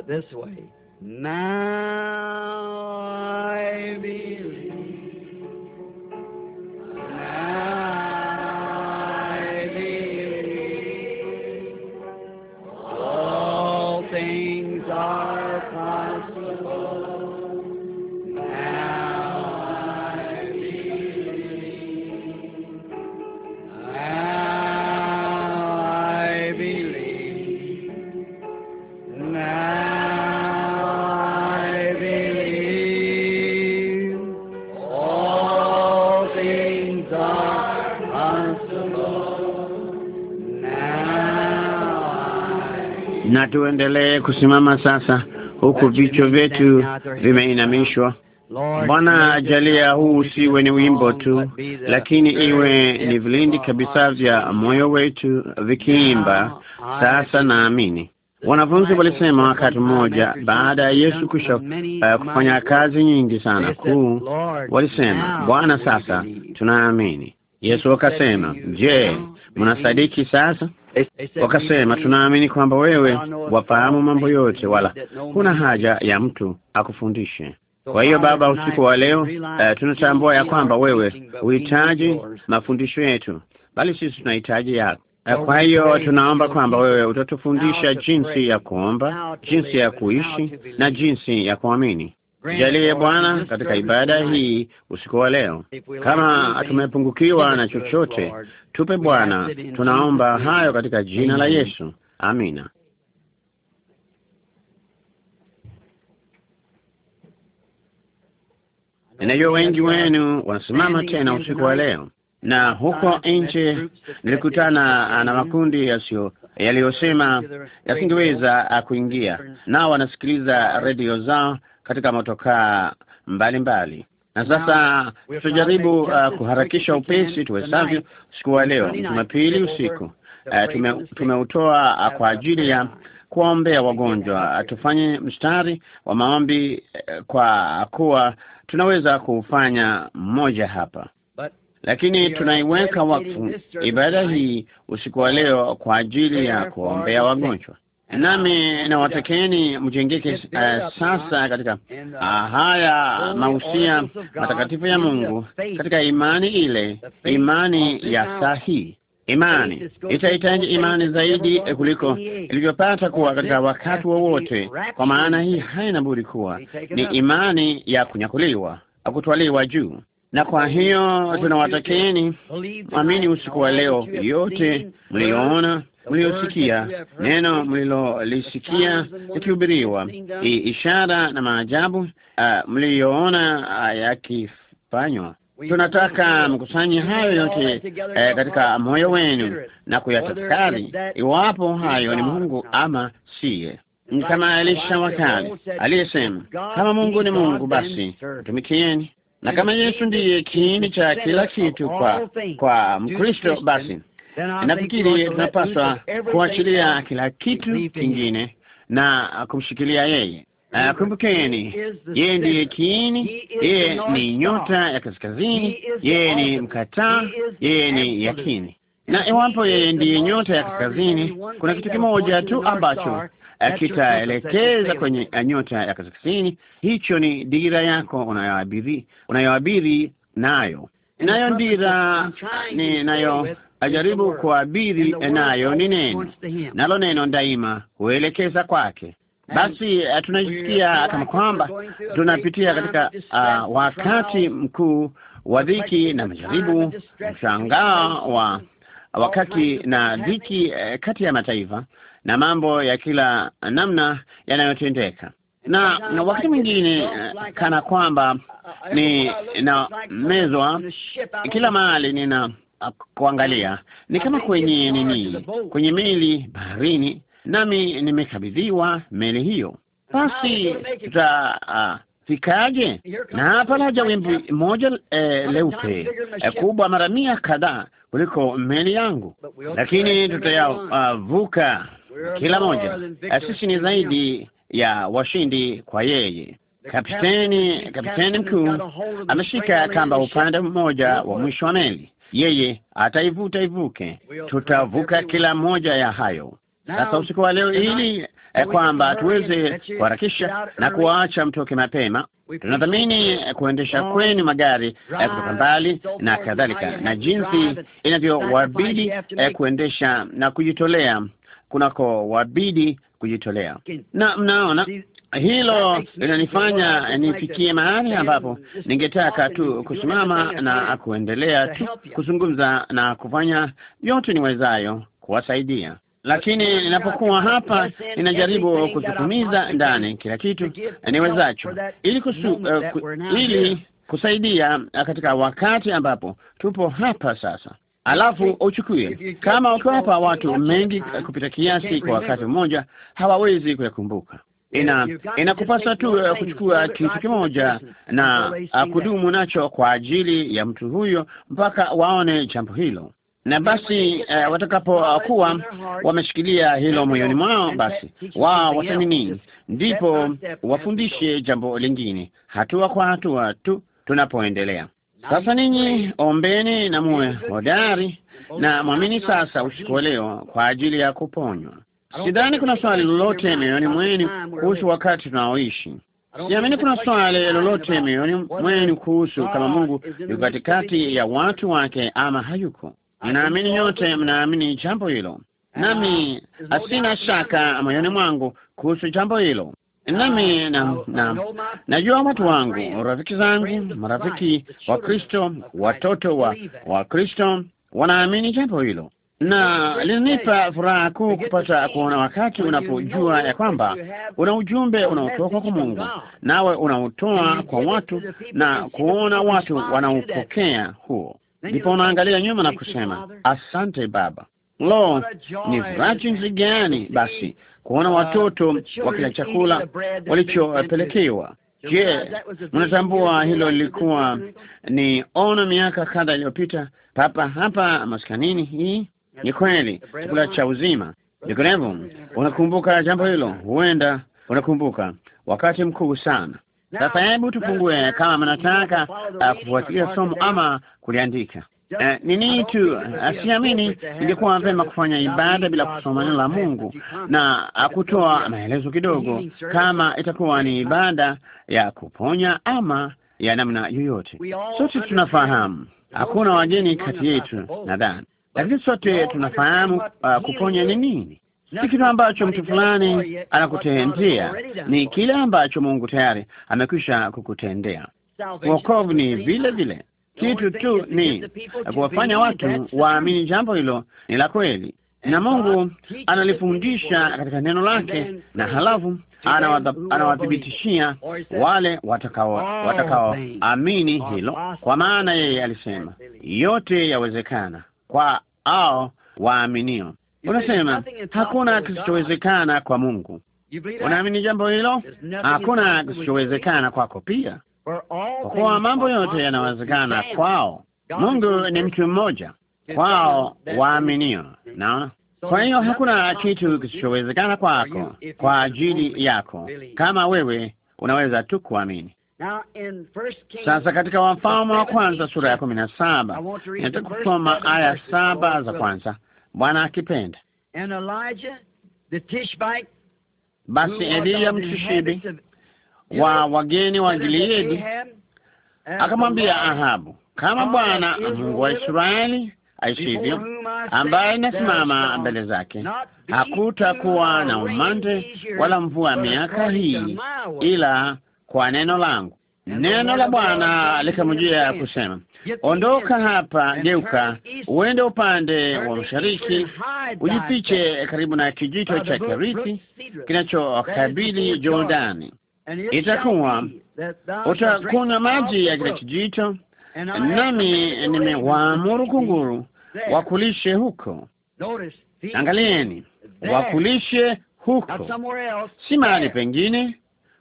out this way. Nine. tuendelee kusimama sasa, huku vichwa vyetu vimeinamishwa. Bwana ajalia huu usiwe ni wimbo tu, lakini iwe ni vilindi kabisa vya moyo wetu vikiimba. Sasa naamini wanafunzi walisema wakati mmoja, baada ya Yesu kusha uh, kufanya kazi nyingi sana kuu, walisema Bwana, sasa tunaamini. Yesu akasema, je, mnasadiki sasa? Wakasema, tunaamini kwamba wewe wafahamu mambo yote, wala kuna haja ya mtu akufundishe. Kwa hiyo Baba, usiku wa leo uh, tunatambua ya kwamba wewe uhitaji mafundisho yetu, bali sisi tunahitaji yako. Eh, kwa hiyo tunaomba kwamba wewe utatufundisha jinsi ya kuomba, jinsi ya kuishi na jinsi ya kuamini. Jalie Bwana, katika ibada hii usiku wa leo, kama tumepungukiwa na chochote, tupe Bwana. Tunaomba hayo katika jina la Yesu, amina. Ninajua wengi wenu wanasimama tena usiku wa leo, na huko nje nilikutana na makundi yasiyo yaliyosema yasingeweza kuingia, nao wanasikiliza redio zao katika motokaa mbalimbali. Na sasa tutajaribu uh, kuharakisha upesi tuwezavyo usiku wa leo Jumapili usiku. Uh, tume, tumeutoa uh, kwa ajili ya kuwaombea wagonjwa. Uh, tufanye mstari wa maombi uh, kwa kuwa tunaweza kuufanya mmoja hapa, lakini tunaiweka wakfu ibada hii usiku wa leo kwa ajili ya kuombea wagonjwa. Nami uh, nawatakeni mjengeke uh, sasa katika uh, uh, haya mahusia matakatifu ya Mungu katika imani ile, imani ya sahihi imani itahitaji imani zaidi kuliko ilivyopata kuwa katika wakati wowote wa, kwa maana hii haina budi kuwa ni imani ya kunyakuliwa, kutwaliwa juu. Na kwa hiyo tunawatakeni mwamini usiku wa leo yote mlioona, mliosikia, neno mlilolisikia ikihubiriwa, ishara na maajabu uh, mliyoona uh, yakifanywa tunataka mkusanye hayo yote eh, katika moyo wenu na kuyatafakari iwapo hayo ni Mungu ama siye. Ni kama Elisha wakali aliyesema, kama Mungu ni Mungu, basi mtumikieni, na kama Yesu ndiye kiini cha kila kitu kwa kwa Mkristo, basi nafikiri tunapaswa kuachilia kila kitu kingine na kumshikilia yeye. Uh, kumbukeni, yeye ndiye kiini, yeye ni nyota ya kaskazini, yeye ni mkataa, yeye ni yakini. Na iwapo yeye ndiye nyota ya kaskazini, kuna kitu kimoja tu ambacho akitaelekeza kwenye eh, nyota ya kaskazini. Hicho ni dira yako unayoabiri, unayoabiri nayo nayo ndira ninayo ajaribu kuabiri nayo ni neno, nalo neno daima huelekeza kwake. Basi uh, eh, tunajisikia kama kwamba tunapitia katika uh, wakati mkuu wa dhiki na majaribu, mshangao wa wakati na dhiki uh, kati ya mataifa na mambo ya kila namna yanayotendeka na, na wakati mwingine uh, kana kwamba ni na mezwa kila mahali nina kuangalia ni kama kwenye nini, kwenye meli baharini nami nimekabidhiwa meli hiyo. Basi tutafikaje? Ah, uh, na hapa laja wimbi moja eh, leupe eh, kubwa mara mia kadhaa kuliko meli yangu, lakini tutayavuka ah, uh, kila moja. Eh, sisi ni zaidi ya washindi kwa yeye. Kapteni, kapteni mkuu ameshika kamba upande mmoja wa mwisho wa meli, yeye ataivuta ivuke. Tutavuka kila moja ya hayo sasa usiku wa leo ili eh, kwamba tuweze kuharakisha na kuwaacha mtoke mapema. tunadhamini eh, kuendesha kwenu magari eh, kutoka mbali na kadhalika, na jinsi inavyowabidi eh, kuendesha na kujitolea kunako wabidi kujitolea, na mnaona hilo linanifanya nifikie mahali ambapo ningetaka tu kusimama na kuendelea tu kuzungumza na kufanya yote niwezayo kuwasaidia lakini ninapokuwa hapa ninajaribu kukitumiza ndani kila kitu niwezacho, ili kusu, uh, ku, ili kusaidia uh, katika wakati ambapo tupo hapa sasa. Alafu uchukue kama ukiwapa watu mengi uh, kupita kiasi kwa wakati mmoja, hawawezi kuyakumbuka. Ina inakupasa tu uh, kuchukua kitu kimoja na kudumu nacho kwa ajili ya mtu huyo mpaka waone jambo hilo na basi eh, uh, watakapokuwa uh, wameshikilia hilo moyoni mwao, basi wao wathamini, ndipo wafundishe jambo lingine, hatua kwa hatua tu tunapoendelea sasa. Ninyi ombeni na muwe hodari na mwamini sasa usiku wa leo kwa ajili ya kuponywa. Sidhani kuna swali lolote mioyoni mwenu kuhusu wakati tunaoishi. Siamini kuna swali lolote mioyoni mwenu kuhusu kama Mungu yuko katikati ya watu wake ama hayuko. Ninaamini nyote mnaamini jambo hilo, ah, nami asina shaka moyoni mwangu kuhusu jambo hilo. Nami ah, na, na, najua watu wangu, rafiki zangu, marafiki wa Kristo, watoto wa wa Kristo wanaamini jambo hilo, na linipa furaha kuu kupata kuona wakati unapojua ya kwamba una ujumbe unaotoka kwa Mungu nawe unautoa kwa watu na kuona watu wanaupokea huo Ndipo unaangalia nyuma na kusema asante Baba. Lo, ni furaha jinsi gani basi kuona watoto wakila chakula walichopelekewa. Je, mnatambua hilo lilikuwa ni ono miaka kadha iliyopita, papa hapa maskanini? Hii ni kweli chakula cha uzima. Ndugu, unakumbuka jambo hilo? Huenda unakumbuka wakati mkuu sana sasa hebu tufungue kama mnataka uh, kufuatilia somo ama kuliandika. Eh, uh, nini tu uh, siamini ingekuwa vema kufanya ibada bila kusoma neno la Mungu na kutoa maelezo kidogo, kama itakuwa ni ibada ya kuponya ama ya namna yoyote. Sote tunafahamu hakuna wageni kati yetu, nadhani, lakini sote tunafahamu uh, kuponya ni nini si kitu ambacho mtu fulani anakutendea, ni kile ambacho Mungu tayari amekwisha kukutendea. Wokovu ni vile vile kitu tu ni kuwafanya watu waamini jambo hilo ni la kweli, na Mungu analifundisha katika neno lake, na halafu anawathibitishia wale watakao watakaoamini hilo, kwa maana yeye alisema yote yawezekana kwa ao waaminio. Unasema hakuna kisichowezekana kwa Mungu. Unaamini jambo hilo? Hakuna kisichowezekana kwako pia, kwa kuwa mambo yote yanawezekana kwao. Mungu ni mtu mmoja kwao waaminio. Naona, kwa hiyo hakuna kitu kisichowezekana kwako, kwa ajili yako, kama wewe unaweza tu kuamini. Sasa katika Wafalme wa kwanza sura ya kumi na saba nataka kusoma aya saba za kwanza Bwana akipenda. Basi Eliya mtishibi wa wageni wa Gileadi akamwambia Ahabu, kama Bwana Mungu wa Israeli aishivyo, ambaye nasimama mbele zake, hakutakuwa na umande wala mvua miaka hii ila kwa neno langu. Neno la Bwana likamjia kusema Ondoka hapa, geuka, uende upande wa mashariki, ujifiche karibu na kijito cha Keriti kinachokabili Jordani. Itakuwa utakunywa maji ya kile kijito, nami nimewaamuru kunguru wakulishe huko. Angalieni, wakulishe huko, si mahali pengine,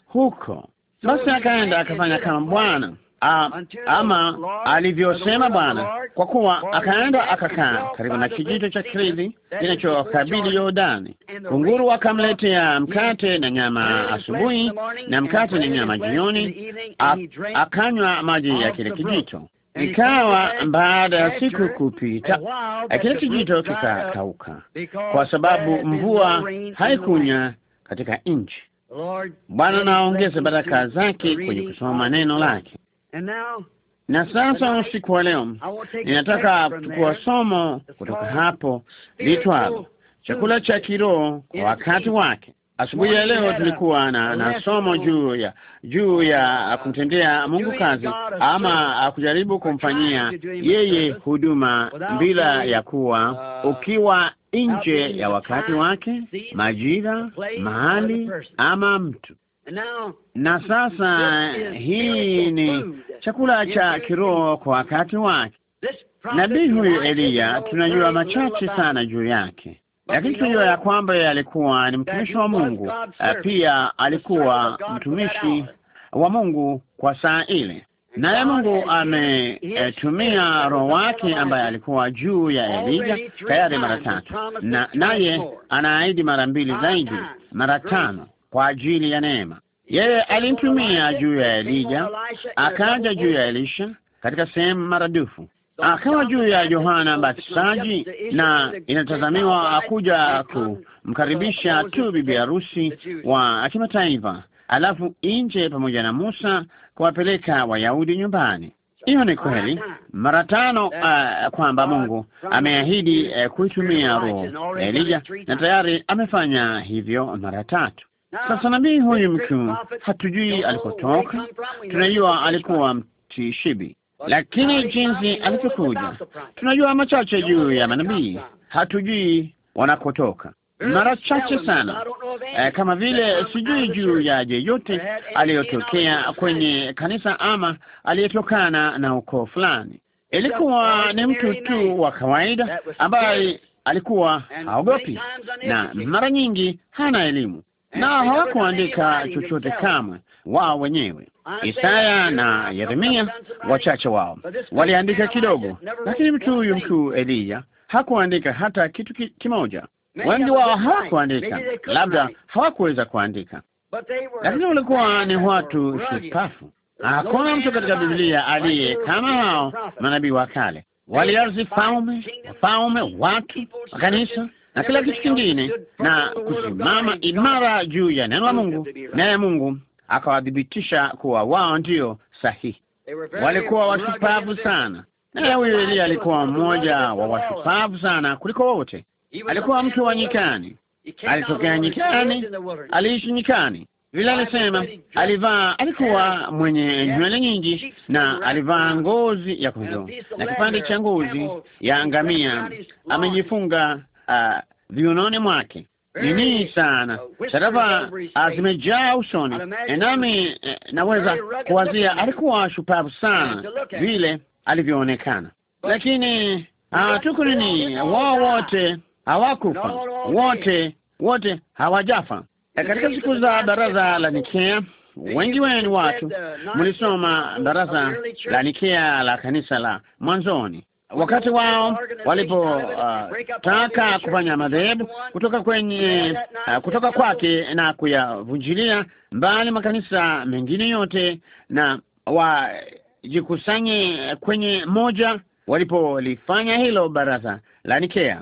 huko. Basi akaenda akafanya kama Bwana Ah, ama, ama alivyosema Bwana, kwa kuwa akaenda akakaa karibu na kijito cha Kridhi kinachokabili Yordani. Kunguru akamletea mkate na nyama asubuhi na mkate na nyama jioni, akanywa maji ya kile kijito. Ikawa baada ya siku kupita, kile kijito kikakauka, kwa sababu mvua haikunya katika nchi. Bwana naongeze baraka zake kwenye kusoma neno lake. Na sasa usiku wa leo ninataka kuchukua somo kutoka hapo litwalo chakula cha kiroho kwa wakati wake. Asubuhi ya leo tulikuwa na, na somo juu ya juu ya uh, kumtendea Mungu kazi ama kujaribu kumfanyia yeye huduma bila ya kuwa uh, ukiwa nje ya wakati wake, majira, mahali ama mtu na sasa hii ni chakula cha kiroho kwa wakati wake. Nabii huyu Eliya tunajua machache sana juu yake, lakini tunajua ya kwamba yeye alikuwa ni mtumishi wa Mungu, eh, pia alikuwa mtumishi wa Mungu kwa saa ile, naye Mungu ametumia eh, roho wake ambaye alikuwa juu ya Elija tayari mara tatu, na naye anaahidi mara mbili zaidi, mara tano kwa ajili ya neema. Yeye alimtumia juu ya Elija, akaja juu ya Elisha katika sehemu maradufu, akawa juu ya Yohana Mbatizaji, na inatazamiwa akuja kumkaribisha tu bibi harusi wa kimataifa, alafu nje pamoja na Musa kuwapeleka Wayahudi nyumbani. Hiyo ni kweli mara tano, uh, kwamba Mungu ameahidi uh, kuitumia roho Elija, na tayari amefanya hivyo mara tatu. Sasa nabii huyu mkuu hatujui alikotoka. Tunajua alikuwa mtishibi, lakini jinsi alivyokuja tunajua machache juu ya manabii, hatujui wanakotoka mara chache sana eh, kama vile sijui juu ya yeyote aliyotokea kwenye kanisa ama aliyetokana na ukoo fulani. Ilikuwa ni mtu tu wa kawaida ambaye alikuwa haogopi na mara nyingi hana elimu, na hawakuandika chochote kamwe wao wenyewe. Isaya na Yeremia wachache wao waliandika kidogo, lakini mtu huyu mkuu Eliya hakuandika hata kitu ki, kimoja. Wengi wao hawakuandika, labda hawakuweza kuandika, lakini walikuwa ni watu shupafu. Hakuna mtu katika Biblia aliye kama hao manabii wa kale. Waliarzi falme, wafalme, watu, makanisa na kila kitu kingine na kusimama imara juu ya neno la Mungu, naye Mungu akawadhibitisha kuwa wao ndio sahihi. Walikuwa washupavu sana, naye huyu Elia alikuwa mmoja wa washupavu sana kuliko wote. Alikuwa mtu wa nyikani, alitokea nyikani, aliishi nyikani vile alisema, alivaa, alikuwa mwenye nywele nyingi na alivaa ngozi ya kondoo na kipande cha ngozi ya ngamia, amejifunga uh, viunoni mwake ni sana, uh, sharaba zimejaa usoni, e, nami e, naweza kuwazia alikuwa shupavu sana vile alivyoonekana, lakini ah, tuko nini, wao wote hawakufa, wote wote hawajafa. Katika siku za baraza la Nikea, wengi wenu watu uh, mlisoma baraza la Nikea la kanisa la mwanzoni wakati wao walipotaka uh, kufanya madhehebu kutoka kwenye uh, kutoka kwake na kuyavunjilia mbali makanisa mengine yote, na wajikusanye kwenye moja. Walipolifanya hilo baraza la Nikea,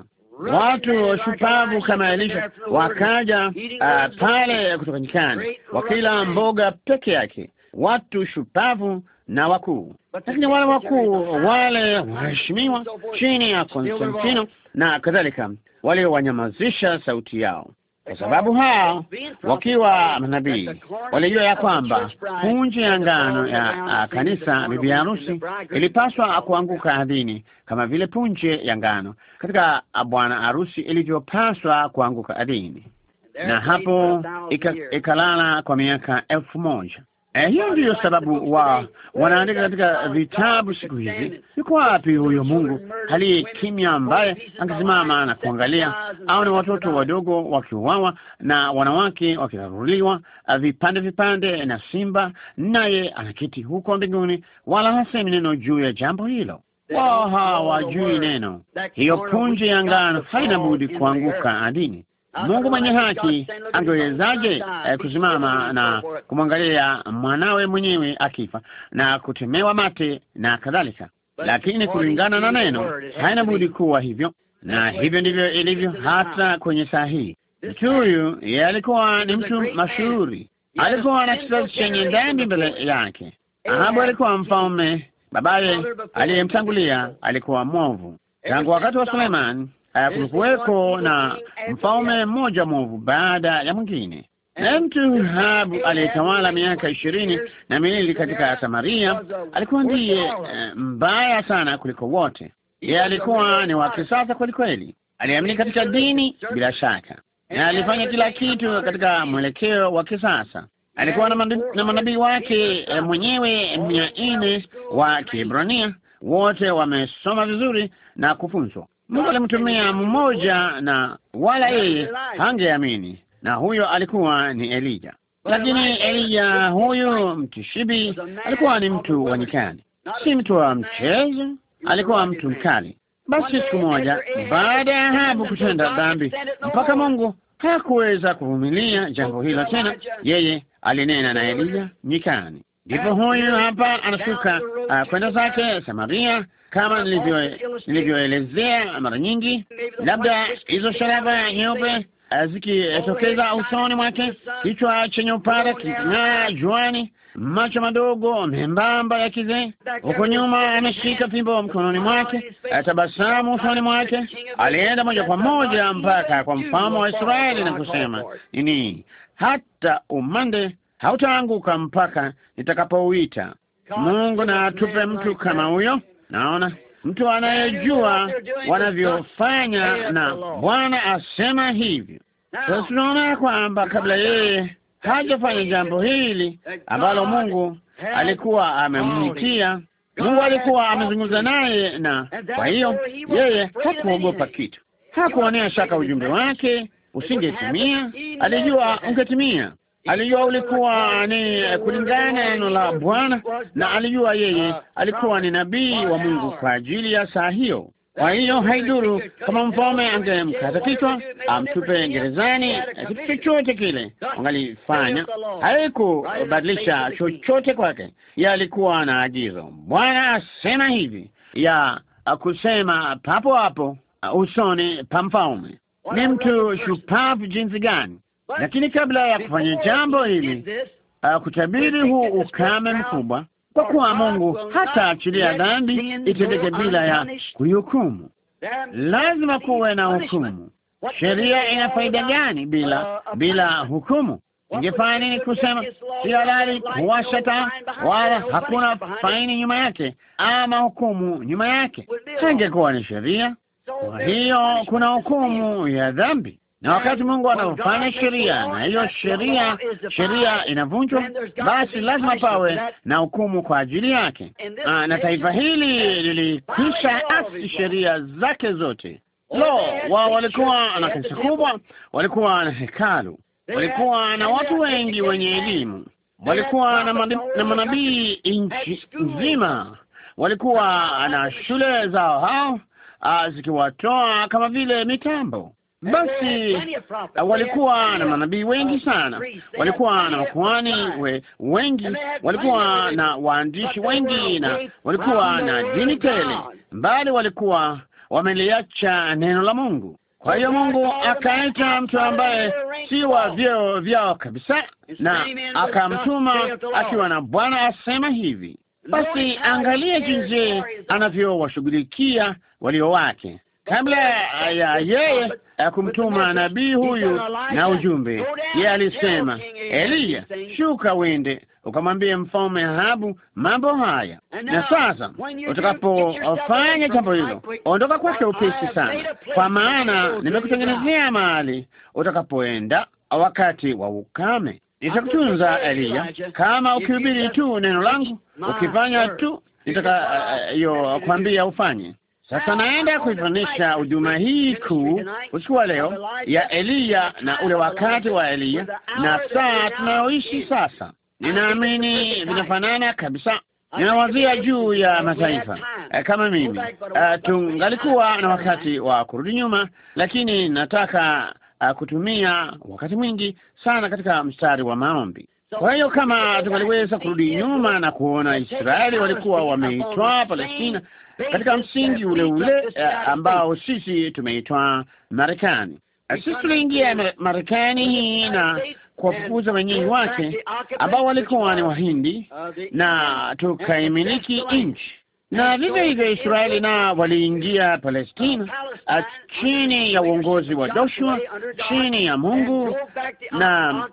watu shupavu kama Elisha wakaja uh, pale kutoka nyikani, wakila mboga peke yake, watu shupavu na wakuu, lakini wale wakuu wale waheshimiwa chini ya Konstantino na kadhalika waliowanyamazisha sauti yao, kwa sababu hao wakiwa manabii walijua ya kwamba punje ya ngano ya kanisa bibi harusi ilipaswa kuanguka ardhini kama vile punje ya ngano katika bwana harusi ilivyopaswa kuanguka ardhini, na hapo ikalala ika kwa miaka elfu moja Eh, hiyo ndiyo sababu wa wanaandika katika vitabu siku hizi, yuko wapi huyo Mungu aliye kimya, ambaye angesimama na kuangalia, au ni watoto wadogo wakiuawa na wanawake wakiraruliwa vipande vipande na simba, naye anaketi huko mbinguni, wala hasemi neno juu ya jambo hilo. Wao hawajui neno. Hiyo punje ya ngano haina budi kuanguka ardhini Mungu mwenye haki angewezaje eh, kusimama na kumwangalia mwanawe mwenyewe akifa na kutemewa mate na kadhalika? Lakini kulingana na neno haina budi kuwa hivyo, na hivyo ndivyo ilivyo hata kwenye saa hii. Mtu huyu yeye alikuwa ni mtu mashuhuri, alikuwa na kizazi chenye dhambi mbele yake. Ahabu alikuwa mfalme, babaye aliyemtangulia alikuwa mwovu tangu wakati wa Suleimani Eh, kulikuweko na mfalme mmoja mwovu baada ya mwingine, na eh, eh, mtu Ahabu aliyetawala miaka ishirini na miwili katika Samaria alikuwa ndiye mbaya sana kuliko wote. Yeye alikuwa ni wa kisasa kweli kweli, aliamini katika dini bila shaka, na alifanya kila kitu katika mwelekeo wa kisasa. Alikuwa na manabii wake mwenyewe mia nne wa Kiebrania, wote wamesoma vizuri na kufunzwa Mungu alimtumia mmoja na wala yeye hangeamini, na huyo alikuwa ni Elija. Lakini Elija huyu mtishibi alikuwa ni mtu wa nyikani, si mtu wa mchezo, alikuwa mtu mkali. Basi siku moja baada ya Ahabu kutenda dhambi mpaka Mungu hakuweza kuvumilia jambo hilo tena, yeye alinena na Elija nyikani. Ndipo huyu hapa anashuka uh, kwenda zake Samaria kama nilivyoelezea mara nyingi, labda hizo sharaba nyeupe eh, zikitokeza oh, usoni mwake, kichwa chenye upara kiking'aa juani, macho madogo membamba ya kizee. Huko nyuma ameshika fimbo mkononi mwake, eh, tabasamu usoni mwake. Alienda moja kwa moja mpaka kwa mfalme wa Israeli na kusema nini, hata umande hautaanguka mpaka nitakapouita. Mungu na atupe mtu kama huyo. Naona mtu anayejua wanavyofanya, na Bwana asema hivyo. Sasa tunaona kwamba kabla yeye hajafanya jambo hili ambalo Mungu alikuwa amemwitia, Mungu alikuwa amezungumza naye, na kwa hiyo yeye hakuogopa kitu, hakuonea shaka ujumbe wake usingetimia. Alijua ungetimia, alijua ulikuwa ni eh, kulingana na neno la Bwana, na alijua yeye alikuwa ni nabii wa Mungu kwa ajili ya saa hiyo. Kwa hiyo haiduru kama mfalme angemkata kichwa amtupe gerezani, eh, kitu chochote kile wangalifanya, haikubadilisha chochote kwake. Yeye alikuwa na agizo, Bwana asema hivi, ya kusema papo hapo uh, usoni pa mfalme. Ni mtu shupavu jinsi gani! Lakini kabla ya kufanya jambo hili, uh, kutabiri huu ukame mkubwa, kwa kuwa Mungu hata achilia dhambi itendeke bila ya kuihukumu. Lazima kuwe na hukumu. Sheria ina faida gani bila uh, bila hukumu? Ingefanya nini kusema si halali kuwasha taa, wala hakuna faini nyuma yake ama hukumu nyuma yake? Ingekuwa ni sheria. Kwa hiyo kuna hukumu ya dhambi na wakati Mungu anapofanya sheria na hiyo sheria sheria inavunjwa, basi lazima pawe na hukumu kwa ajili yake. Ah, na taifa hili lilikwisha asi sheria zake zote. Lo, wao walikuwa na kanisa kubwa, walikuwa na hekalu, walikuwa na watu wengi wenye elimu, walikuwa na manabii nchi nzima, walikuwa na shule zao hao ah, zikiwatoa kama vile mitambo basi walikuwa na manabii wengi uh, sana, walikuwa na makuhani we, wengi, walikuwa na waandishi wengi, na walikuwa na dini tele, bali walikuwa wameliacha neno la Mungu. Kwa hiyo Mungu akaita mtu ambaye si wa vyeo vyao kabisa, na akamtuma akiwa na Bwana asema hivi. Basi angalie jinsi anavyowashughulikia walio wake kabla ya yeye kumtuma nabii huyu na ujumbe, yeye alisema, Eliya, shuka wende ukamwambie mfalme Ahabu mambo haya. Na sasa utakapofanya jambo hilo, ondoka kwake upesi sana, kwa maana nimekutengenezea mahali utakapoenda wakati wa ukame. Nitakutunza Eliya, kama ukihubiri tu neno langu, ukifanya tu nitakayokwambia ufanye. Sasa naenda kuifanisha huduma hii kuu usiku wa leo ya Eliya na ule wakati wa Eliya na saa tunayoishi sasa. Ninaamini vinafanana kabisa. Ninawazia juu ya mataifa eh, kama mimi, eh, tungalikuwa na wakati wa kurudi nyuma, lakini nataka eh, kutumia wakati mwingi sana katika mstari wa maombi. Kwa hiyo kama tungaliweza kurudi nyuma na kuona Israeli walikuwa wameitwa Palestina katika msingi ule ule eh, ambao sisi tumeitwa Marekani. Eh, sisi tuliingia Marekani hii na kuwafukuza wenyeji wake ambao walikuwa ni Wahindi na tukaimiliki nchi, na vivyo hivyo Israeli na waliingia Palestina eh, chini ya uongozi wa Joshua, chini ya Mungu na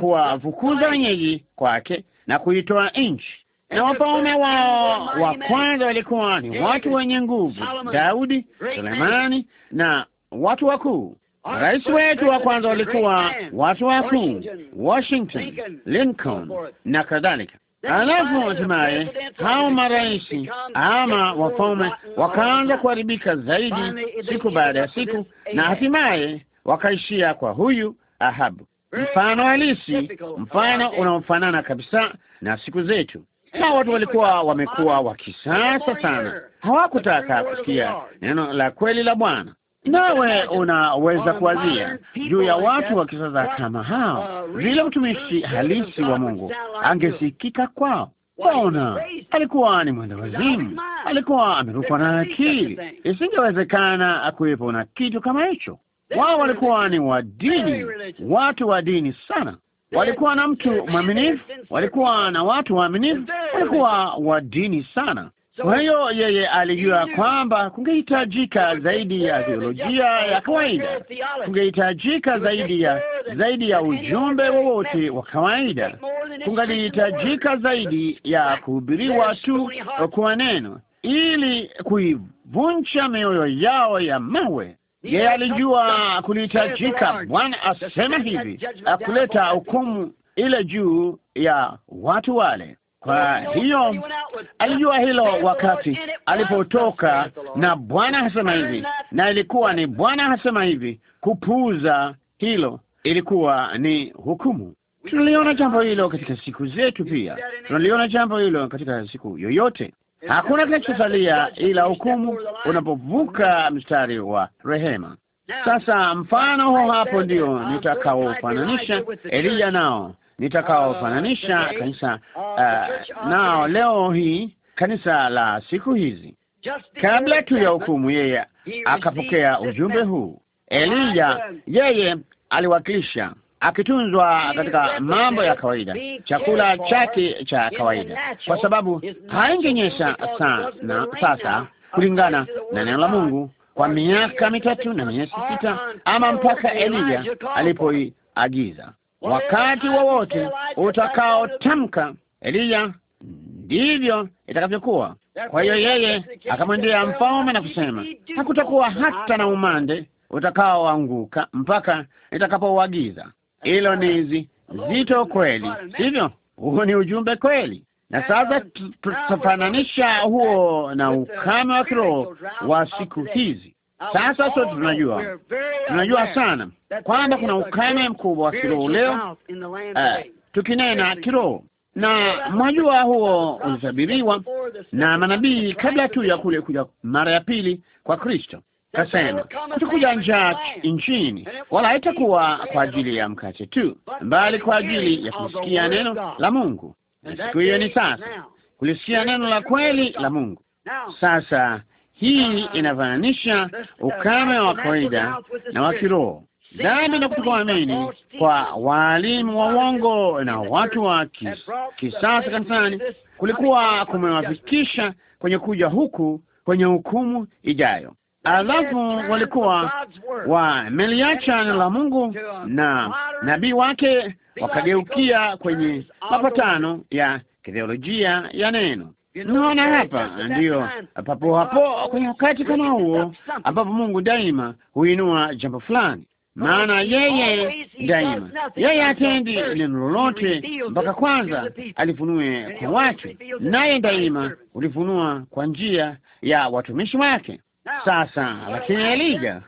kuwafukuza wenyeji kwake na kuitoa nchi na wafalme wao wa kwanza walikuwa ni watu wenye nguvu, Daudi, Sulemani na watu wakuu. Rais wetu wa kwanza walikuwa watu wakuu, Washington, Lincoln na kadhalika. Alafu hatimaye hao maraisi ama wafalme wakaanza kuharibika zaidi siku baada ya siku, na hatimaye wakaishia kwa huyu Ahabu, mfano halisi, mfano unaofanana kabisa na siku zetu. Hawa watu walikuwa wamekuwa wa kisasa sana, hawakutaka kusikia neno la kweli la Bwana. Nawe unaweza kuwazia juu ya watu wa kisasa kama hao, vile mtumishi halisi wa Mungu angesikika kwao. Bona alikuwa ni mwenda wazimu, alikuwa amerukwa na akili. Isingewezekana akuwepo na kitu kama hicho. Wao walikuwa ni wa dini, watu wa dini sana, walikuwa na mtu mwaminifu, walikuwa na watu waaminifu, walikuwa wa dini sana. Kwa hiyo yeye alijua kwamba kungehitajika zaidi ya theolojia ya kawaida, kungehitajika zaidi ya zaidi ya ujumbe wowote wa kawaida, kungalihitajika zaidi ya kuhubiriwa tu kwa neno ili kuivunja mioyo yao ya mawe yeye alijua kulihitajika, Bwana asema hivi, kuleta hukumu ile juu ya watu wale. Kwa hiyo alijua hilo wakati alipotoka, na Bwana hasema hivi, na ilikuwa ni Bwana hasema hivi. Kupuuza hilo ilikuwa ni hukumu. Tunaliona jambo hilo katika siku zetu, pia tunaliona jambo hilo katika siku yoyote Hakuna kinachosalia ila hukumu unapovuka mstari wa rehema. Sasa mfano huo hapo ndio nitakaofananisha Elia nao nitakaofananisha kanisa uh, nao leo hii kanisa la siku hizi. Kabla tu ya hukumu, yeye akapokea ujumbe huu. Eliya yeye aliwakilisha akitunzwa katika mambo ya kawaida, chakula chake cha kawaida, kwa sababu haingenyesha sana sasa, kulingana na neno la Mungu, kwa miaka mitatu na miezi sita, ama mpaka Elia alipoiagiza. Wakati wowote utakaotamka Elia, ndivyo itakavyokuwa. Kwa hiyo yeye akamwendea mfalme na kusema, hakutakuwa hata na umande utakaoanguka mpaka nitakapouagiza. Hilo ni zito kweli, sivyo? Huo ni ujumbe kweli. Na sasa tutafananisha huo na ukame wa kiroho wa siku hizi. Sasa sote tunajua, tunajua sana kwamba kuna ukame mkubwa wa kiroho leo, uh, tukinena kiroho na mwajua huo ulitabiriwa na manabii kabla tu ya kule kuja mara ya pili kwa Kristo. Kasema tukuja njaa nchini, wala haitakuwa kwa ajili ya mkate tu, bali kwa ajili ya kusikia neno la Mungu. Na siku hiyo ni sasa, kulisikia neno la kweli la Mungu. Sasa hii inafananisha ukame wa kawaida na wa kiroho, dhambi na kutokuamini kwa waalimu wa uongo na watu wa kis, kisasa kanisani kulikuwa kumewafikisha kwenye kuja huku kwenye hukumu ijayo alafu walikuwa wameliacha neno la Mungu na nabii wake, wakageukia kwenye mapatano ya kitheolojia ya neno. Naona hapa ndiyo papo hapo kwenye wakati kama huo ambapo Mungu daima huinua jambo fulani, maana yeye daima, yeye hatendi neno lolote mpaka kwanza alifunue kwa watu, naye daima ulifunua kwa njia ya watumishi wake sasa. Lakini Elija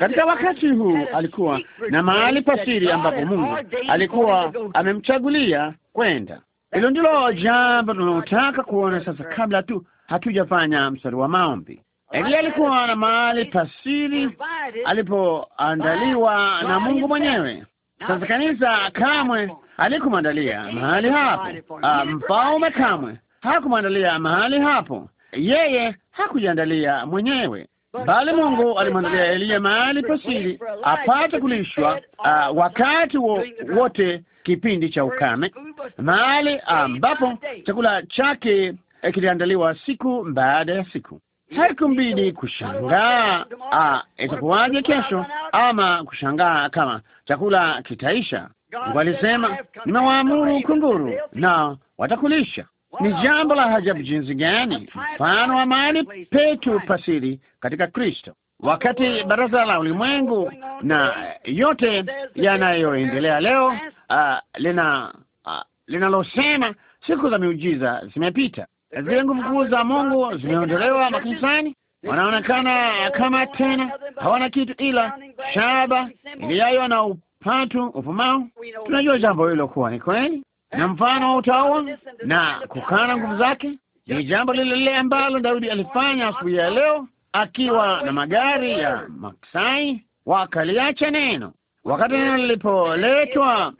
katika wakati huu alikuwa na mahali pasiri ambapo Mungu alikuwa amemchagulia kwenda. Hilo ndilo jambo tunalotaka kuona sasa, kabla tu hatujafanya mstari wa maombi. Elia alikuwa na mahali pasiri alipoandaliwa na Mungu mwenyewe. Sasa kanisa kamwe alikumwandalia mahali hapo, ah, mfalme kamwe hakumwandalia mahali hapo yeye hakujiandalia mwenyewe, bali Mungu alimwandalia Eliya mahali pasiri apate kulishwa uh, wakati wo, wote kipindi cha ukame, mahali ambapo chakula chake eh, kiliandaliwa siku baada ya siku. Haikumbidi kushangaa ah, itakuwaje kesho, ama kushangaa kama chakula kitaisha. Mungu alisema nimewaamuru kunguru na watakulisha. Ni jambo la ajabu jinsi gani, mfano wa mahali petu pasiri katika Kristo, wakati baraza la ulimwengu na yote yanayoendelea leo uh, lina uh, linalosema siku za miujiza zimepita, zile nguvu kuu za Mungu zimeondolewa makanisani wanaonekana kama tena hawana kitu ila shaba iliyayo na upatu uvumao. Tunajua jambo hilo kuwa ni kweli, na mfano wa utaua na kukana nguvu zake, ni jambo lile lile ambalo Daudi alifanya asubuhi ya leo akiwa na magari ya maksai. Wakaliacha neno wakati neno lilipoletwa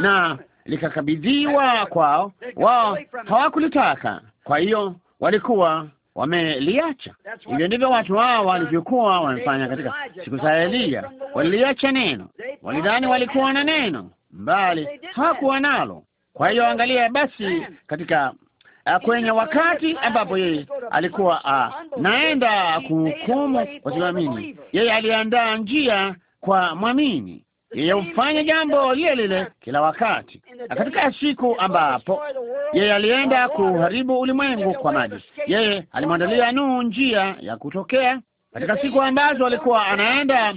na likakabidhiwa kwao, wao hawakulitaka. Kwa hiyo walikuwa wameliacha. Hivyo ndivyo watu hao walivyokuwa wamefanya katika siku za Eliya, waliliacha neno, walidhani walikuwa na neno, mbali hawakuwa nalo. Kwa hiyo angalia basi katika uh, kwenye wakati ambapo yeye alikuwa a, uh, naenda kuhukumu wasioamini, yeye aliandaa njia kwa mwamini. Yeye hufanya jambo lile lile kila wakati. Katika siku ambapo yeye alienda kuharibu ulimwengu kwa maji, yeye alimwandalia Nuhu njia ya kutokea. Katika siku ambazo alikuwa anaenda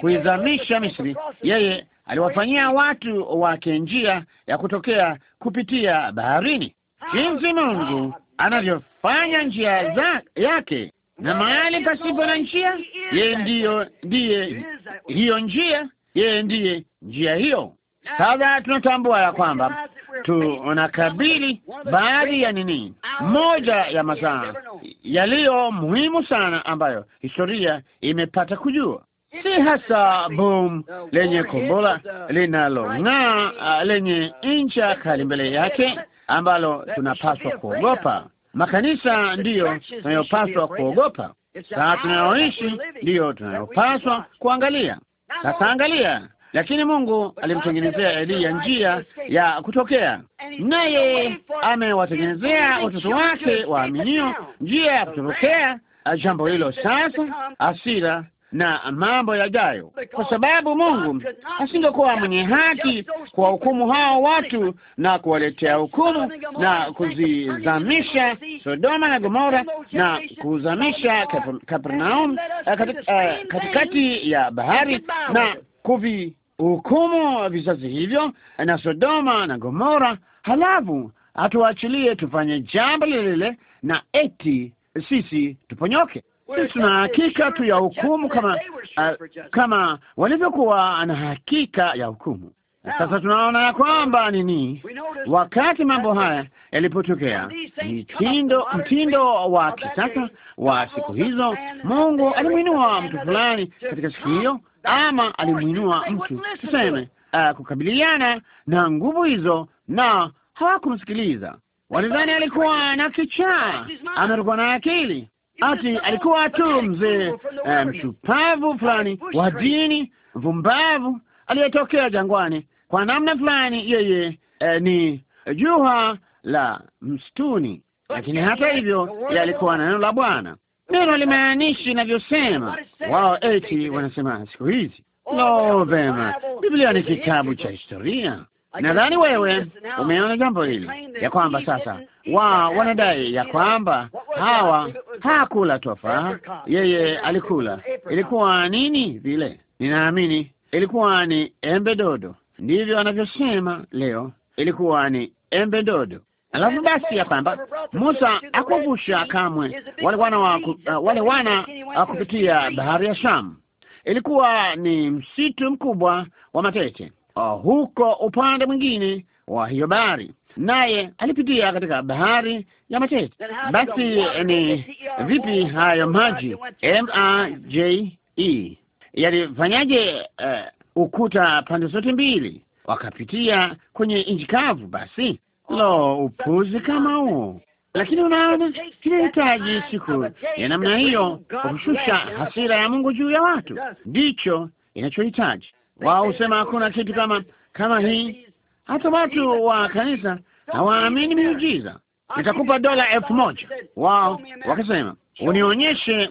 kuizamisha Misri, yeye aliwafanyia watu wake njia ya kutokea kupitia baharini, jinsi Mungu anavyofanya njia za yake na mahali pasipo na njia. Yeye ndiyo ndiye hiyo njia, yeye ndiye njia hiyo. Sasa tunatambua ya kwamba tunakabili baadhi ya nini, moja ya masaa yaliyo muhimu sana ambayo historia imepata kujua si hasa bomu lenye kombola linalong'aa uh, lenye ncha kali mbele yake ambalo tunapaswa kuogopa. Makanisa ndiyo tunayopaswa kuogopa. Saa tunayoishi ndiyo tunayopaswa kuangalia. Sasa angalia, lakini Mungu alimtengenezea Eliya njia ya kutokea, naye amewatengenezea watoto wake waaminio njia ya kutokea. Jambo hilo sasa, asira na mambo yajayo, kwa sababu Mungu asingekuwa mwenye haki kuwahukumu hao watu na kuwaletea hukumu na kuzizamisha Sodoma na Gomora na kuzamisha Kapernaum eh, eh, katikati ya bahari na kuvihukumu vizazi hivyo eh, na Sodoma na Gomora, halafu atuachilie tufanye jambo lile na eti sisi tuponyoke sisi tuna hakika tu ya hukumu kama uh, kama walivyokuwa na hakika ya hukumu. Sasa tunaona ya kwamba nini, wakati mambo haya yalipotokea, mtindo mtindo wa kisasa wa siku hizo, Mungu alimwinua mtu fulani katika siku hiyo, ama alimwinua mtu tuseme, uh, kukabiliana na nguvu hizo, na hawakumsikiliza. Walidhani alikuwa na kichaa ama na akili ati alikuwa tu mzee eh, mshupavu um, fulani wa dini vumbavu aliyetokea jangwani. Kwa namna fulani yeye eh, ni juha la msituni, lakini hata hivyo yalikuwa na neno la Bwana. Neno limaanishi inavyosema wao, eti wanasema siku hizi. Lo, vema, Biblia ni kitabu cha historia Nadhani wewe umeona jambo hili ya kwamba sasa wa wanadai ya kwamba hawa hakula tofaa, ah? yeye alikula. Ilikuwa nini vile? Ninaamini ilikuwa ni embe dodo, ndivyo anavyosema leo. Ilikuwa ni embe dodo. Alafu basi ya kwamba Musa akuvusha kamwe wale wana wa wale wana kupitia bahari ya Shamu, ilikuwa ni msitu mkubwa wa matete uh, huko upande mwingine wa hiyo bahari, naye alipitia katika bahari ya Matete. Basi ni vipi hayo maji M A J E yalifanyaje uh, ukuta pande zote mbili? Wakapitia kwenye nchi kavu. Basi lo, upuzi kama huo! Lakini unaona, kinahitaji siku ya namna hiyo kushusha hasira ya Mungu juu ya watu, ndicho inachohitaji wao husema hakuna kitu kama kama hii. Hata watu wa kanisa hawaamini miujiza. Nitakupa dola elfu moja wao wakasema, unionyeshe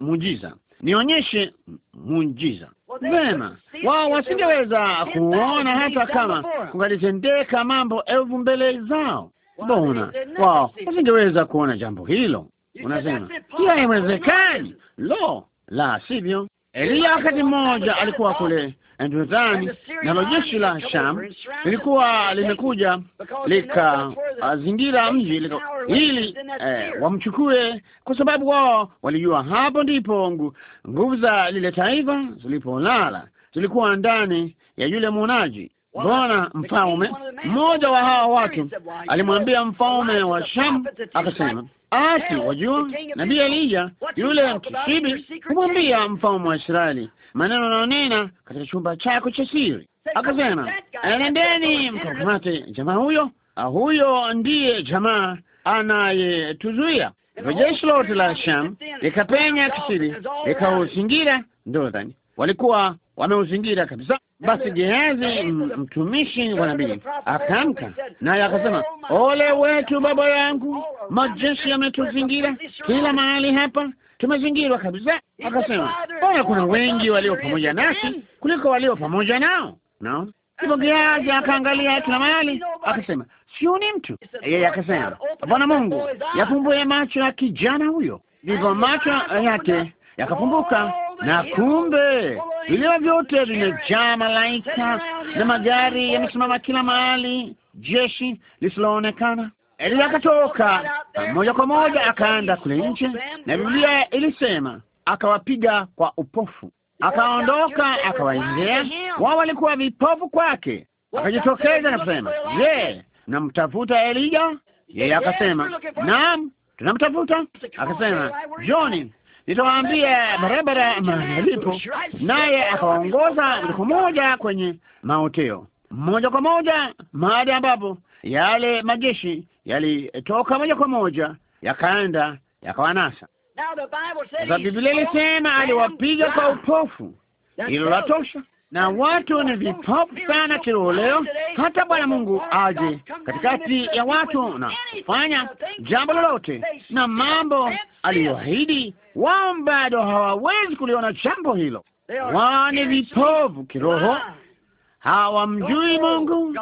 muujiza, nionyeshe muujiza. Vema, wao wasingeweza kuona hata kama kungalitendeka mambo elfu mbele zao. Bona wao wasingeweza kuona jambo hilo. Unasema hiyo haiwezekani. Lo, la sivyo. Eliya wakati mmoja alikuwa kule Jordani, nalo jeshi la Sham lilikuwa limekuja likazingira mji ili eh, wamchukue, kwa sababu wao walijua hapo ndipo nguvu za lile taifa zilipolala, zilikuwa ndani ya yule mwonaji. Bwana mfalme mmoja wa hawa watu alimwambia mfalme wa Sham akasema, ati wajua, nabii Elija yule mkishibi kumwambia mfalme wa Israeli maneno anaonena katika chumba chako cha siri. Akasema, enendeni mkamate jamaa huyo, huyo ndiye jamaa anayetuzuia. Hivyo jeshi lote la Sham likapenya kisiri, likauzingira Yordani, walikuwa wameuzingira kabisa. Basi Gehazi, mtumishi wa nabii, akaamka naye akasema, ole wetu baba yangu, majeshi yametuzingira kila mahali hapa, tumezingirwa kabisa. Akasema, mbona kuna wengi walio pamoja nasi kuliko walio pamoja nao? Naona kibogeaji akaangalia kila mahali, akasema sioni mtu. Yeye akasema, Bwana Mungu, ah. yafumbue macho ya kijana huyo. Ndivyo macho yake yakafumbuka, na kumbe vilio vyote vimejaa malaika na magari yamesimama kila mahali, jeshi lisiloonekana. Elia akatoka moja kwa moja akaenda kule nje, na Biblia ilisema akawapiga kwa upofu, akaondoka akawaendea wao. Walikuwa vipofu kwake, akajitokeza na kusema, je, namtafuta Elija? Yeye akasema naam, tunamtafuta. Akasema Joni, nitawaambia barabara mahali alipo, naye akawaongoza moja kwa moja kwenye maoteo, moja kwa moja mahali ambapo yale majeshi yalitoka eh, moja kwa moja yakaenda yakawanasa. Sasa Biblia ilisema aliwapiga kwa upofu, hilo la tosha. Na watu ni vipofu sana kiroho leo, hata Bwana Mungu aje katikati ya watu na kufanya jambo lolote, na mambo aliyoahidi wao bado hawawezi kuliona jambo hilo. Wao ni vipofu kiroho, hawamjui Mungu,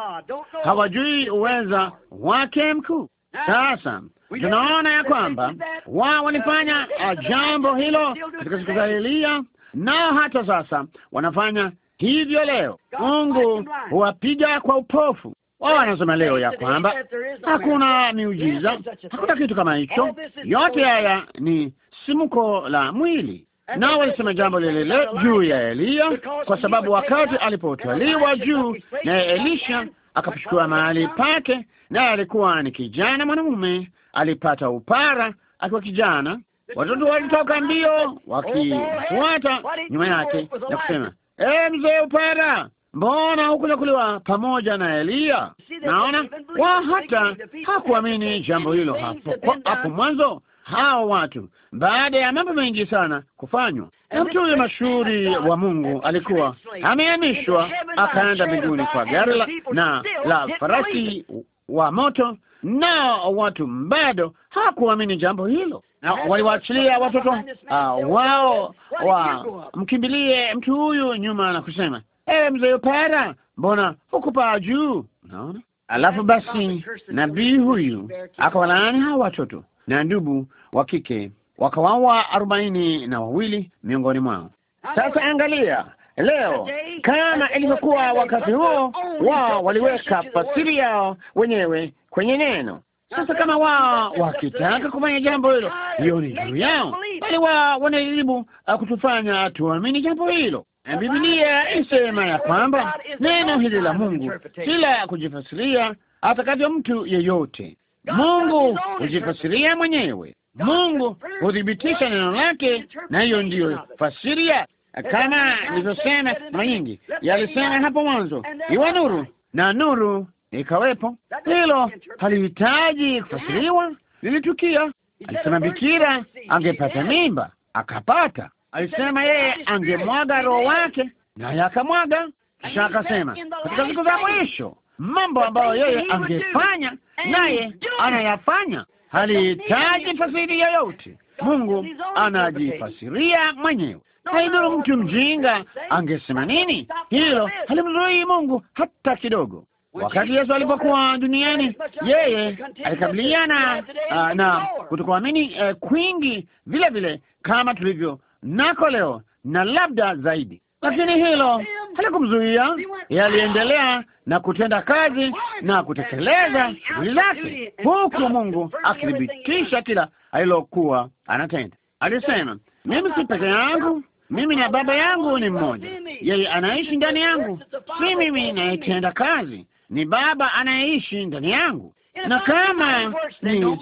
hawajui uweza wake mkuu. Sasa tunaona ya kwamba wao walifanya uh, jambo hilo katika siku za Elia, nao hata sasa wanafanya hivyo leo. Mungu huwapiga kwa upofu. Wao wanasema leo ya kwamba hakuna miujiza, hakuna kitu kama hicho. Yote haya ni simuko la mwili nao walisema jambo lile lile juu ya Eliya, kwa sababu wakati alipotwaliwa juu, naye Elisha akapochukua mahali pake, naye alikuwa ni kijana mwanamume, alipata upara akiwa kijana. Watoto walitoka mbio wakifuata nyuma yake na kusema, ee, mzee upara, mbona hukunyakuliwa pamoja na Eliya? Naona wa hata hakuamini jambo hilo hapo hapo mwanzo hao watu baada ya mambo mengi sana kufanywa. Na mtu huyo mashuhuri wa Mungu alikuwa amehamishwa akaenda mbinguni kwa gari la, na la farasi wa moto, na watu bado hakuamini jambo hilo, na waliwaachilia watoto uh, wao wamkimbilie mtu huyu nyuma na kusema, ewe mzee upara, mbona hukupaa juu? Unaona, alafu basi nabii huyu akawalaani hao watoto na ndugu wa kike wakawawa arobaini na wawili miongoni mwao. Sasa angalia leo, kama ilivyokuwa wakati huo, wao waliweka fasiri yao wenyewe kwenye neno. Sasa kama wao wakitaka kufanya jambo hilo, hiyo ni juu yao, bali wao wanajaribu uh, kutufanya tuamini jambo hilo. Biblia isema ya kwamba neno hili la Mungu kila kujifasiria atakavyo mtu yeyote Mungu hujifasiria mwenyewe. Mungu huthibitisha neno lake, na hiyo ndiyo fasiria. Kama nilivyosema mara nyingi, yalisema hapo mwanzo, iwe nuru, na nuru ikawepo. Hilo halihitaji kufasiriwa, lilitukia. Alisema bikira angepata mimba, akapata. Alisema yeye angemwaga roho wake, naye akamwaga. Kisha akasema katika siku za mwisho mambo ambayo yeye angefanya naye anayafanya. Halihitaji fasiri yoyote, Mungu anajifasiria mwenyewe. Haidhuru mtu mjinga angesema nini, hilo halimdhurui Mungu hata kidogo. Wakati Yesu alipokuwa duniani, yeye alikabiliana ah, na kutokuamini eh, kwingi vile vile kama tulivyo nako leo na labda zaidi, lakini hilo Halikumzuia, yaliendelea na kutenda kazi na kutekeleza shughuli zake, huku Mungu akithibitisha kila alilokuwa anatenda. Alisema, mimi si peke yangu, mimi na Baba yangu ni mmoja, yeye anaishi ndani yangu. Si mimi nayetenda kazi, ni Baba anayeishi ndani yangu na kama ni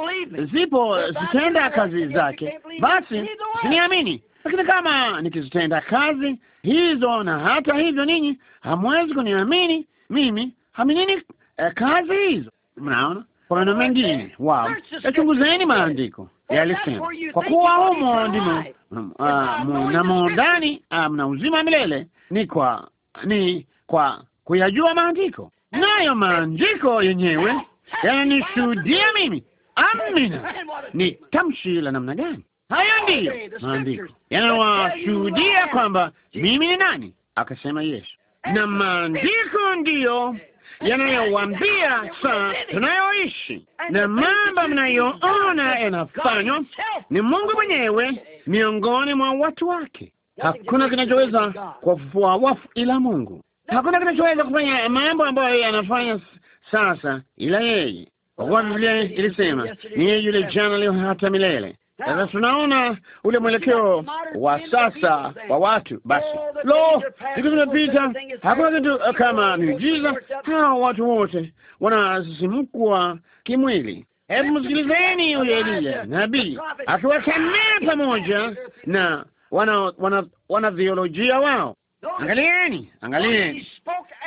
zipo zitenda kazi zake, basi siniamini lakini kama nikizitenda kazi hizo, na hata hivyo ninyi hamwezi kuniamini mimi, haminini eh, kazi hizo. Mnaona kwa maneno mengine wao, yachunguzeni maandiko yalisema, kwa kuwa humo ndimo ah, mnamo ndani ah, mna uzima milele, ni kwa ni kwa kuyajua maandiko, nayo maandiko yenyewe yananishuhudia mimi. Amina. Ni tamshi la namna gani? Hayo ndiyo maandiko yanawashuhudia kwamba mimi ni nani, akasema Yesu, na maandiko ndiyo yanayowambia saa tunayoishi na mambo mnayoona yanafanywa ni Mungu mwenyewe miongoni mwa watu wake. Hakuna kinachoweza kuwafufua wafu ila Mungu. Hakuna kinachoweza kufanya mambo ambayo yanafanya sasa ila yeye, kwa kuwa Biblia ilisema ni yeye yule jana, leo hata milele. Sasa tunaona ule mwelekeo wa sasa wa watu. Basi lo, siku zimepita, hakuna kitu kama miujiza. Hao watu wote wanasisimkwa kimwili. Hebu msikilizeni huyo Elia nabii akiwasamea pamoja na wana wana wanathiolojia wao. Angalieni, angalieni,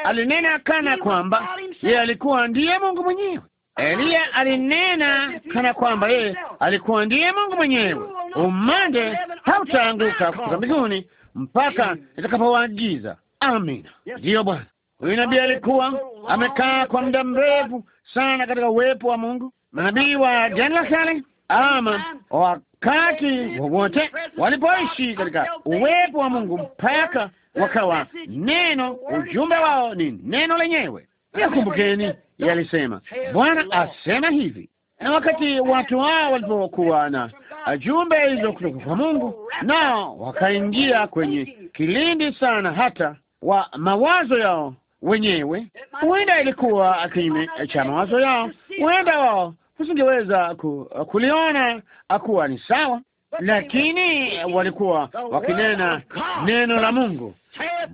alinena kana kwamba yeye alikuwa ndiye Mungu mwenyewe. Eliya alinena kana kwamba yeye alikuwa ndiye Mungu mwenyewe, umande hautaanguka kutoka mbinguni mpaka nitakapowaagiza. Amina. Ndiyo Bwana, huyu nabii alikuwa amekaa kwa muda mrefu sana katika uwepo wa Mungu. Manabii wa jana la kale ama wakati wowote walipoishi katika uwepo wa Mungu mpaka wakawa neno, ujumbe wao ni neno lenyewe pia kumbukeni, yalisema Bwana asema hivi. Na wakati watu hao walipokuwa na jumbe hizo kutoka kwa Mungu, nao wakaingia kwenye kilindi sana hata wa mawazo yao wenyewe, huenda ilikuwa kinyume cha mawazo yao, huenda wao husingeweza ku, kuliona akuwa ni sawa, lakini walikuwa wakinena neno la Mungu,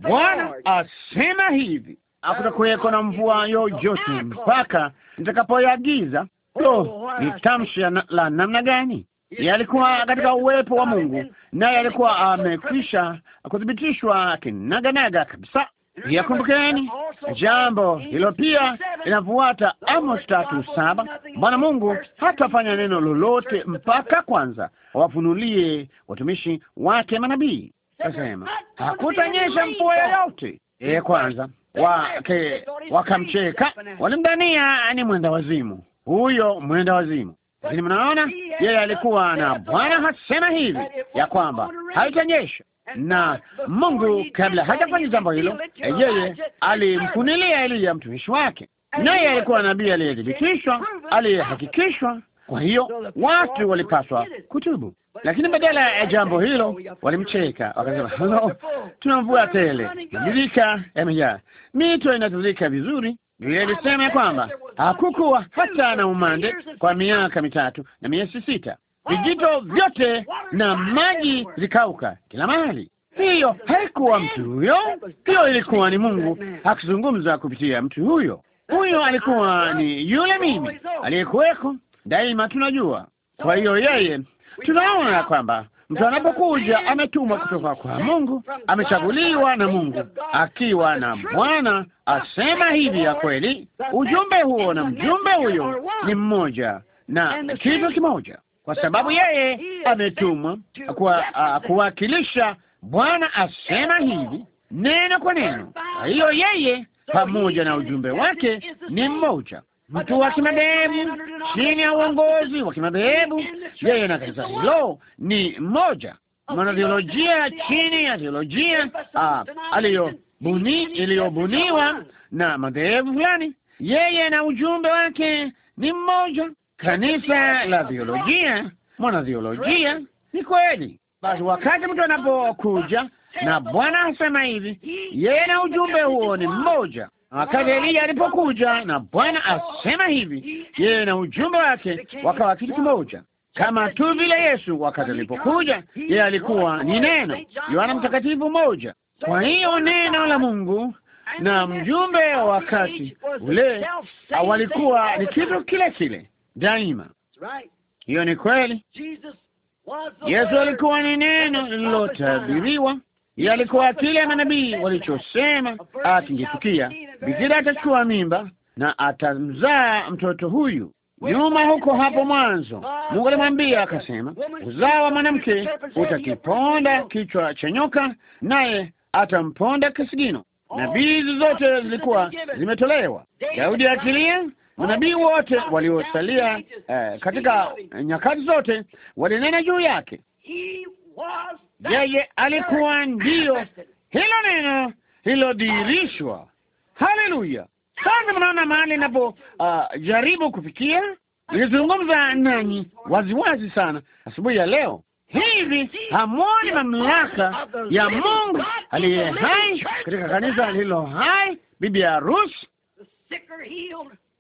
Bwana asema hivi hakutakuweko na mvua yoyote mpaka nitakapoyagiza Lo, ni tamshi la namna gani! Yalikuwa katika uwepo wa Mungu, naye alikuwa amekwisha kuthibitishwa kinaganaga kabisa. Yakumbukeni jambo hilo pia linafuata Amos tatu saba. Bwana Mungu hatafanya neno lolote mpaka kwanza wafunulie watumishi wake manabii. Kasema hakutanyesha mvua yoyote. E, kwanza wake wakamcheka, walimdhania ni mwenda wazimu, huyo mwenda wazimu. Lakini mnaona, yeye alikuwa na Bwana hasema hivi ya kwamba haitanyesha na Mungu kabla hajafanya jambo hilo, yeye alimfunilia Eliya mtumishi wake, naye alikuwa nabii aliyethibitishwa, aliyehakikishwa kwa hiyo watu walipaswa kutubu, lakini badala ya jambo hilo walimcheka, wakasema lo, tunamvua tele, madirika yamejaa, mito inatiririka vizuri. Biblia ilisema kwamba hakukuwa hata na umande kwa miaka mitatu na miezi sita, vijito vyote na maji vikauka kila mahali. Hiyo haikuwa mtu huyo, hiyo ilikuwa ni Mungu akizungumza kupitia mtu huyo. Huyo alikuwa ni yule mimi aliyekuweko daima tunajua. Kwa hiyo yeye, tunaona kwamba mtu anapokuja ametumwa kutoka kwa Mungu, amechaguliwa na Mungu, akiwa na Bwana asema hivi ya kweli, ujumbe huo na mjumbe huyo ni mmoja na kitu kimoja, kwa sababu yeye ametumwa kwa kuwakilisha Bwana asema hivi neno kwa neno. Kwa hiyo yeye pamoja na ujumbe wake ni mmoja mtu wa kimadhehebu chini ya uongozi wa kimadhehebu yeye na kanisa hilo ni mmoja mwanatheolojia chini ya theolojia ah, iliyobuniwa na madhehebu fulani. Yeye na ujumbe wake ni mmoja, kanisa la theolojia, mwanatheolojia. Ni kweli basi, wakati mtu anapokuja na Bwana asema hivi, yeye na ujumbe huo ni mmoja Wakati Eliya alipokuja na Bwana asema hivi, yeye na ujumbe wake wakawa kitu kimoja, kama tu vile Yesu wakati alipokuja, yeye alikuwa ni neno, Yohana Mtakatifu moja. Kwa hiyo neno la Mungu na mjumbe wa wakati ule walikuwa ni kitu kile kile daima. Hiyo ni kweli. Yesu alikuwa ni neno lililotabiriwa yalikuwa kile manabii walichosema atingetukia. Bikira atachukua mimba na atamzaa mtoto huyu. Nyuma huko hapo mwanzo, Mungu alimwambia akasema, uzao wa mwanamke utakiponda kichwa cha nyoka, naye atamponda kisigino. Nabii hizi zote zilikuwa zimetolewa. Daudi akilia, manabii wote waliosalia eh, katika nyakati zote walinena juu yake yeye alikuwa ndiyo hilo neno hililodirishwa. Haleluya! Sasa mnaona mahali inapo uh, ah, jaribu kufikia. Nilizungumza nanyi waziwazi sana asubuhi ya leo. Hivi hamwoni mamlaka ya Mungu aliye hai katika kanisa lililo hai, bibi rus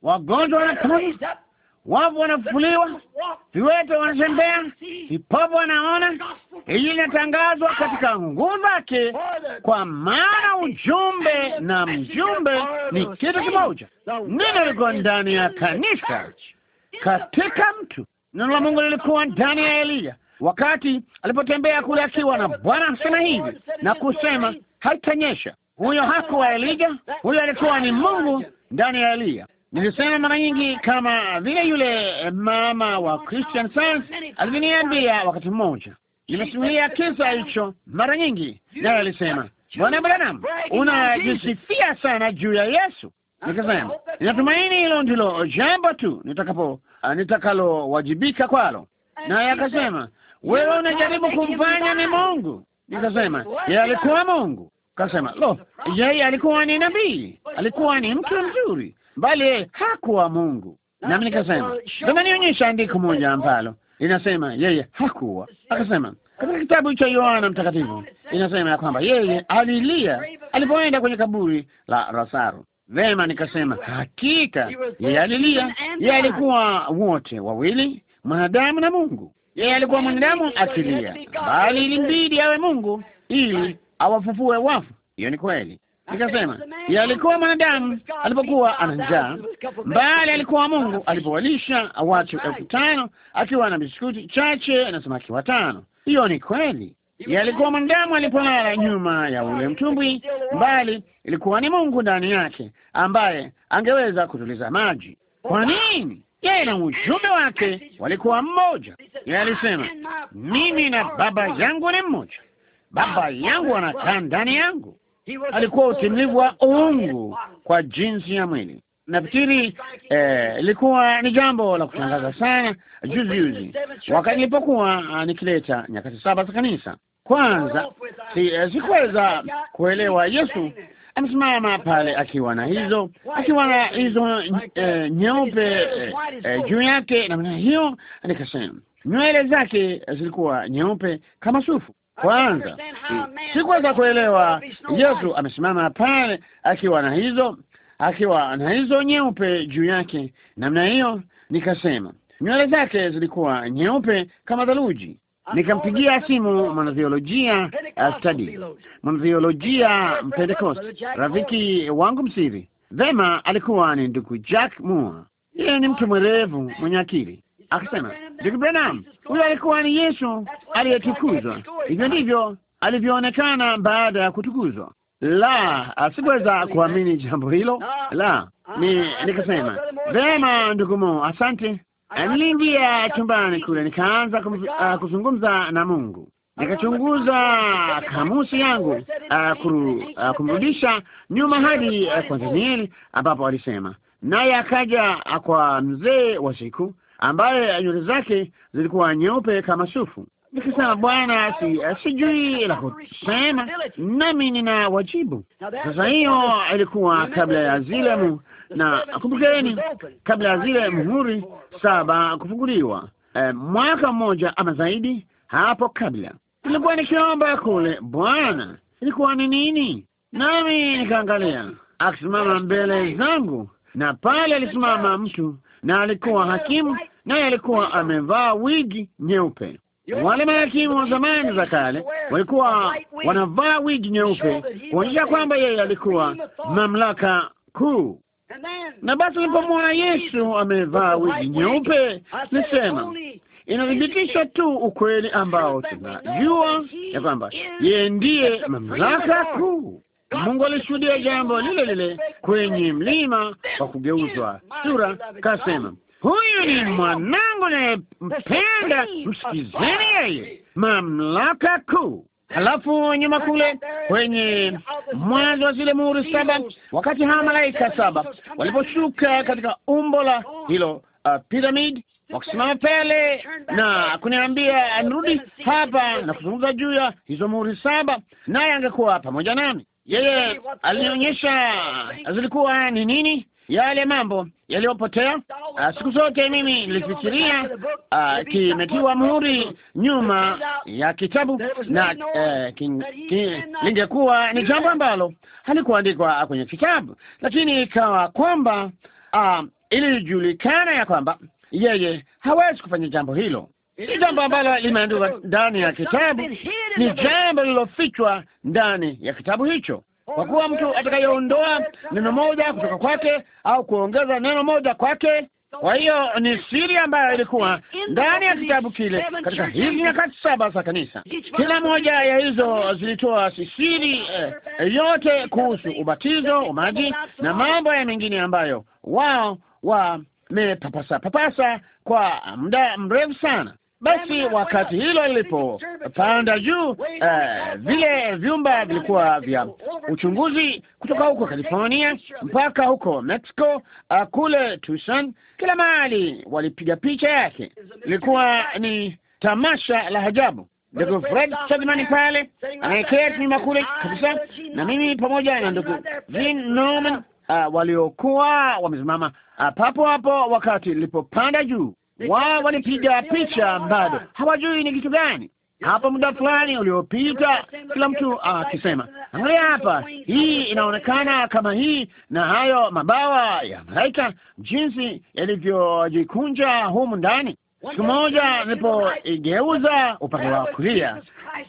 wagonjwa wanapona, wapo wanafufuliwa, viwete wanatembea, vipopo wanaona. Hili linatangazwa katika nguvu zake, kwa maana ujumbe na mjumbe ni kitu kimoja. Neno liko ndani ya kanisa katika mtu. Neno la Mungu lilikuwa ndani ya Eliya wakati alipotembea kule akiwa na Bwana asema hivi na kusema haitanyesha. Huyo hakuwa Elija, huyo alikuwa ni Mungu ndani ya Eliya. Nilisema mara nyingi, kama vile yule mama wa Christian Science aliniambia wakati mmoja, nimesimulia kisa hicho mara nyingi, naye alisema, Bwana Branham, unajisifia sana juu ya Yesu. Nikasema, ninatumaini hilo ndilo jambo tu nitakapo nitakalowajibika kwalo. Naye akasema, wewe unajaribu kumfanya ni Mungu. Nikasema, yeye alikuwa Mungu. Kasema, lo, yeye alikuwa ni nabii, alikuwa ni mtu mzuri bali hakuwa Mungu. Ah, Nami nikasema nionyesha andiko moja ambalo inasema yeye hakuwa. Akasema katika kitabu cha Yohana Mtakatifu inasema ya kwamba yeye alilia alipoenda kwenye kaburi la Lazaro. Vema, nikasema hakika yeye alilia. Yeye alikuwa wote wawili, mwanadamu na Mungu. Yeye alikuwa mwanadamu akilia, bali ilimbidi awe Mungu ili awafufue wafu. Hiyo ni kweli. Nikasema yalikuwa mwanadamu alipokuwa ana njaa, bali alikuwa Mungu alipowalisha watu elfu tano akiwa na biskuti chache na samaki watano. Hiyo ni kweli. Yalikuwa mwanadamu alipolala nyuma ya ule mtumbwi, bali ilikuwa ni Mungu ndani yake ambaye angeweza kutuliza maji. Oh, Kwa nini? Yeye na ujumbe wake walikuwa mmoja. Yeye alisema mimi na Baba yangu ni mmoja, Baba yangu anakaa ndani yangu alikuwa utimilivu wa uungu kwa jinsi ya mwili. Nafikiri eh, ilikuwa ni jambo la kushangaza sana juzi juzi, wakati nilipokuwa ah, nikileta nyakati saba za kanisa. Kwanza si, eh, sikuweza kuelewa Yesu amesimama pale akiwa na hizo akiwa na hizo eh, nyeupe eh, eh, juu yake namna hiyo, nikasema nywele zake eh, zilikuwa nyeupe kama sufu kwanza sikuweza kuelewa Yesu amesimama pale akiwa na hizo akiwa na hizo nyeupe juu yake namna hiyo. Nikasema nywele zake zilikuwa nyeupe kama theluji. Nikampigia simu mwanatheolojia uh, study mwanatheolojia Mpentekoste, rafiki wangu msiri. Vema, alikuwa ni ndugu Jack Moore. Yeye ni mtu mwerevu mwenye akili. Akasema, ndugu Branham, huyo alikuwa ni Yesu aliyetukuzwa. Hivyo ndivyo alivyoonekana baada ya kutukuzwa. La, asiweza kuamini jambo hilo. La, ni nikasema vema, ndugu Mo, asante. Niliingia chumbani kule nikaanza uh, kuzungumza na Mungu, nikachunguza kamusi yangu uh, uh, kumrudisha nyuma hadi kwa Danieli ambapo alisema naye akaja kwa mzee wa siku ambaye nywele zake zilikuwa nyeupe kama sufu. Nikisema Bwana, si eh, sijui la kusema, nami nina wajibu. Sasa hiyo ilikuwa kabla ya zile mu, na kumbukeni, kabla ya zile muhuri saba kufunguliwa, e, mwaka mmoja ama zaidi hapo kabla nilikuwa nikiomba kule, Bwana, ilikuwa ni nini? Nami nikaangalia akisimama mbele zangu, na pale alisimama mtu na alikuwa hakimu naye alikuwa amevaa wigi nyeupe. Wale mahakimu wa zamani za kale walikuwa wanavaa wigi nyeupe kuonyesha kwamba yeye alikuwa mamlaka kuu. Na basi nilipomwona Yesu amevaa wigi nyeupe, nisema inathibitisha tu ukweli ambao tunajua ya kwamba yeye ndiye mamlaka kuu. Mungu alishuhudia jambo lile lile kwenye mlima wa kugeuzwa sura, kasema huyu ni mwanangu nayempenda, msikizeni yeye. Mamlaka kuu. alafu nyuma kule kwenye mwanzo wa zile muhuri saba, wakati hawa malaika saba waliposhuka katika umbo la hilo uh, piramidi wakisimama pale na kuniambia anirudi hapa na kuzungumza juu ya hizo muhuri saba, naye angekuwa pamoja nami. Yeye alionyesha zilikuwa ni nini, yale mambo yaliyopotea. Uh, siku zote mimi nilifikiria uh, kimetiwa muhuri nyuma ya kitabu na uh, lingekuwa ni jambo ambalo halikuandikwa kwenye kitabu, lakini ikawa kwamba uh, ilijulikana ya kwamba yeye hawezi kufanya jambo hilo. Ni jambo ambalo limeandikwa ndani ya kitabu, ni jambo lililofichwa ndani ya kitabu hicho kwa kuwa mtu atakayeondoa neno moja kutoka kwake au kuongeza neno moja kwake kwa hiyo ni siri ambayo ilikuwa ndani ya kitabu kile katika hizi nyakati saba za kanisa. Kila moja ya hizo zilitoa siri eh, yote kuhusu ubatizo, umaji na mambo ya mengine ambayo wao wamepapasa papasa kwa muda mrefu sana. Basi wakati hilo lilipopanda juu, uh, vile vyumba vilikuwa vya uchunguzi kutoka huko California mpaka huko Mexico, uh, kule Tucson, kila mahali walipiga picha yake. Ilikuwa ni tamasha la ajabu. Ndugu Fred Sadmani pale anayeketi nyuma kule kabisa, na mimi pamoja na ndugu Vin Norman, uh, waliokuwa wamesimama uh, papo hapo wakati lilipopanda juu wao walipiga picha, bado hawajui ni kitu gani. Hapo muda fulani uliopita, kila mtu akisema, uh, angalia hapa, hii inaonekana kama hii na hayo mabawa ya malaika, jinsi yalivyojikunja humu ndani. Siku moja nilipoigeuza upande wa kulia,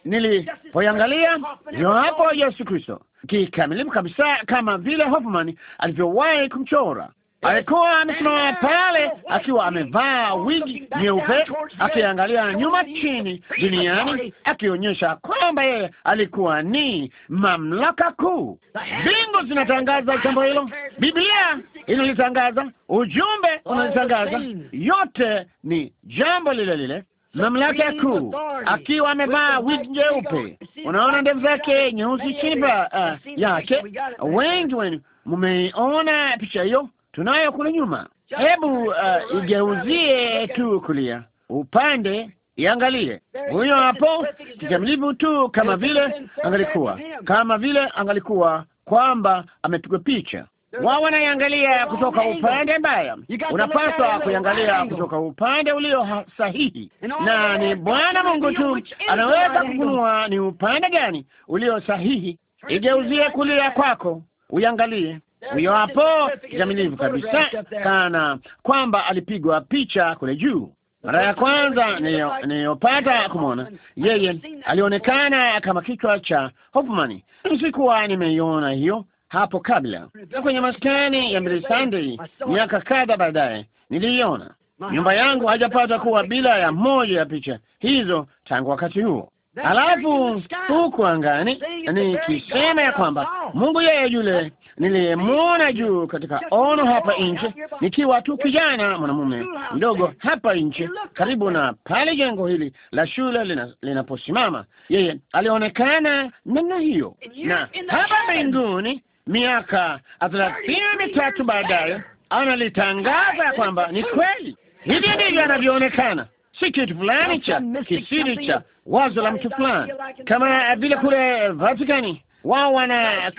nilipoiangalia hiyo hapo Yesu Kristo kikamilifu kabisa, kama vile Hoffman alivyowahi kumchora alikuwa amesimama pale akiwa amevaa wigi nyeupe, akiangalia nyuma chini duniani, akionyesha kwamba yeye alikuwa ni mamlaka kuu. Mbingu zinatangaza jambo hilo, Biblia inalitangaza, ujumbe unalitangaza, yote ni jambo lile lile mamlaka kuu akiwa amevaa wigi nyeupe. Unaona ndevu zake nyeusi chini uh, yake. Wengi wenu mmeona picha hiyo, tunayo kule nyuma. Hebu uh, igeuzie tu kulia upande iangalie huyo hapo, kikamilivu tu, kama vile angalikuwa kama vile angalikuwa kwamba amepigwa picha. Wao wanaiangalia kutoka upande mbaya, unapaswa kuiangalia kutoka upande ulio sahihi, na ni Bwana Mungu tu anaweza kufunua ni upande gani ulio sahihi. Igeuzie kulia kwako, uiangalie huyo hapo kikamilifu kabisa sana, kwamba alipigwa picha kule juu. Mara ya kwanza niliyopata kumwona yeye, alionekana kama kichwa cha Hoffman. Sikuwa nimeiona hiyo hapo kabla, kwenye maskani ya Mary Sunday miaka kadha baadaye niliiona. Nyumba yangu haijapata kuwa bila ya moja ya picha hizo tangu wakati huo. alafu huku angani nikisema ya kwamba Mungu yeye yule nilimuona juu katika ono hapa nje, nikiwa tu kijana mwanamume mdogo hapa nje, karibu na pale jengo hili la shule linaposimama. Yeye alionekana namna hiyo, na hapa mbinguni miaka thelathini mitatu baadaye analitangaza kwamba ni kweli. Hivi ndivyo anavyoonekana, si kitu fulani cha kisiri cha wazo la mtu fulani, kama vile kule Vatikani wao wana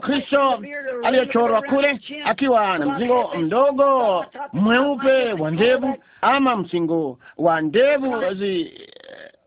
Kristo aliyechorwa kule akiwa na mzingo mdogo mweupe wa ndevu ama msingo wa ndevu zi,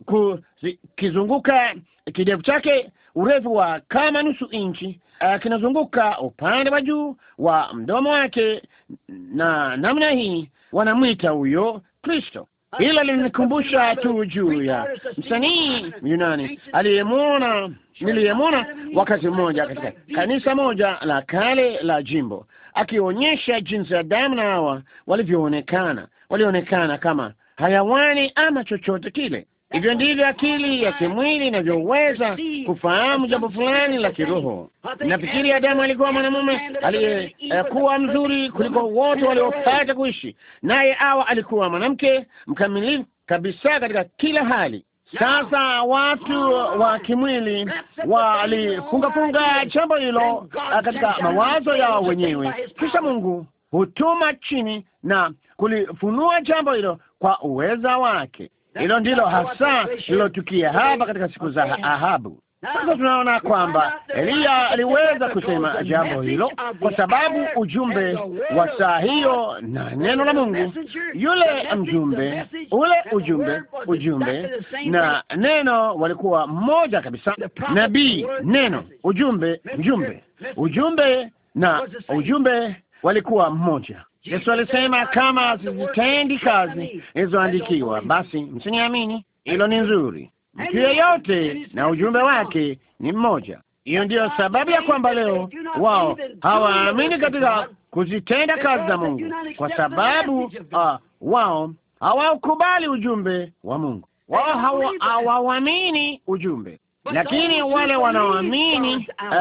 ku, zi, kizunguka kidevu chake urefu wa kama nusu inchi eh, kinazunguka upande wa juu wa mdomo wake, na namna hii wanamwita huyo Kristo. Hilo linikumbusha tu juu ya msanii Myunani aliyemwona Niliyemwona wakati mmoja katika kanisa moja la kale la jimbo akionyesha jinsi Adamu na Hawa walivyoonekana. Walionekana kama hayawani ama chochote kile. Hivyo ndivyo akili ya kimwili inavyoweza kufahamu jambo fulani la kiroho. Nafikiri Adamu alikuwa mwanamume aliyekuwa mzuri kuliko wote waliopata kuishi, naye Hawa alikuwa mwanamke mkamilifu kabisa katika kila hali. Sasa watu wa kimwili walifungafunga jambo hilo uh, katika mawazo yao wenyewe, kisha Mungu hutuma chini na kulifunua jambo hilo kwa uweza wake. Hilo ndilo hasa lilotukia hapa katika siku za Ahabu. Sasa tunaona kwamba Eliya aliweza kusema jambo hilo kwa sababu ujumbe wa saa hiyo na neno la Mungu, yule mjumbe, ule ujumbe, ujumbe na neno walikuwa mmoja kabisa. Nabii, neno, ujumbe, mjumbe, ujumbe na ujumbe walikuwa mmoja. Yesu alisema kama sizitendi kazi ilizoandikiwa, basi msiniamini. Hilo ni nzuri mtu yeyote na ujumbe wake ni mmoja. Hiyo ndiyo sababu ya kwamba leo wao hawaamini katika kuzitenda kazi za Mungu, kwa sababu uh, wao hawaukubali ujumbe wa Mungu, wao hawaamini ujumbe. Lakini wale wanaoamini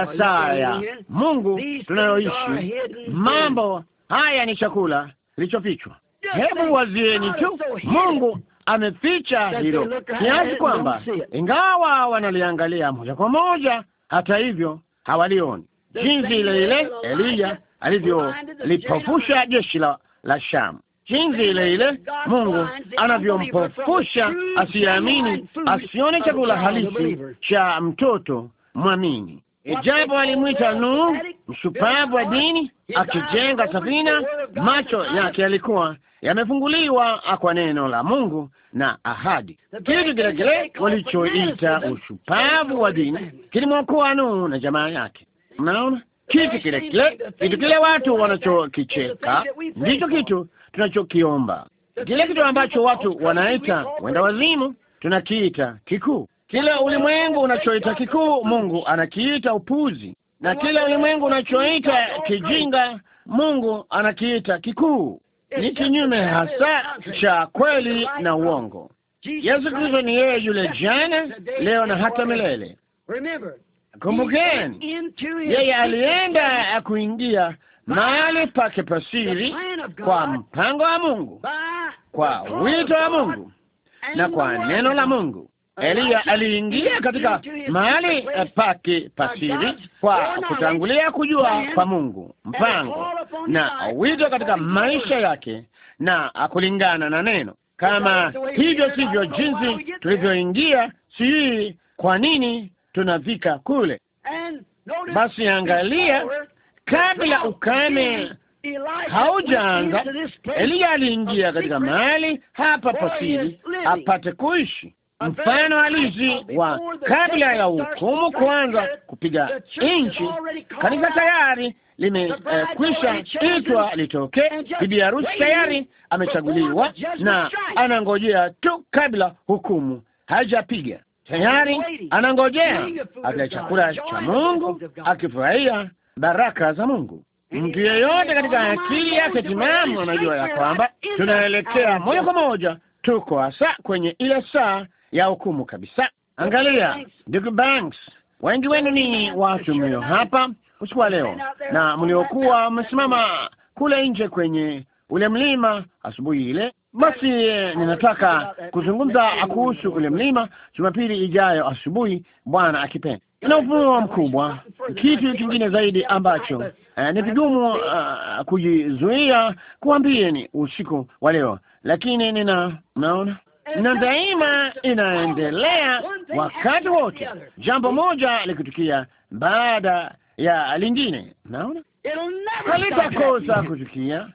uh, saa ya Mungu tunayoishi, mambo haya ni chakula kilichofichwa. Hebu wazieni tu Mungu ameficha hilo kiasi eh, kwamba ingawa wanaliangalia moja kwa moja, hata hivyo hawalioni, jinsi ile ile Eliya alivyolipofusha jeshi la, la Shamu, jinsi ile ile Mungu anavyompofusha asiyeamini, asione chakula halisi cha mtoto mwamini ijapo alimwita Nuhu mshupavu wa dini, akijenga safina, macho yake yalikuwa yamefunguliwa kwa neno la Mungu na ahadi. Kitu kile kile walichoita ushupavu wa dini kilimwokoa Nuhu na jamaa yake. Mnaona, kitu kile kile, kitu kile watu wanachokicheka ndicho kitu tunachokiomba. Kile kitu ambacho watu wanaita wenda wazimu tunakiita kikuu. Kila ulimwengu unachoita kikuu Mungu anakiita upuzi, na kila ulimwengu unachoita kijinga Mungu anakiita kikuu. Ni kinyume hasa cha kweli na uongo. Yesu Kristo ni yeye yule jana, leo na hata milele. Kumbukeni, yeye alienda kuingia mahali pake pasiri kwa mpango wa Mungu, kwa wito wa Mungu na kwa neno la Mungu. Uh, Eliya uh, uh, aliingia katika mahali pake pasiri kwa kutangulia kujua kwa Mungu mpango na wito katika maisha yake na kulingana na neno. Kama hivyo sivyo jinsi tulivyoingia, si kwa nini tunafika kule? Basi angalia, kabla ukame haujaanza, Eliya aliingia katika mahali hapa pasiri apate kuishi mfano halisi wa kabla ya hukumu kuanza kupiga nchi. Kanisa tayari limekwisha uh, itwa litokee. Bibi harusi tayari amechaguliwa na anangojea tu kabla hukumu haijapiga tayari anangojea akila chakula cha Mungu, akifurahia baraka za Mungu. Mtu yeyote katika akili yake timamu anajua ya kwamba tunaelekea moja kwa moja, tuko hasa kwenye ile saa ya hukumu kabisa. Angalia, ndugu Banks, wengi wenu ni watu mlio hapa usiku wa leo na mliokuwa mmesimama kule nje kwenye ule mlima asubuhi ile. Basi eh, ninataka kuzungumza kuhusu ule mlima Jumapili ijayo asubuhi, Bwana akipenda, na ufunuo mkubwa, kitu kingine zaidi ambacho eh, ni vigumu uh, kujizuia kuambieni usiku wa leo, lakini nina naona na daima inaendelea wakati wote, jambo moja likitukia baada ya lingine. Naona halitakosa kutukia,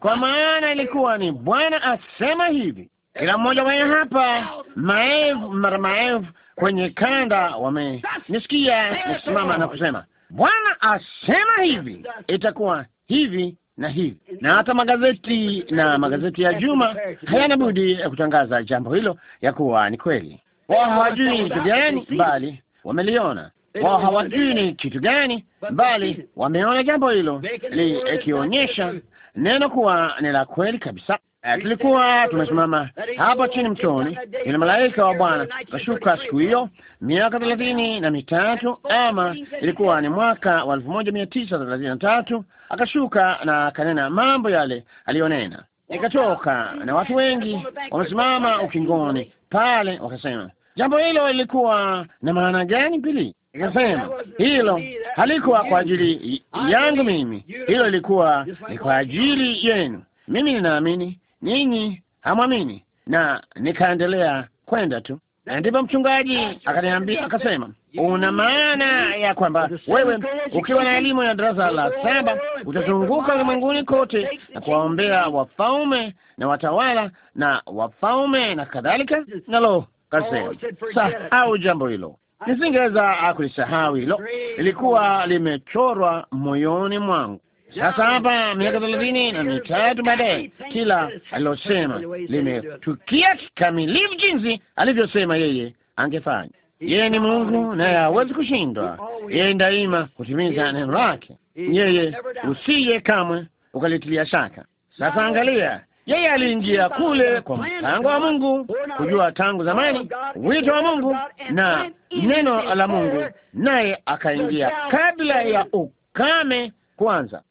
kwa maana ilikuwa ni Bwana asema hivi. Kila mmoja wenye hapa, maelfu mara maelfu kwenye kanda, wamenisikia nasimama na kusema Bwana asema hivi, itakuwa hivi na hivi na hata magazeti na magazeti ya juma hayana budi kutangaza jambo hilo ya kuwa ni kweli. Wao hawajui kitu gani, bali wameliona. Wao hawajui ni kitu gani, bali wameona jambo hilo likionyesha neno kuwa ni la kweli kabisa. Eh, tulikuwa tumesimama hapo chini mtoni, ili malaika wa Bwana kashuka siku hiyo miaka thelathini na mitatu ama ilikuwa ni mwaka wa elfu moja mia tisa thelathini na tatu akashuka na kanena mambo yale aliyonena. Nikatoka na watu wengi wamesimama ukingoni pale, wakasema jambo hilo lilikuwa na maana gani? Pili nikasema hilo halikuwa kwa ajili yangu mimi, hilo ilikuwa ni kwa ajili yenu. Mimi ninaamini nyinyi hamwamini, na nikaendelea kwenda tu, na ndipo mchungaji akaniambia, akasema, una maana ya kwamba wewe ukiwa na elimu ya darasa la saba utazunguka ulimwenguni kote na kuwaombea wafalme na watawala na wafalme na kadhalika? Nalo kasema sahau jambo hilo. Nisingeweza kulisahau hilo, lilikuwa limechorwa moyoni mwangu. Sasa hapa miaka thelathini na mitatu baadaye, kila alilosema limetukia kikamilifu jinsi alivyosema yeye angefanya. Yeye ni Mungu naye hawezi kushindwa. Yeye daima kutimiza neno lake, yeye usiye kamwe ukalitilia shaka. Sasa angalia, yeye aliingia kule kwa mpango wa Mungu, kujua tangu zamani wito wa Mungu na neno la Mungu, naye akaingia kabla ya ukame kwanza.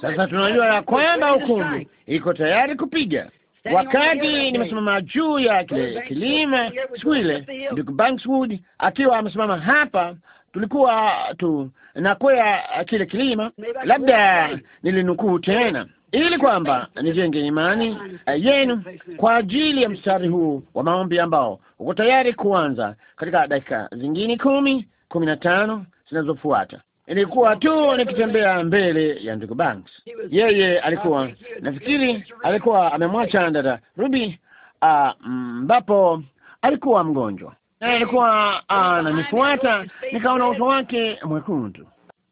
Sasa tunajua ya kwamba hukumu iko tayari kupiga. Wakati nimesimama juu ya kile kilima siku ile, ndugu Bankswood akiwa amesimama hapa, tulikuwa tu nakwea kile kilima, labda nilinukuu tena ili kwamba nijenge imani eh, yenu kwa ajili ya mstari huu wa maombi ambao uko tayari kuanza katika dakika zingine kumi kumi na tano zinazofuata. Ilikuwa tu nikitembea mbele ya ndugu Banks. Yeye alikuwa nafikiri, alikuwa amemwacha dada Ruby ambapo ah, uh, alikuwa mgonjwa, na alikuwa ananifuata. Ah, uh, nikaona uso wake mwekundu,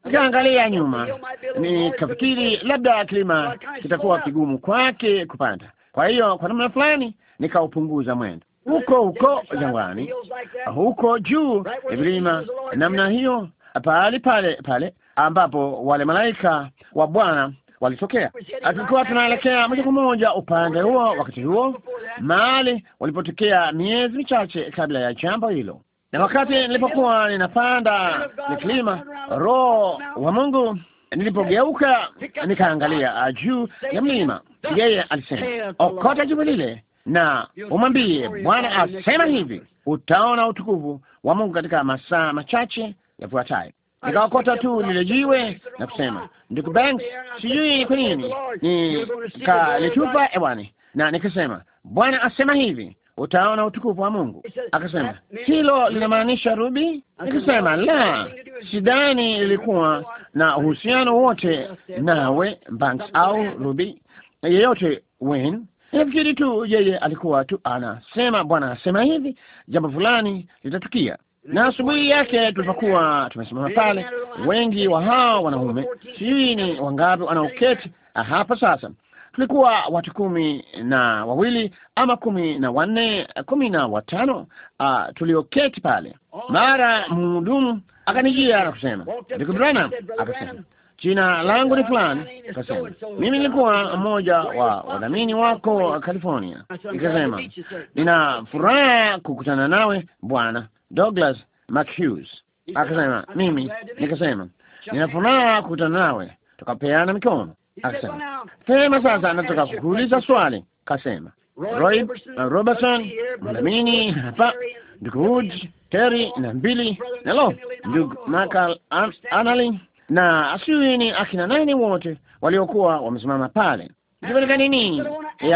nikaangalia nyuma, nikafikiri labda kilima kitakuwa kigumu kwake kupanda, kwa hiyo kwa namna fulani nikaupunguza mwendo huko huko jangwani, huko juu ya vilima namna hiyo pale pale pale ambapo wale malaika wa Bwana walitokea. Tulikuwa tunaelekea moja kwa moja upande huo, wakati huo mahali walipotokea miezi michache kabla ya jambo hilo. Na wakati nilipokuwa ninapanda nikilima, roho wa Mungu, nilipogeuka nikaangalia juu ya mlima, yeye alisema, okota jiwe lile na umwambie Bwana asema hivi, utaona utukufu wa Mungu katika masaa machache yafuatayo. Nikaokota tu lile jiwe na kusema, ndugu Banks, sijui kwa nini nikalitupa hewani, na nikasema, Bwana asema hivi, utaona utukufu wa Mungu. Akasema, hilo linamaanisha Rubi? Nikasema, la, sidhani ilikuwa na uhusiano wote nawe Banks au Rubi yeyote wen Nafikiri tu yeye alikuwa tu anasema Bwana asema hivi, jambo fulani litatukia na asubuhi yake tulipokuwa tumesimama pale, wengi wa hao wanaume, sijui ni wangapi wanaoketi hapa sasa, tulikuwa watu kumi na wawili ama kumi na wanne kumi na watano uh, tulioketi pale. Mara mhudumu akanijia na kusema, ndugu Branham, akasema jina langu ni fulani. Akasema mimi nilikuwa mmoja wa wadhamini wako California. Nikasema nina furaha kukutana nawe bwana Douglas McHughes akasema, mimi nikasema, ninafunaa furaha kukutana nawe, tukapeana mikono. Akasema, sema sasa, nataka kukuuliza swali. Kasema Roy Robertson, mdhamini hapa, ndugu Wood Terry na mbili nalo ndugu Michael Anali na asiwini akina nane wote waliokuwa wamesimama pale. Ikifanyika nini?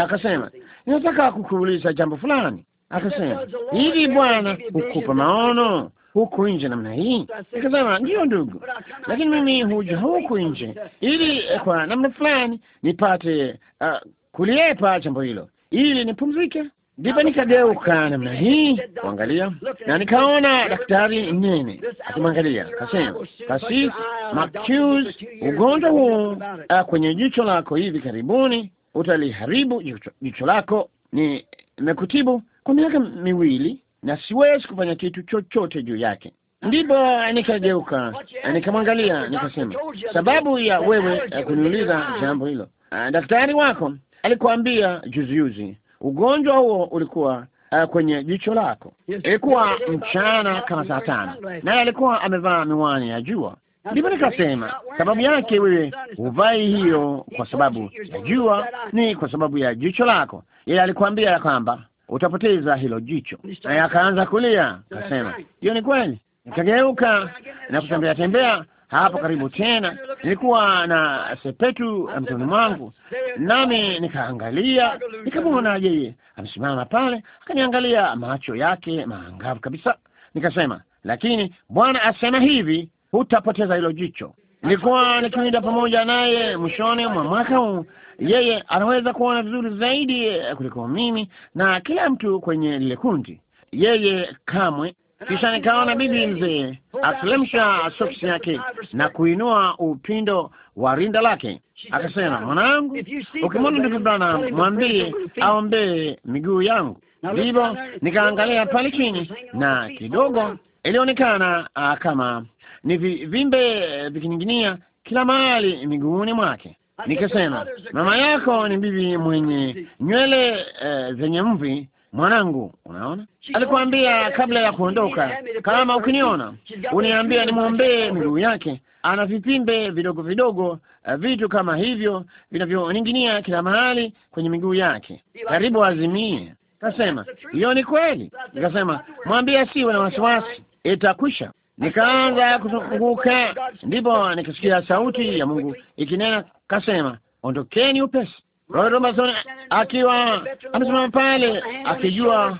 Akasema, ninataka kukuuliza jambo fulani akasema hivi, Bwana hukupa maono huku nje namna hii? Nikasema ndiyo ndugu, lakini mimi huja huku nje ili kwa namna fulani nipate uh, kuliepa jambo hilo ili nipumzike. Ndipo nikageuka namna hii kuangalia, na nikaona daktari mnene akimwangalia. Kasema, kasisi Mathews, ugonjwa huu uh, kwenye jicho lako hivi karibuni utaliharibu jicho, jicho lako. Nimekutibu kwa miaka miwili na siwezi kufanya kitu chochote juu yake. Ndipo nikageuka nikamwangalia, nikasema, sababu ya wewe eh, kuniuliza jambo hilo, ah, daktari wako alikuambia juzi ugonjwa huo ulikuwa uh, kwenye jicho lako. Ilikuwa mchana kama saa tano, naye alikuwa amevaa miwani ya jua. Ndipo nikasema sababu yake wewe huvai hiyo kwa sababu ya jua ni kwa sababu ya jicho lako. Yeye alikuambia ya kwamba utapoteza hilo jicho. Naye akaanza kulia, akasema hiyo ni kweli. Nikageuka na kutembea tembea hapo karibu tena, nilikuwa na sepetu mtoni mwangu, nami nikaangalia, nikamwona yeye amesimama pale, akaniangalia, macho yake maangavu kabisa. Nikasema, lakini Bwana asema hivi, hutapoteza hilo jicho. Nilikuwa nikiwinda pamoja naye mwishoni mwa mwaka huu yeye anaweza kuona vizuri zaidi eh, kuliko mimi na kila mtu kwenye lile kundi, yeye kamwe. Kisha nikaona bibi mzee akilemsha soksi yake na kuinua upindo wa rinda lake, akasema, mwanangu, ukimwona ndugu bana, mwambie aombee miguu yangu. Ndivyo nikaangalia pale chini na kidogo ilionekana ah, kama ni vivimbe eh, vikining'inia kila mahali miguuni mwake nikasema, mama yako ni bibi mwenye nywele eh, zenye mvi Mwanangu, unaona, alikwambia kabla ya kuondoka, kama ukiniona uniambia nimwombee miguu yake, ana vipimbe vidogo vidogo, eh, vitu kama hivyo vinavyoning'inia kila mahali kwenye miguu yake, karibu azimie. Kasema hiyo ni kweli. Nikasema mwambie asiwe na wasiwasi, itakwisha. Nikaanza kuzunguka, ndipo nikasikia sauti ya Mungu ikinena kasema, ondokeni upesi. Robertson akiwa amesimama pale akijua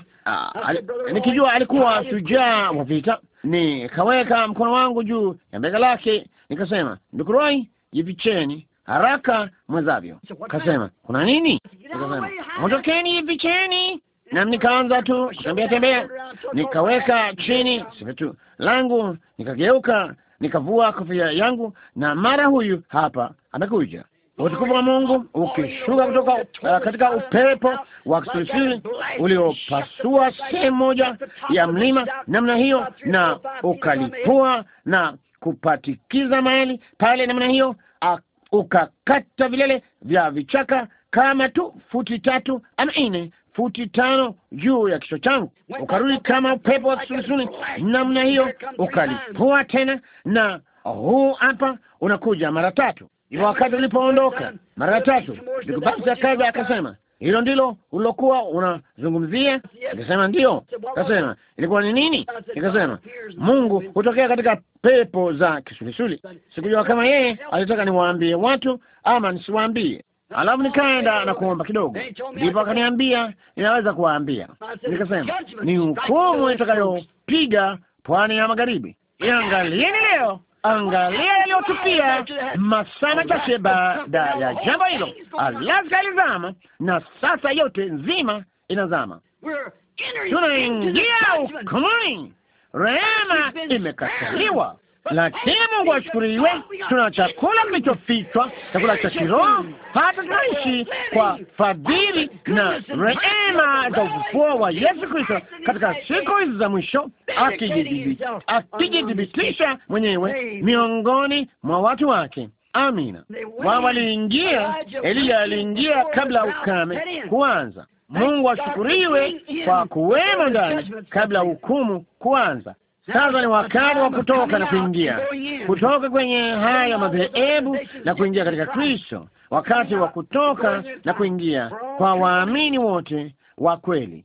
nikijua alikuwa shujaa wa vita, nikaweka mkono wangu juu ya bega lake, nikasema, ndugu Roy, jificheni haraka mwezavyo. Kasema, kuna nini? Nikasema, ondokeni, jificheni na nikaanza tu kutembea tembea, nikaweka chini sivitu langu, nikageuka, nikavua kofia yangu, na mara huyu hapa anakuja utukufu wa Mungu ukishuka kutoka uh, katika upepo wa kisulisuli uliopasua sehemu moja ya mlima namna hiyo, na ukalipua na kupatikiza mahali pale namna hiyo, uh, ukakata vilele vya vichaka kama tu futi tatu ama nne futi tano juu ya kichwa changu, ukarudi kama upepo wa kisulisuli namna hiyo, ukalipua tena, na huu hapa unakuja mara tatu. Ni wakati ulipoondoka mara tatu, ndugu Babs akasema, hilo ndilo ulilokuwa unazungumzia? Akasema ndio. Akasema ilikuwa ni nini? Nikasema Mungu hutokea katika pepo za kisulisuli. Sikujua kama yeye alitaka niwaambie watu ama nisiwaambie. Alafu nikaenda na kuomba kidogo, ndipo akaniambia ninaweza kuwaambia. Nikasema ni hukumu itakayopiga pwani ya magharibi, iangalieni leo Angalia yaliyotukia masana machache baada ya jambo hilo. Alaska ilizama na sasa yote nzima inazama. Tunaingia ukumuni, rehema imekataliwa. Lakini Mungu ashukuriwe, tuna chakula kilichofichwa, chakula cha kiroho, hata tunaishi kwa fadhili na rehema za ufufuo wa Yesu Kristo katika siku hizi za mwisho, akijidhibitisha mwenyewe miongoni mwa watu wake. Amina. Wao waliingia, Eliya aliingia kabla ukame kuanza. Mungu ashukuriwe kwa kuwemo ndani kabla hukumu kuanza. Sasa ni wakati wa kutoka na kuingia, kutoka kwenye haya madhehebu na kuingia katika Kristo, wakati wa kutoka na kuingia kwa waamini wote wa kweli.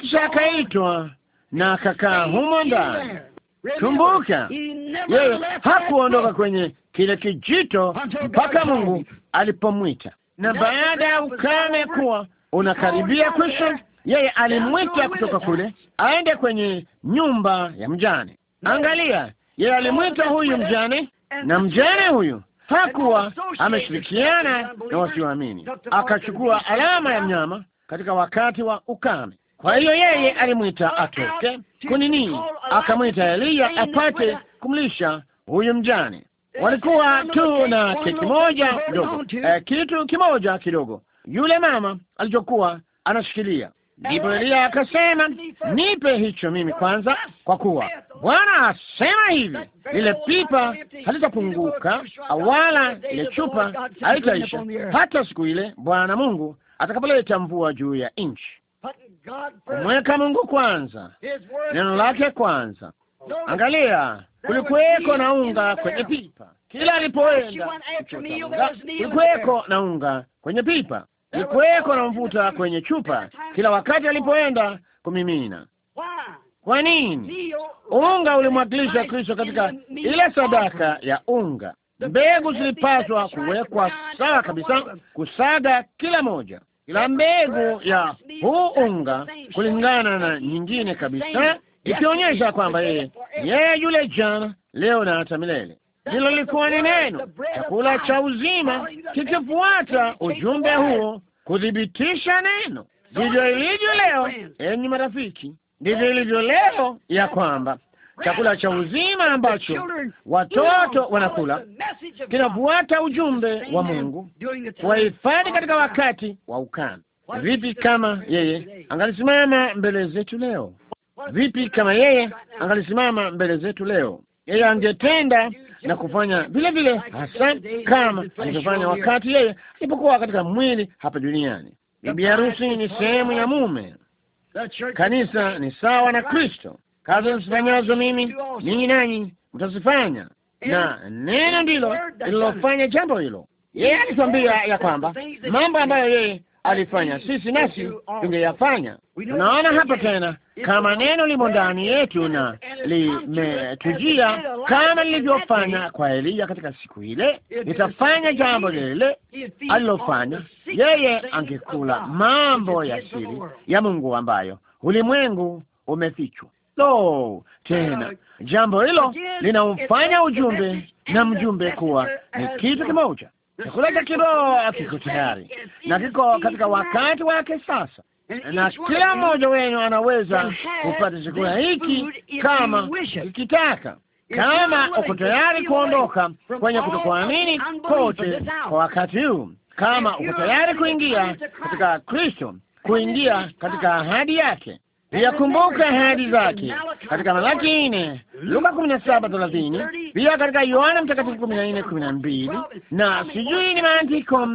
Kisha akaitwa na akakaa humo ndani. Kumbuka, yeye hakuondoka kwenye kile kijito mpaka Mungu alipomwita, na baada ya ukame kuwa unakaribia kwisha yeye alimwita kutoka kule aende kwenye nyumba ya mjane. Angalia, yeye alimwita huyu mjane, na mjane huyu hakuwa ameshirikiana na wasioamini, akachukua alama ya mnyama katika wakati wa ukame. Kwa hiyo yeye alimwita atoke kunini, akamwita Eliya apate kumlisha huyu mjane. Walikuwa tu na keki moja kidogo, eh, kitu kimoja kidogo yule mama alichokuwa anashikilia Ndipo Eliya akasema, nipe hicho mimi kwanza, kwa kuwa Bwana asema hivi, lile pipa halitapunguka wala ile chupa haitaisha hata siku ile Bwana Mungu atakapoleta mvua juu ya nchi. Kumweka Mungu kwanza, neno lake kwanza. Angalia, kulikuweko na unga kwenye pipa, kila alipoenda kulikuweko na unga kwenye pipa ni kuweko na mvuta kwenye chupa kila wakati alipoenda kumimina. Kwa nini? Unga ulimwakilisha Kristo katika ile sadaka ya unga. Mbegu zilipaswa kuwekwa sawa kabisa, kusaga kila moja, kila mbegu ya huu unga kulingana na nyingine kabisa, ikionyesha kwamba yeye yeye yule jana, leo na hata milele hilo lilikuwa ni neno, chakula cha uzima, kikifuata ujumbe huo, kuthibitisha neno. Ndivyo ilivyo leo, enyi marafiki, ndivyo ilivyo leo ya kwamba chakula cha uzima ambacho watoto wanakula kinafuata ujumbe wa Mungu, kuwahifadhi katika wakati wa ukame. Vipi kama yeye angalisimama mbele zetu leo? Vipi kama yeye angalisimama mbele zetu leo? Yeye angetenda na kufanya vile vile hasa kama alivyofanya wakati yeye alipokuwa katika mwili hapa duniani. Bibi harusi ni sehemu ya mume, kanisa ni sawa na Kristo. Kazi zifanyazo mimi ninyi nanyi mtazifanya, na neno ndilo lililofanya jambo hilo. Yeye alituambia ya kwamba mambo ambayo yeye alifanya sisi nasi tungeyafanya. Tunaona hapa tena kama neno limo ndani yetu na limetujia, kama lilivyofanya kwa Eliya katika siku ile, nitafanya jambo lile alilofanya yeye. Angekula mambo ya siri ya Mungu ambayo ulimwengu umefichwa. Lo, tena jambo hilo linamfanya ujumbe na mjumbe kuwa ni kitu kimoja chakula cha kiroho kiko tayari na kiko katika wakati wake sasa, na kila mmoja wenu anaweza kupata chakula hiki kama ikitaka, kama uko tayari kuondoka kwenye kutokuamini kote kwa wakati huu, kama uko tayari kuingia katika Kristo, kuingia katika ahadi yake Viyakumbuka ahadi zake katika Malaki nne, Luka kumi na saba thelathini, pia katika Yohana Mtakatifu kumi na nne kumi na mbili, na sijui ni maandiko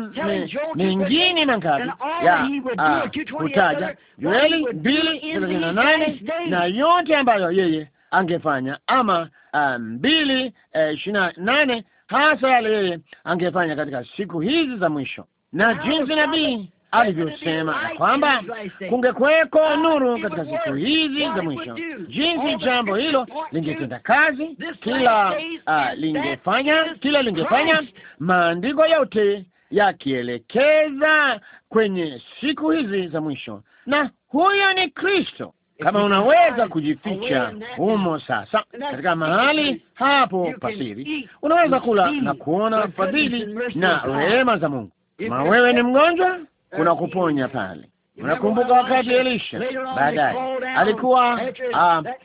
mengine mangapi ya ah, kutaja, Yoeli mbili thelathini na nane, na yote ambayo yeye angefanya ama ah, mbili eh, ishirini na nane, hasa yale yeye angefanya katika siku hizi za mwisho na jinsi nabii alivyosema ya kwamba kungekuweko nuru katika siku hizi za mwisho, jinsi jambo hilo lingetenda kazi, kila uh, lingefanya kila lingefanya maandiko yote yakielekeza kwenye siku hizi za mwisho, na huyo ni Kristo. Kama unaweza kujificha humo sasa, katika mahali hapo pasiri, unaweza kula na kuona fadhili na rehema za Mungu. Kama wewe ni mgonjwa kuna kuponya pale. Unakumbuka wakati Elisha baadaye alikuwa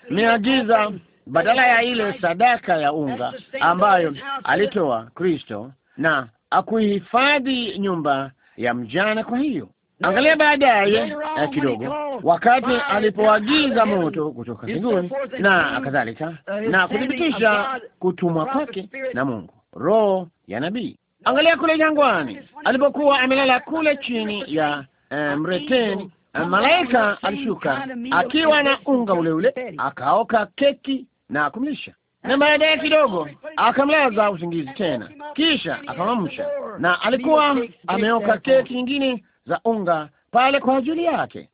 ameagiza ah, badala ya ile sadaka ya unga ambayo alitoa Kristo na akuhifadhi nyumba ya mjane. Kwa hiyo angalia baadaye eh, kidogo, wakati alipoagiza moto kutoka mbinguni na kadhalika, uh, na kuthibitisha kutumwa kwake na Mungu, roho ya nabii Angalia kule jangwani alipokuwa amelala kule chini ya eh, mreteni, eh, malaika alishuka akiwa na unga ule ule, akaoka keki na kumlisha, na baadaye kidogo akamlaza usingizi tena, kisha akamamsha, na alikuwa ameoka keki nyingine za unga pale kwa ajili yake,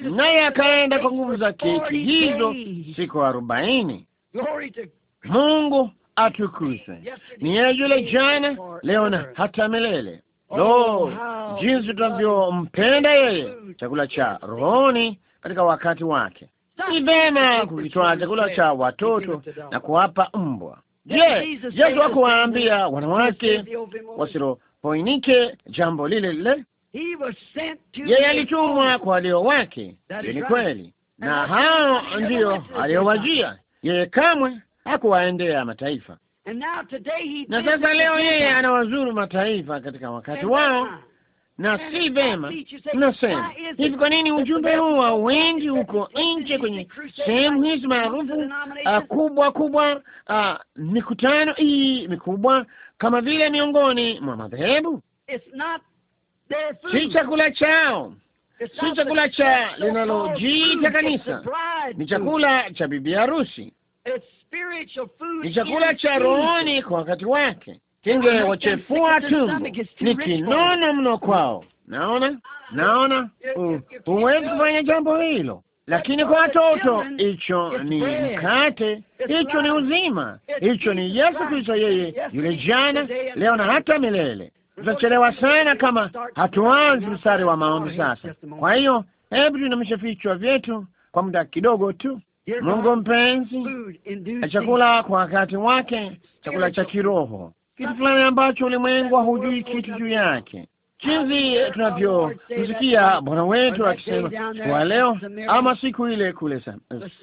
naye akaenda kwa nguvu za keki hizo siku arobaini. Mungu atukuzwe. Ni yeye yule jana, leo na hata milele. Oh, Lo, jinsi tunavyompenda yeye, chakula cha rohoni katika wakati wake. Ni vema kukitoa chakula cha watoto na kuwapa mbwa. Je, Yesu hakuwaambia wanawake wasilopoinike jambo lile lile? Yeye alitumwa kwa walio wake, ni kweli, na hao ndiyo aliyowajia yeye. Kamwe hakuwaendea mataifa. Na sasa leo yeye anawazuru mataifa katika wakati wao, na si vema. Nasema hivi, kwa nini ujumbe huu wengi huko nje kwenye sehemu hizi maarufu ah, kubwa kubwa, ah, mikutano hii mikubwa, kama vile miongoni mwa madhehebu? Si chakula chao, si chakula cha linalojiita kanisa, ni chakula cha bibi harusi ni chakula cha rohoni kwa wakati wake. Kingewachefua tumbo, ni kinono mno kwao. Naona, naona huwezi kufanya jambo hilo, lakini kwa watoto hicho ni mkate, hicho ni uzima, hicho ni Yesu Kristo, yeye yule jana, leo na hata milele. Tutachelewa sana kama hatuanzi mstari wa maombi sasa. Kwa hiyo hebu tunamisha vichwa vyetu kwa muda kidogo tu. Mungu mpenzi, chakula kwa wakati wake, chakula cha kiroho, kitu fulani ambacho ulimwengu haujui kitu juu yake. Jinsi tunavyomsikia Bwana wetu akisema kwa leo ama siku ile kule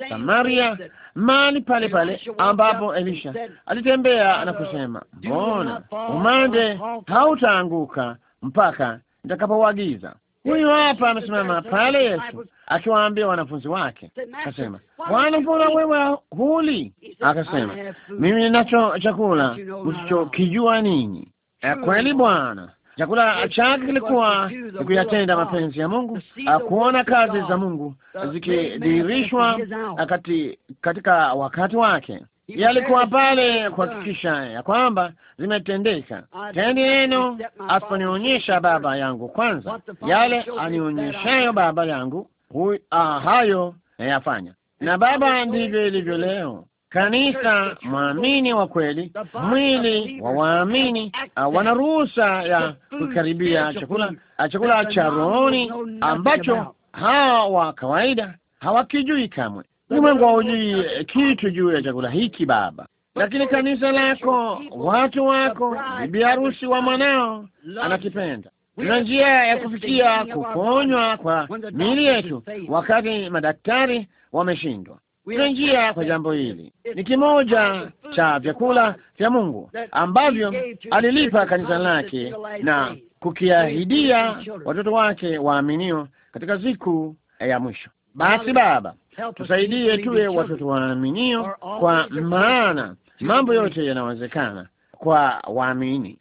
Samaria, mahali pale pale ambapo Elisha alitembea na kusema, mbona umande hautaanguka mpaka nitakapowagiza. Huyu hapa amesimama pale Yesu akiwaambia wanafunzi wake, akasema, Bwana, mbona wewe huli? Akasema, mimi ninacho chakula msichokijua ninyi. Eh, kweli Bwana, chakula chake kilikuwa ni kuyatenda mapenzi ya Mungu, kuona kazi za Mungu zikidhihirishwa kati, katika wakati wake yalikuwa pale kuhakikisha ya kwamba zimetendeka ah, tendi neno asiponionyesha Baba yangu kwanza yale anionyeshayo Baba yangu hu, ah, hayo nayafanya Na Baba ndivyo ilivyo leo kanisa, mwamini wa kweli, mwili wa waamini ah, wana ruhusa ya kukaribia chakula ah, chakula cha rohoni ambacho hawa wa kawaida hawakijui kamwe ulimwengu haujui eh, kitu juu ya chakula hiki Baba, lakini kanisa lako, watu wako, bibi harusi wa mwanao anakipenda. Tuna njia ya kufikia kuponywa kwa miili yetu wakati madaktari wameshindwa. Tuna njia kwa jambo hili, ni kimoja cha vyakula vya Mungu ambavyo alilipa kanisa lake na kukiahidia watoto wake waaminio katika siku ya mwisho. Basi Baba tusaidie tuwe watoto waaminio, kwa maana mambo yote yanawezekana kwa waamini.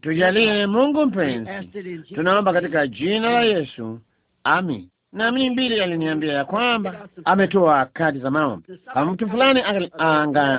Tujalie Mungu mpenzi, tunaomba katika jina la Yesu, amin. Na mbili aliniambia ya kwamba ametoa kadi za maombi. Kama mtu fulani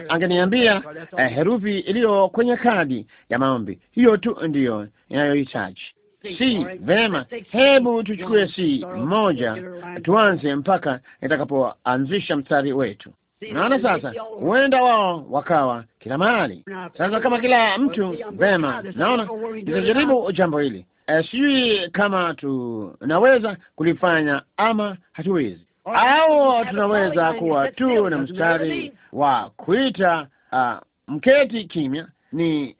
angeniambia eh, herufi iliyo kwenye kadi ya maombi hiyo tu ndiyo inayohitaji si vema, hebu tuchukue si moja, tuanze mpaka nitakapoanzisha mstari wetu. Naona sasa, huenda wao wakawa kila mahali. Sasa kama kila mtu vema, naona nitajaribu jambo hili eh, sijui kama tunaweza kulifanya ama hatuwezi, au tunaweza kuwa tu na mstari wa kuita uh, mketi kimya ni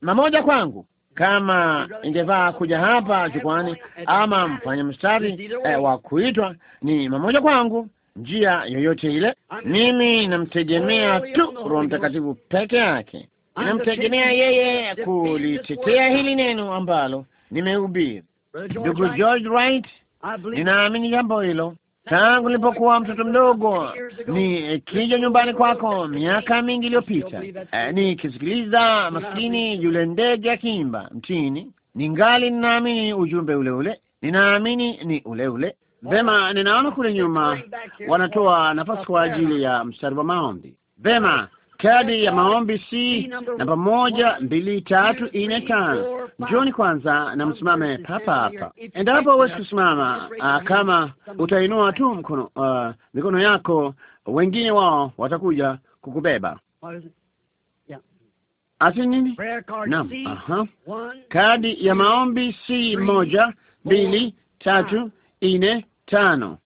mamoja kwangu kama ingefaa kuja hapa jukwani ama mfanye mstari eh, wa kuitwa ni mamoja kwangu. Njia yoyote ile, mimi namtegemea tu Roho Mtakatifu peke yake, namtegemea yeye kulitetea hili neno ambalo nimehubiri. Ndugu George Wright, ninaamini jambo hilo tangu nilipokuwa mtoto mdogo, nikija eh, nyumbani kwako miaka mingi iliyopita, eh, nikisikiliza maskini yule ndege akiimba mtini, ningali ninaamini ujumbe ule ule, ninaamini ni ule ule. Vema, ninaona kule nyuma wanatoa nafasi kwa ajili ya mstari wa maombi. Vema, kadi ya maombi si namba moja mbili tatu nne tano. Njoni kwanza na msimame hapa hapa. Endapo huwezi kusimama, uh, kama utainua tu mkono, uh, mikono yako, wengine wao watakuja kukubeba. Asi nini? Naam, aha, kadi ya maombi si moja mbili tatu nne tano.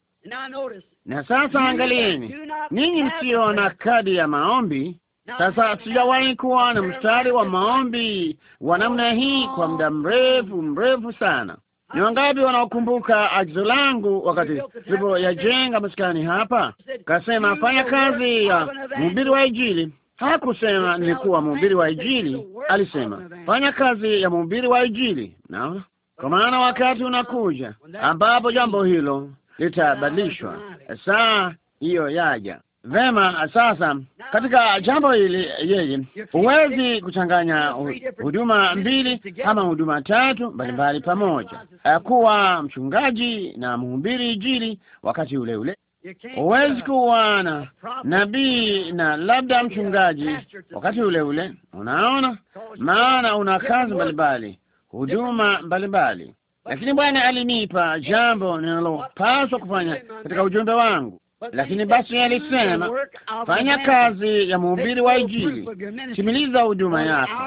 Na sasa angalieni, ninyi msio na kadi ya maombi. Sasa sijawahi kuwa na mstari wa maombi wa namna hii kwa muda mrefu mrefu sana. Ni wangapi wanaokumbuka agizo langu wakati tulipoyajenga maskani hapa? Kasema fanya kazi ya mhubiri wa Injili. Hakusema nilikuwa mhubiri wa Injili, alisema fanya kazi ya mhubiri wa Injili. Naona, kwa maana wakati unakuja ambapo jambo hilo litabadilishwa saa hiyo yaja. Vema, sasa katika jambo hili yeye, huwezi kuchanganya huduma mbili ama huduma tatu mbalimbali pamoja, eh, kuwa mchungaji na mhubiri Injili wakati ule ule. Huwezi kuwa na nabii na labda mchungaji wakati ule ule, unaona? Maana una kazi mbalimbali, huduma mbalimbali lakini Bwana alinipa jambo ninalopaswa kufanya katika ujumbe wangu. Lakini basi alisema, fanya kazi ya mhubiri wa Injili, timiliza huduma yako,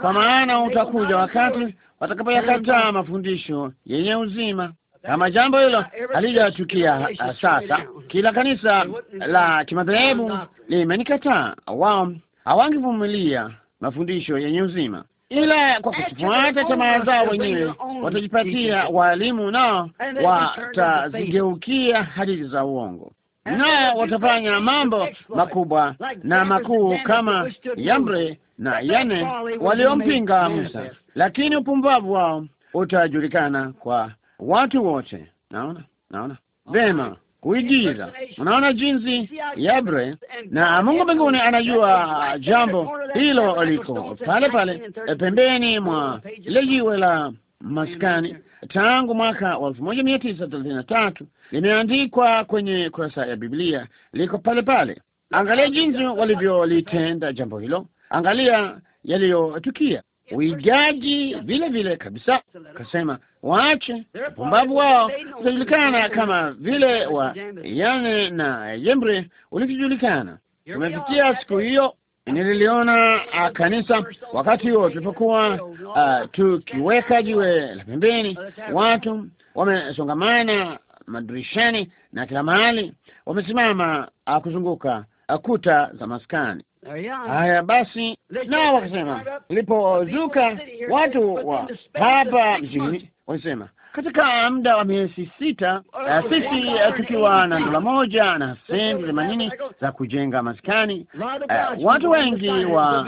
kwa maana utakuja wakati watakapoyakataa mafundisho yenye uzima. Kama jambo hilo halijatukia sasa, kila kanisa la kimadhehebu limenikataa, wao hawangevumilia mafundisho yenye uzima ila kwa kufuata tamaa zao wenyewe watajipatia waalimu nao watazigeukia hadithi za uongo, nao watafanya mambo makubwa na makuu kama Yambre na Yane waliompinga Musa, lakini upumbavu wao utajulikana kwa watu wote. Naona, naona vema kuigiza. Unaona jinsi Yabre na Mungu mbinguni anajua jambo hilo liko pale pale pembeni mwa ile jiwe la maskani tangu mwaka wa elfu moja mia tisa thelathini na tatu limeandikwa kwenye kurasa ya Biblia, liko pale pale. Angalia jinsi walivyolitenda jambo hilo, angalia yaliyotukia uijaji vile vile kabisa. Kasema waache upumbavu wao, utajulikana kama vile wa Yane na Yembre ulivyojulikana. Umefikia siku hiyo. Nililiona uh, kanisa wakati huo tulipokuwa uh, tukiweka jiwe la pembeni. Watu wamesongamana madirishani na kila mahali, wamesimama uh, kuzunguka uh, kuta za maskani. Haya basi, nao wakasema, ilipozuka watu wa hapa mjini wanasema, katika muda wa miezi sita eh, sisi eh, tukiwa na dola moja na senti themanini za kujenga maskani, eh, watu wengi wa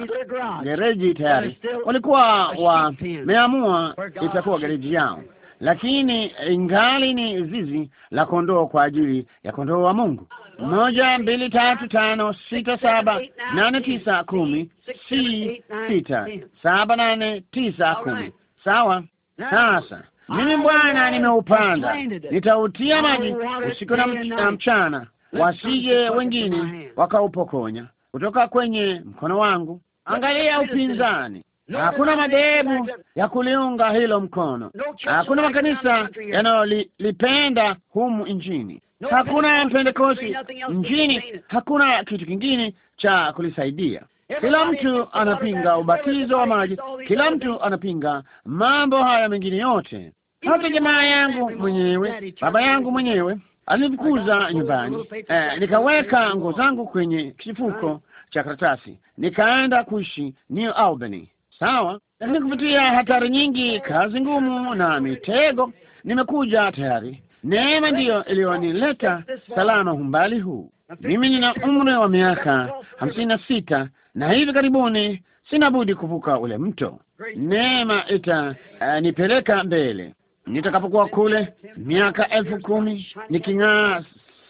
gereji tayari walikuwa wameamua itakuwa gereji yao, lakini ingali ni zizi la kondoo kwa ajili ya kondoo wa Mungu moja, mbili, tatu, tano, sita, saba, nane, tisa, kumi, si sita, saba, nane, tisa, kumi. Sawa. Sasa mimi Bwana nimeupanda, nitautia maji usiku na mchana, wasije wengine wakaupokonya kutoka kwenye mkono wangu. Angalia upinzani Hakuna madhehebu ya kuliunga hilo mkono, hakuna makanisa yanayolipenda humu nchini. Hakuna Pentekosti nchini hakuna kitu kingine cha kulisaidia. Kila mtu anapinga ubatizo wa maji, kila mtu anapinga mambo haya mengine yote. Hata jamaa yangu mwenyewe, baba yangu mwenyewe alinifukuza nyumbani, eh, nikaweka nguo zangu kwenye kifuko cha karatasi, nikaenda kuishi New Albany. Sawa, lakini kupitia hatari nyingi, kazi ngumu na mitego, nimekuja tayari Neema ndiyo iliyonileta salama umbali huu. Mimi nina umri wa miaka hamsini na sita na hivi karibuni sina budi kuvuka ule mto. Neema ita uh, mbele. Nitakapokuwa kule miaka elfu kumi niking'aa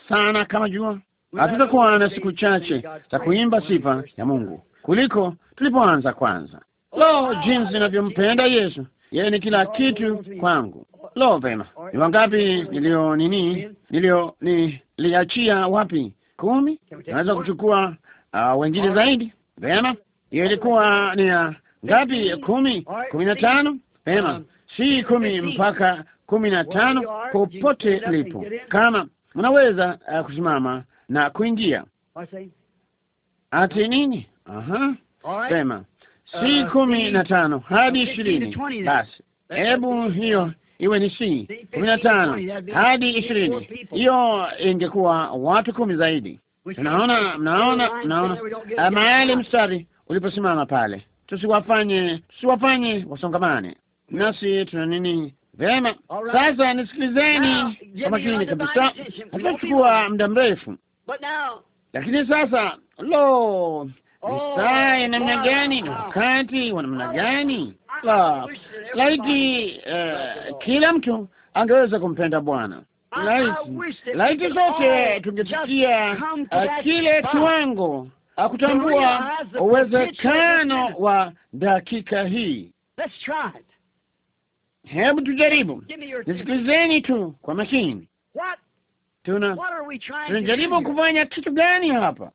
sana kama jua, hatutakuwa na siku chache za kuimba sifa ya Mungu kuliko tulipoanza kwanza. Lo, jinsi ninavyompenda Yesu! Yeye ni kila kitu kwangu lo, vema, ni wangapi nilio nini nilio niliachia wapi? Kumi. Naweza kuchukua uh, wengine zaidi. Vema, hiyo ilikuwa ni uh, ngapi? Kumi, kumi na tano. Vema, um, si kumi mpaka kumi na tano, popote lipo, kama mnaweza uh, kusimama na kuingia. Ati nini? Aha, vema, si uh, kumi na tano hadi ishirini. Basi hebu hiyo iwe ni si kumi na tano hadi ishirini, hiyo ingekuwa watu kumi zaidi. Mnaona, mnaona, mnaona ah, mahali mstari uliposimama pale. Tusiwafanye, tusiwafanye wasongamane, nasi tuna nini? Vema, sasa nisikilizeni kwa makini kabisa, hatachukua muda mrefu, lakini sasa lo ni oh, saa ya namna gani na wakati wa namna gani? La, laiti eh, kila mtu angeweza kumpenda Bwana. Laiti, laiti zote tungefikia eh, kile kiwango akutambua ah, uwezekano wa dakika hii. Hebu tujaribu, nisikilizeni tu kwa makini. Tuna tunajaribu kufanya kitu gani hapa?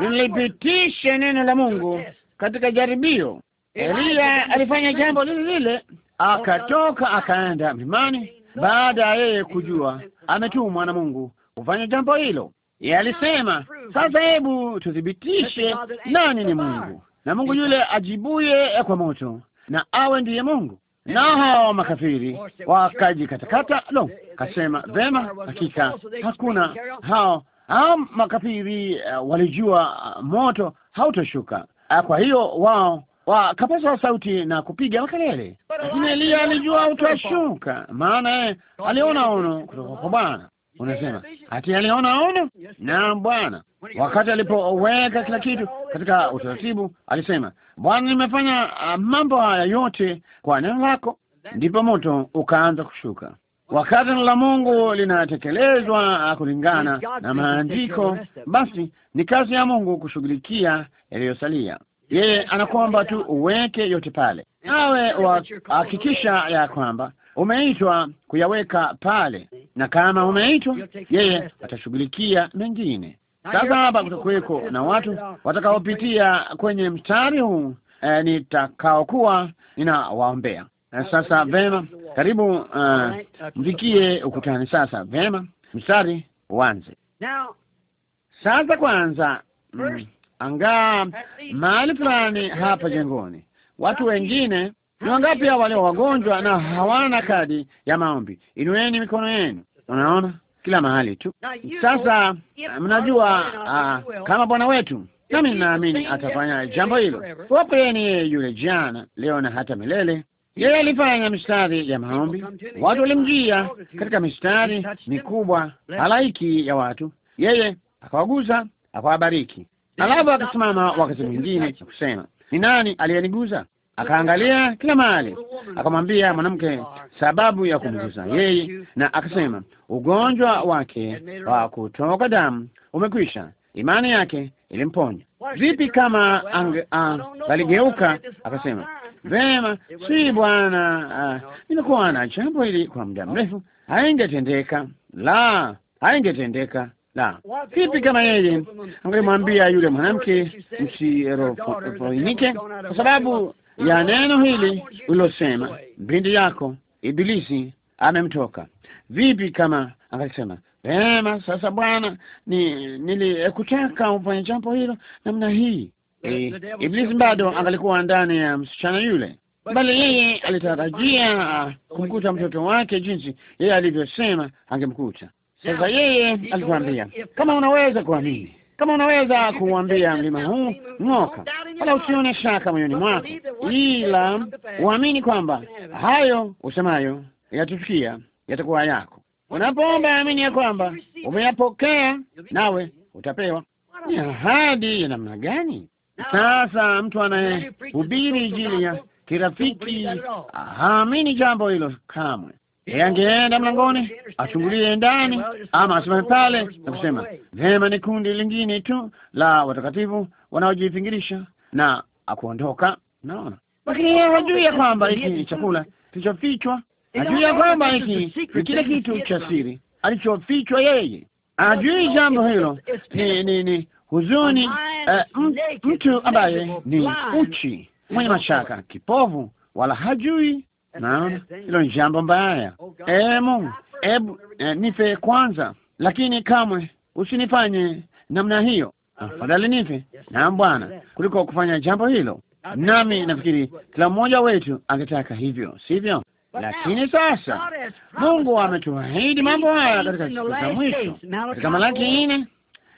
lilipitishe neno la Mungu katika jaribio. Eliya alifanya jambo lile lile, akatoka akaenda mlimani baada ya yeye kujua ametumwa na Mungu kufanya jambo hilo. Ye alisema sasa, hebu tuthibitishe nani ni Mungu, na Mungu yule ajibuye kwa moto na awe ndiye Mungu. Na hao makafiri wakajikatakata. Lo, kasema vema, hakika hakuna hao hao makafiri uh, walijua uh, moto hautashuka. Uh, kwa hiyo wao wakapaza sauti na kupiga makelele, lakini Eliya alijua utashuka, maana aliona ono kutoka kwa Bwana. Unasema ati aliona ono? Naam, Bwana. Wakati alipoweka kila kitu katika utaratibu, alisema Bwana, nimefanya uh, mambo haya yote kwa neno lako. Ndipo moto ukaanza kushuka. Wakati la Mungu linatekelezwa kulingana na maandiko, basi ni kazi ya Mungu kushughulikia yaliyosalia. Yeye anakuomba tu uweke yote pale, nawe hakikisha ya kwamba umeitwa kuyaweka pale, na kama umeitwa, yeye atashughulikia mengine. Sasa hapa kutakuweko na watu watakaopitia kwenye mstari huu eh, nitakaokuwa ninawaombea sasa vema, karibu uh, mfikie ukutani sasa. Vema, mstari uanze sasa. Kwanza mm, angaa mahali fulani hapa jengoni, watu wengine ni wangapi hao walio wagonjwa na hawana kadi ya maombi? Inueni mikono yenu. Unaona kila mahali tu. Sasa mnajua uh, kama Bwana wetu nami ninaamini atafanya jambo hilo. Wapo yeye ni yeye yule jana, leo na hata milele. Yeye alifanya mistari ya maombi, watu walimjia katika mistari mikubwa, halaiki ya watu. Yeye akawaguza akawabariki, alafu akasimama wakati mwingine na kusema, ni nani aliyeniguza Akaangalia kila mahali, akamwambia mwanamke sababu ya kumguza yeye, na akasema ugonjwa wake wa kutoka damu umekwisha, imani yake ilimponya. Vipi kama angaligeuka aligeuka akasema Vema, si bwana, uh, ah, nimekuwa na jambo hili kwa muda mrefu. Haingetendeka la, haingetendeka la. Vipi kama yeye angemwambia yule mwanamke msiroinike kwa sababu ya neno hili ulilosema, mbindi yako Ibilisi amemtoka. Vipi kama angalisema vema, sasa bwana, ni nilikutaka ufanye jambo hilo namna hii Eh, Iblisi bado angalikuwa ndani ya msichana yule, bali yeye alitarajia kumkuta mtoto wake jinsi yeye alivyosema angemkuta. Sasa yeye alikuambia, kama unaweza kuamini, kama unaweza kuambia mlima huu ng'oka, wala usione shaka moyoni mwako, ila uamini kwamba hayo usemayo yatufikia, yatakuwa yako. Unapoomba amini ya kwamba umeyapokea, nawe utapewa. Ni ahadi ya namna gani? Sasa mtu anayehubiri injili ya kirafiki haamini jambo hilo kamwe. Yeye angeenda mlangoni achungulie ndani, ama asimame pale na kusema vema, ni kundi lingine tu la watakatifu wanaojipingirisha na akuondoka. Naona, lakini yeye hajui ya kwamba hiki ni chakula kilichofichwa, hajui ya kwamba hiki ni kile kitu cha siri alichofichwa yeye, ajui jambo hilo ni ni huzuni, uh, mtu ambaye ni uchi, mwenye mashaka, kipovu wala hajui. Naona hilo ni jambo mbaya. E Mungu, hebu eh, nife kwanza, lakini kamwe usinifanye namna hiyo. Afadhali nife, na Bwana, kuliko kufanya jambo hilo. Nami nafikiri kila mmoja wetu angetaka hivyo, sivyo? Lakini sasa Mungu ametuahidi mambo haya katika siku za mwisho, katika Malaki nne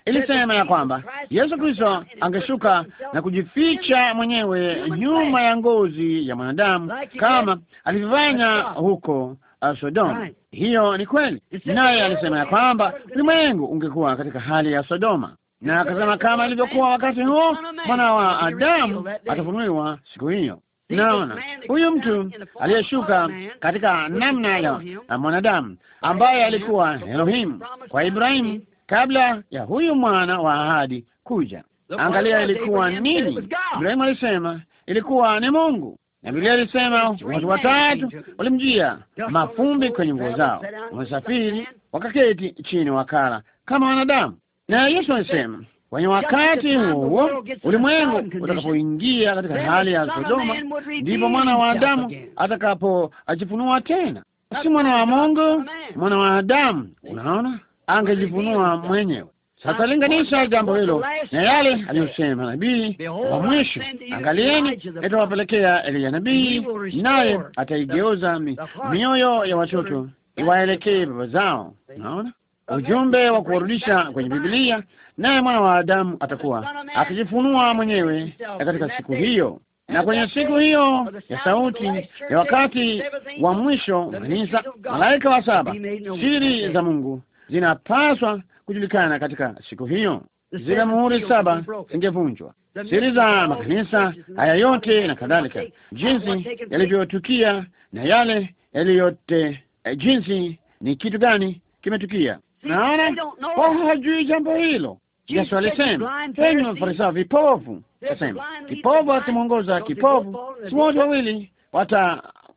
ilisema ya kwamba Yesu Kristo angeshuka na kujificha mwenyewe nyuma ya ngozi ya mwanadamu kama alivyofanya huko uh, Sodoma. Hiyo ni kweli, naye alisema ya kwamba ulimwengu ungekuwa katika hali ya Sodoma, na akasema kama ilivyokuwa wakati huo, mwana wa Adamu atafunuliwa siku hiyo. Naona huyu mtu aliyeshuka katika namna ya mwanadamu ambaye alikuwa Elohim kwa Ibrahimu kabla ya huyu mwana wa ahadi kuja. Angalia, ilikuwa nini? Ibrahimu alisema ilikuwa ni Mungu, na Biblia ilisema watu watatu walimjia mafumbi kwenye nguo zao, wamesafiri wakaketi chini wakala kama wanadamu. Na Yesu alisema kwenye wakati huo ulimwengu utakapoingia katika hali ya Sodoma, ndipo mwana wa Adamu atakapojifunua tena, si mwana wa Mungu, mwana wa Adamu. Unaona? angejifunua mwenyewe. Sasa linganisha jambo hilo na yale aliyosema nabii wa mwisho, angalieni, itawapelekea Eliya nabii, naye ataigeuza mioyo ya watoto iwaelekee baba zao. Naona ujumbe wa kuwarudisha kwenye Biblia, naye mwana wa Adamu atakuwa akijifunua mwenyewe katika siku hiyo na kwenye siku hiyo ya sauti ya wakati wa mwisho kanisa, malaika wa saba, siri za Mungu zinapaswa kujulikana katika siku hiyo. Zile muhuri saba zingevunjwa, siri za makanisa haya yote na kadhalika, jinsi yalivyotukia na yale yaliyote, eh, jinsi ni kitu gani kimetukia. Naona Paulo hajui jambo hilo. Yesu alisema enyi Mafarisayo vipofu, asema kipofu akimwongoza kipofu, si wote wawili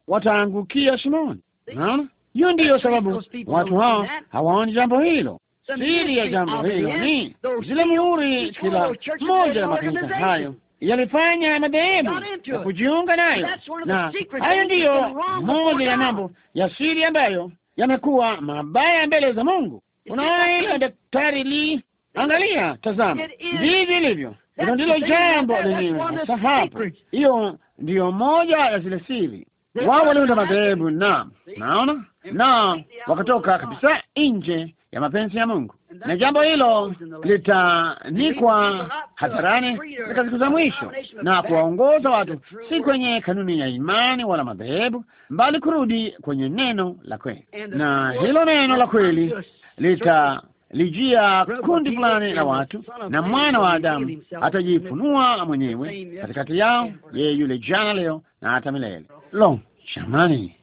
wataangukia shimoni. Naona hiyo ndiyo sababu watu hao hawaoni jambo hilo. Siri ya jambo hilo ni zile muhuri, kila moja ya makanisa hayo yalifanya madhehebu ya kujiunga nayo, na hayo ndiyo moja ya mambo ya siri ambayo yamekuwa mabaya mbele za Mungu. Unaona hilo, Daktari Lee? Angalia, tazama, ndivyo ilivyo. Hilo ndilo jambo lenyewe. Sasa hapo, hiyo ndiyo moja ya zile siri wao waliunda madhehebu na naona na wakatoka kabisa nje ya mapenzi ya Mungu, na jambo hilo litanikwa hadharani katika siku za mwisho na kuwaongoza watu si kwenye kanuni ya imani wala madhehebu, bali kurudi kwenye neno la kweli, na hilo neno la kweli lita lijia kundi fulani la watu, na mwana wa Adamu atajifunua mwenyewe katikati yao, yeye yule jana, leo na hata milele. Lo, jamani,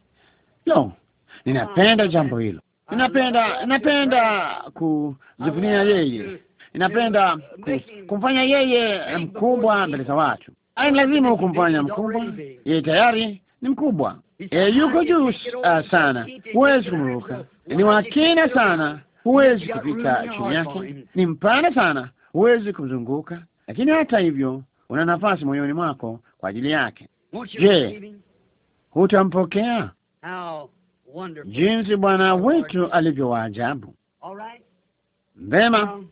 lo, ninapenda ah, jambo hilo. Ah, ninapenda, ah, ninapenda kujivunia yeye, mm, ninapenda mm, kumfanya yeye mkubwa mbele za watu. Ai, lazima ukumfanya mkubwa, yeye tayari ni mkubwa. E, yuko juu uh, sana, huwezi kumruka. Ni wakina sana huwezi kupita chini yake, ni mpana sana, huwezi kumzunguka, lakini hata hivyo una nafasi moyoni mwako kwa ajili yake. Je, hutampokea? Jinsi Bwana wetu alivyo waajabu! Mbema,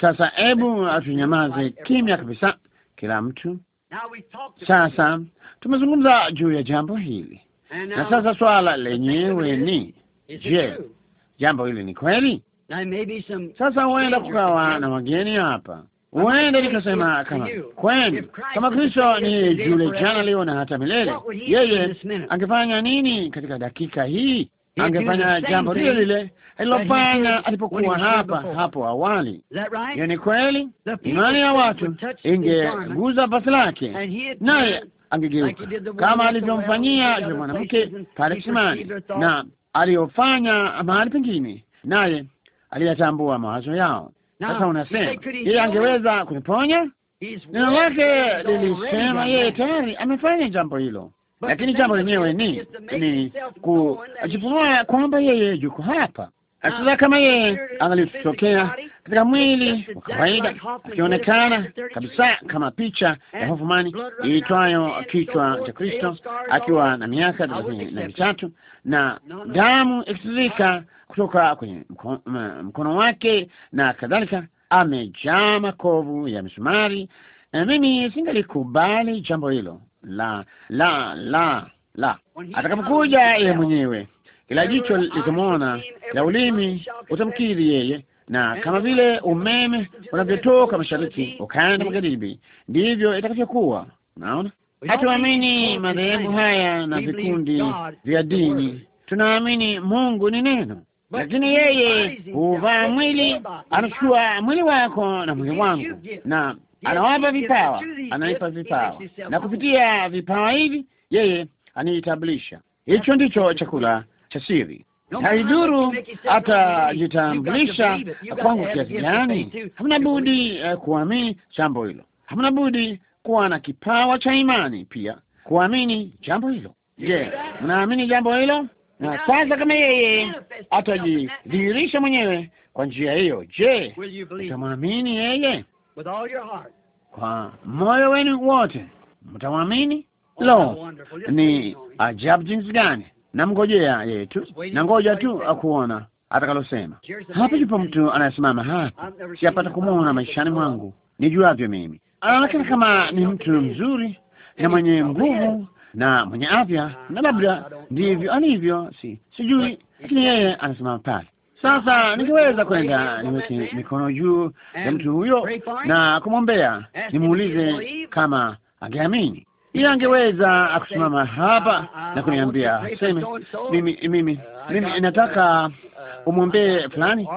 sasa hebu atunyamaze kimya kabisa, kila mtu. Sasa tumezungumza juu ya jambo hili, na sasa swala lenyewe ni je, jambo hili ni kweli? Sasa huenda kukawa na wageni hapa, huenda nikasema kama kwenu, kama Kristo ni yule jana, leo na hata milele, yeye angefanya nini katika dakika hii? Angefanya jambo lile lile alilofanya alipokuwa hapa hapo awali. Hiyo ni kweli. Imani ya watu ingeguza basi lake, naye angegeuka kama alivyomfanyia yule mwanamke pale kisimani na aliyofanya mahali pengine, naye aliyatambua mawazo yao. Sasa unasema yeye angeweza kuniponya? Neno lake lilisema yeye tayari amefanya jambo hilo, lakini jambo lenyewe ni ni kujifunua kwamba yeye yuko hapa. Sasa kama yeye angalitokea katika mwili wa kawaida, akionekana kabisa kama picha ya Hofumani iitwayo kichwa cha Kristo, akiwa na miaka thelathini na mitatu na damu ikitiririka kutoka kwenye mkono, mkono wake na kadhalika. Amejaa makovu ya misumari, na mimi singalikubali jambo hilo la la la la. Atakapokuja yeye mwenyewe, kila jicho litamwona, la ulimi utamkiri yeye na kama vile umeme unavyotoka mashariki ukaenda magharibi, ndivyo itakavyokuwa. Unaona, Hatuamini madhehebu haya na vikundi vya dini, tunaamini Mungu ni neno, lakini yeye huvaa mwili, anachukua mwili wako na mwili wangu, na anawapa vipawa, anaipa vipawa, na kupitia vipawa hivi yeye aniitambulisha. Hicho ndicho chakula cha siri. Haidhuru atajitambulisha kwangu kiasi gani, hamna budi eh, kuamini jambo hilo, hamna budi kuwa na kipawa cha imani pia kuamini jambo hilo. Je, yeah, mnaamini jambo hilo? Na sasa kama yeye atajidhihirisha mwenyewe kwa njia hiyo, je, mtamwamini yeye kwa moyo wenu wote? Mtamwamini? Lo, ni ajabu jinsi gani! Namngojea yeye tu, nangoja tu akuona atakalosema. Hapa yupo mtu anayesimama hapa, sijapata kumwona maishani mwangu nijuavyo mimi lakini kama ni mtu mzuri na mwenye nguvu na mwenye afya, na labda ndivyo alivyo, si sijui, lakini yeye anasimama pale. Sasa nikiweza kwenda niweke mikono juu ya mtu huyo na kumwombea, nimuulize kama angeamini yeye angeweza akusimama hapa na kuniambia seme, mimi mimi mimi nataka umwombee fulani,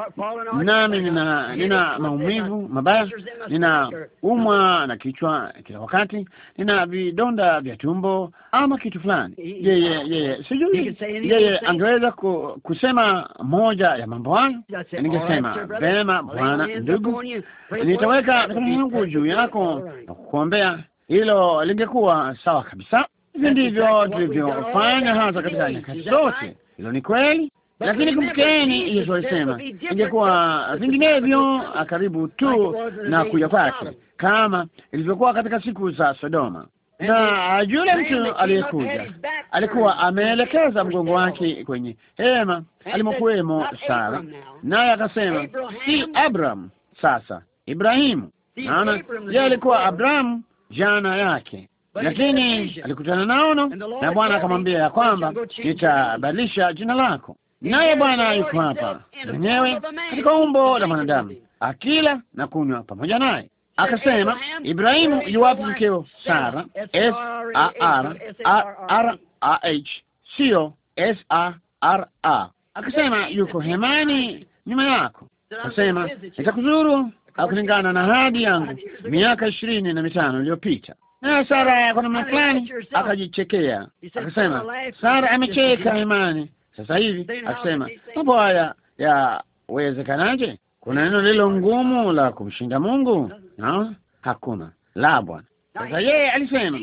nami nina nina maumivu mabaya, nina umwa na kichwa kila wakati, nina vidonda vya tumbo ama kitu fulani. Yeye yeye sijui, yeye angeweza ku, kusema moja ya mambo hayo. Ningesema vema, Bwana ndugu, nitaweka mkono wangu juu yako na kukuombea hilo lingekuwa sawa kabisa. Hivi ndivyo tulivyofanya hasa katika nyakati zote. Hilo ni kweli, lakini kumbukeni, Yesu alisema ingekuwa vinginevyo, karibu tu na kuja kwake, kama ilivyokuwa katika siku za Sodoma. Na yule mtu aliyekuja alikuwa ameelekeza mgongo wake kwenye hema alimokuwemo Sara, naye akasema, si Abraham sasa, Ibrahimu. Naona yeye alikuwa Abrahamu jana yake, lakini alikutana nao na Bwana akamwambia ya kwamba nitabadilisha jina lako, naye Bwana yuko hapa mwenyewe katika umbo la mwanadamu, akila na kunywa pamoja naye. Akasema, Ibrahimu yuwapi mkeo Sara? S A R R A H, sio S A R A. Akasema, yuko hemani nyuma yako. Akasema, nitakuzuru kulingana na ahadi yangu miaka ishirini na mitano iliyopita. Na Sara kwa namna fulani akajichekea, akasema Sara amecheka imani sasa hivi, akasema mambo haya yawezekanaje? Kuna neno lilo ngumu la kumshinda Mungu? No, hakuna la Bwana. Sasa yeye alisema,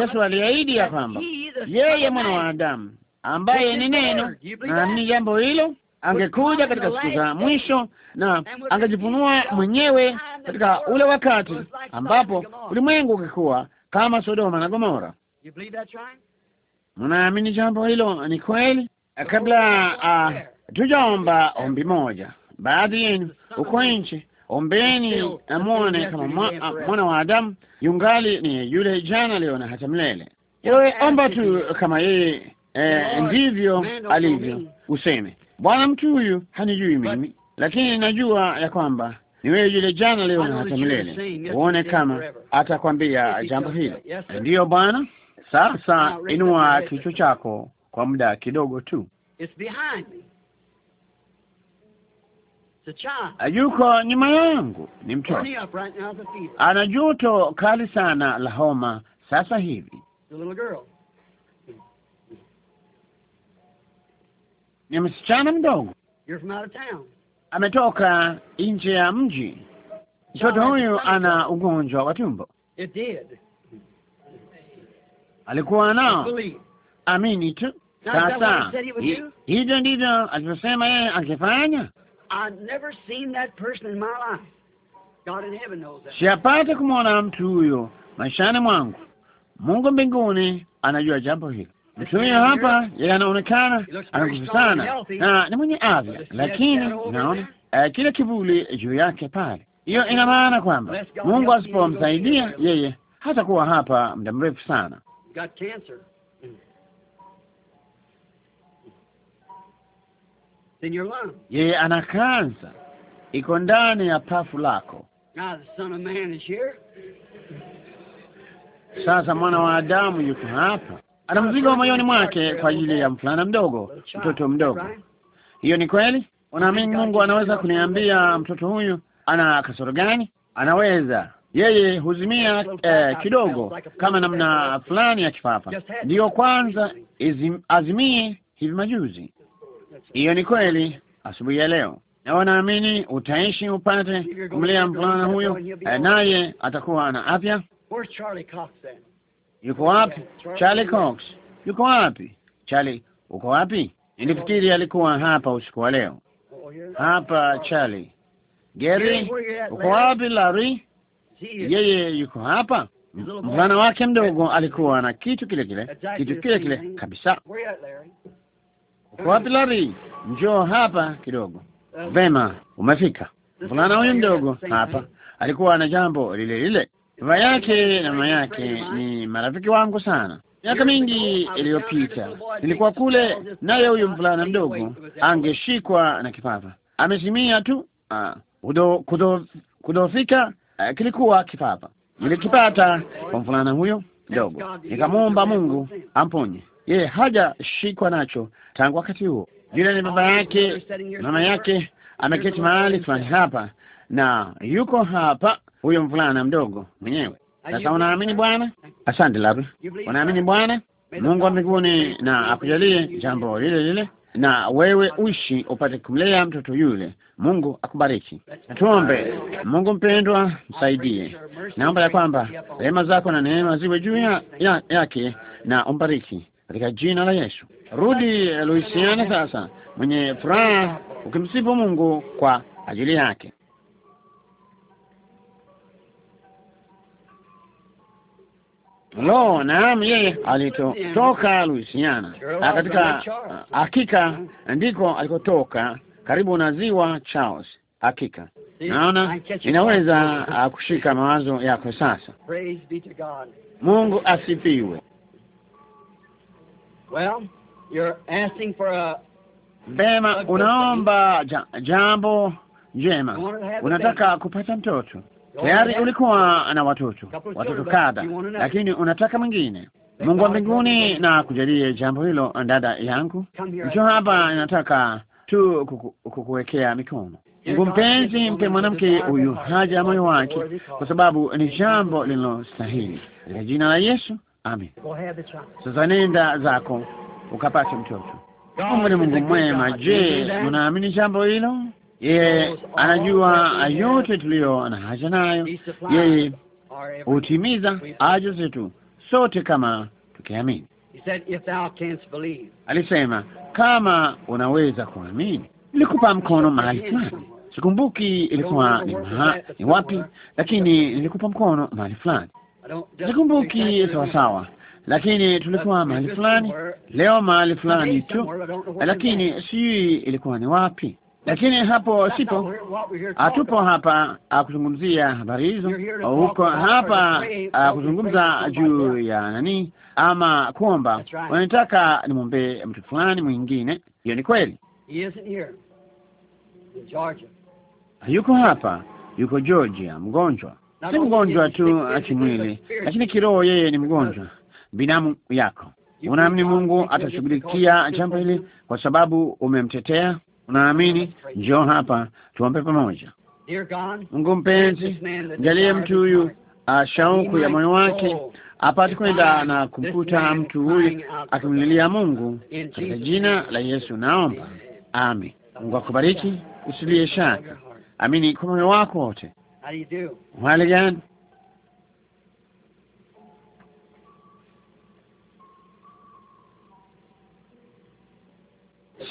Yesu aliahidi ya kwamba yeye mwana wa Adamu ambaye ni neno, naamini jambo hilo angekuja katika siku za mwisho na angejifunua mwenyewe katika ule wakati ambapo ulimwengu ungekuwa kama Sodoma na Gomora. Mnaamini jambo hilo ni kweli? Kabla uh, tujaomba ombi moja, baadhi yenu uko nchi, ombeni amwone kama ah, mwana wa Adamu yungali ni yule jana, leo na hata milele. Wewe omba tu kama yeye eh, ndivyo alivyo, useme Bwana, mtu huyu hanijui mimi, lakini najua ya kwamba ni wewe yule jana, leo na hata milele. Uone kama atakwambia jambo hilo. Ndiyo Bwana. Sasa inua kichwa chako kwa muda kidogo tu. Yuko nyuma yangu, ni mtoto ana joto kali sana la homa sasa hivi. ni msichana mdogo ametoka nje ya mji. Mtoto huyu ana ugonjwa wa tumbo, alikuwa nao. Amini tu. Sasa hivyo ndivyo alivyosema yeye angefanya. Siapate kumwona mtu huyo maishani mwangu. Mungu mbinguni anajua jambo hilo huyo hapa yeye anaonekana anakufa sana na ni mwenye afya, lakini naona uh, kile kivuli juu yake pale. Hiyo ina maana kwamba Mungu asipomsaidia yeye hatakuwa hapa muda mrefu sana. Yeye ana kansa, iko ndani ya pafu lako. Ah, Sasa mwana wa Adamu yuko hapa ana mzigo wa moyoni mwake kwa ajili ya mfulana mdogo, mtoto mdogo. Hiyo ni kweli? Unaamini Mungu anaweza kuniambia mtoto huyu ana kasoro gani? Anaweza. Yeye huzimia eh, kidogo kama namna fulani ya kifafa, ndiyo kwanza izim, azimie hivi majuzi. Hiyo ni kweli, asubuhi ya leo na wanaamini utaishi upate kumlea mvulana huyo, eh, naye atakuwa na afya yuko wapi? Charlie Cox yuko wapi? Charlie, uko wapi? Nilifikiri alikuwa hapa usiku wa leo. Hapa Charlie. Gary, uko wapi? Larry, yeye yuko hapa. Mvulana wake mdogo alikuwa na kitu kile kile, kitu kile kile kabisa. Uko wapi Larry? Njoo hapa kidogo. Vema, umefika. Mvulana huyu mdogo hapa alikuwa na jambo lile lile. Baba yake na mama yake ni marafiki wangu sana. Miaka mingi iliyopita nilikuwa kule, naye huyu mvulana mdogo angeshikwa na kifafa, amesimia tu ah, kudofika Uh, eh, kilikuwa kifafa, nilikipata kwa mvulana huyo mdogo, nikamwomba Mungu amponye yeye. Hajashikwa nacho tangu wakati huo. Yule ni baba yake, mama yake ameketi mahali fulani hapa na yuko hapa huyo mvulana mdogo mwenyewe. Sasa unaamini Bwana? Asante. Labda unaamini Bwana? Mungu wa mbinguni na akujalie jambo lile lile, na wewe uishi upate kumlea mtoto yule. Mungu akubariki. Tuombe. Mungu mpendwa, msaidie. Naomba ya kwamba rehema zako na neema ziwe juu ya, ya, yake na umbariki katika jina la Yesu. Rudi Luisiana sasa mwenye furaha ukimsifu Mungu kwa ajili yake. Lo, naam, yeye alitoka Louisiana ah, katika ah, hakika, ndiko alikotoka, karibu na ziwa Charles. Hakika naona inaweza ah, kushika mawazo yako sasa. Mungu asifiwe. Well, you're asking for a bema, unaomba jambo njema, unataka kupata mtoto Tayari yaani, ulikuwa na watoto watoto kadha, lakini unataka mwingine. Mungu wa mbinguni na kujalie jambo hilo. Dada yangu, njo hapa nataka tu kukuwekea mikono. Mungu mpenzi, mpe mwanamke huyu haja ya moyo wake, kwa sababu ni jambo linalostahili. Katika jina la Yesu, amen. Sasa nenda zako ukapate mtoto. Mungu ni Mungu mwema. Je, unaamini jambo hilo? Yeye anajua yote tuliyo na haja nayo, yeye hutimiza haja zetu sote kama tukiamini. Alisema, kama unaweza kuamini. Nilikupa mkono mahali fulani, sikumbuki ilikuwa ni, maha, ni wapi, lakini nilikupa mkono mahali fulani, sikumbuki sawasawa lakini tulikuwa mahali fulani leo, mahali fulani tu, lakini sijui ilikuwa ni wapi lakini hapo sipo, hatupo hapa akuzungumzia habari hizo huko, hapa akuzungumza juu ya nani, ama kuomba wanataka nimwombee mtu fulani mwingine. Hiyo ni kweli, yuko hapa, yuko Georgia, mgonjwa. Si mgonjwa tu kimwili, lakini kiroho, yeye ni mgonjwa, binamu yako. Unaamini Mungu atashughulikia jambo hili kwa sababu umemtetea Unaamini? Njoo hapa tuombe pamoja. Mungu mpenzi, jalie mtu huyu shauku ya moyo wake apate kwenda na kumkuta mtu huyu akimlilia Mungu. Katika jina la Yesu naomba, amen. Mungu akubariki, usilie shaka, amini kwa moyo wako wote. Hali gani?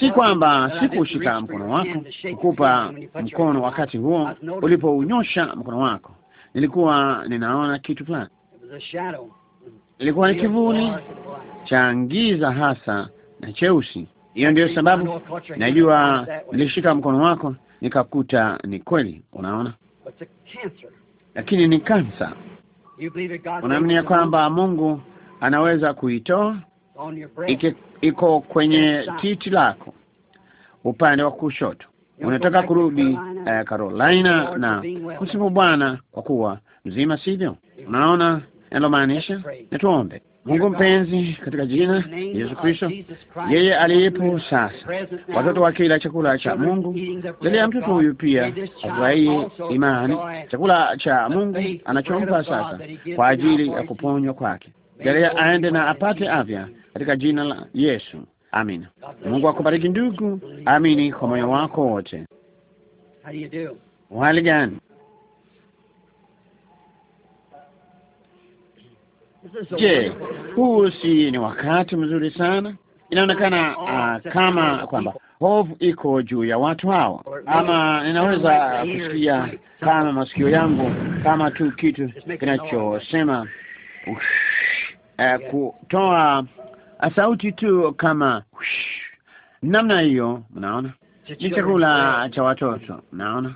si kwamba sikushika mkono wako kukupa mkono wakati huo ulipounyosha mkono wako, nilikuwa ninaona kitu fulani, ilikuwa ni kivuli cha giza hasa na cheusi. Hiyo ndiyo sababu najua nilishika mkono wako nikakuta ni kweli, unaona. Lakini ni kansa. Unaamini kwamba Mungu anaweza kuitoa? ike, iko kwenye titi lako upande wa kushoto. Unataka kurudi uh, Carolina eh, na kusimu Bwana kwa kuwa mzima, sivyo? Unaona inalomaanisha? Nituombe. Mungu mpenzi, katika jina Yesu Kristo, yeye aliyepo sasa, watoto wa kila chakula cha Mungu, jalia mtoto huyu pia afurahie imani, chakula cha Mungu anachompa sasa kwa ajili ya kuponywa kwake. Jalia aende na apate afya katika jina la Yesu, amina. Mungu akubariki ndugu, amini kwa moyo wako wote. Hali gani? Je, huu si ni wakati mzuri sana? Inaonekana uh, kama kwamba hofu iko juu ya watu hawa, ama ninaweza kusikia kama masikio yangu kama tu kitu kinachosema uh, kutoa sauti tu kama namna hiyo. Mnaona ni chakula cha watoto, mnaona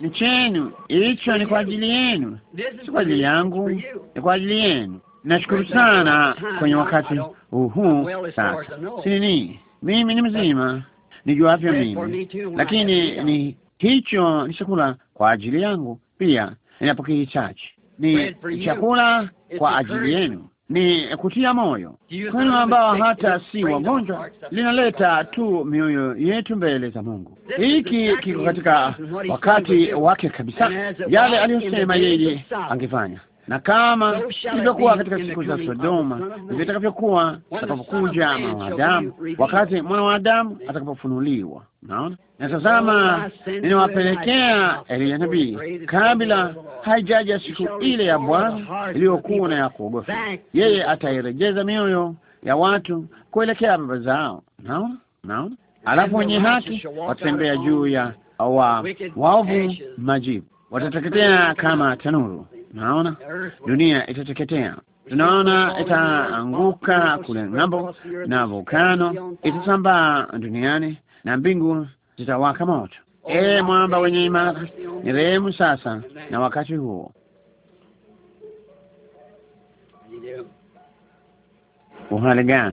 ni chenu, hicho ni kwa ajili yenu, si kwa ajili yangu, ni kwa ajili yenu. Nashukuru sana kwenye wakati huu sasa, si nini, mimi ni mzima, nijua afya mimi, lakini ni hicho ni chakula kwa ajili yangu pia ninapokihitaji, ni chakula kwa ajili yenu ni kutia moyo kwenu ambao hata si wagonjwa, linaleta tu mioyo yetu mbele za Mungu. Hiki kiko katika wakati wake kabisa, yale aliyosema yeye angefanya na kama ilivyokuwa katika siku za Sodoma, ndivyo itakavyokuwa atakapokuja mwana wa Adamu, wakati mwana wa Adamu atakapofunuliwa. Naona na tazama, ninawapelekea Eliya nabii kabla haijaja siku ile ya Bwana iliyokuwa na ya kuogofya. Yeye atairejeza mioyo ya watu kuelekea baba zao. Naona, naona. Alafu wenye haki watatembea juu ya wa waovu, majibu watateketea kama tanuru Naona dunia itateketea, tunaona itaanguka kule ng'ambo, na volkano itasambaa duniani na mbingu zitawaka moto. e mwamba wenye imara, ni rehemu sasa na wakati huo. Uhali gani?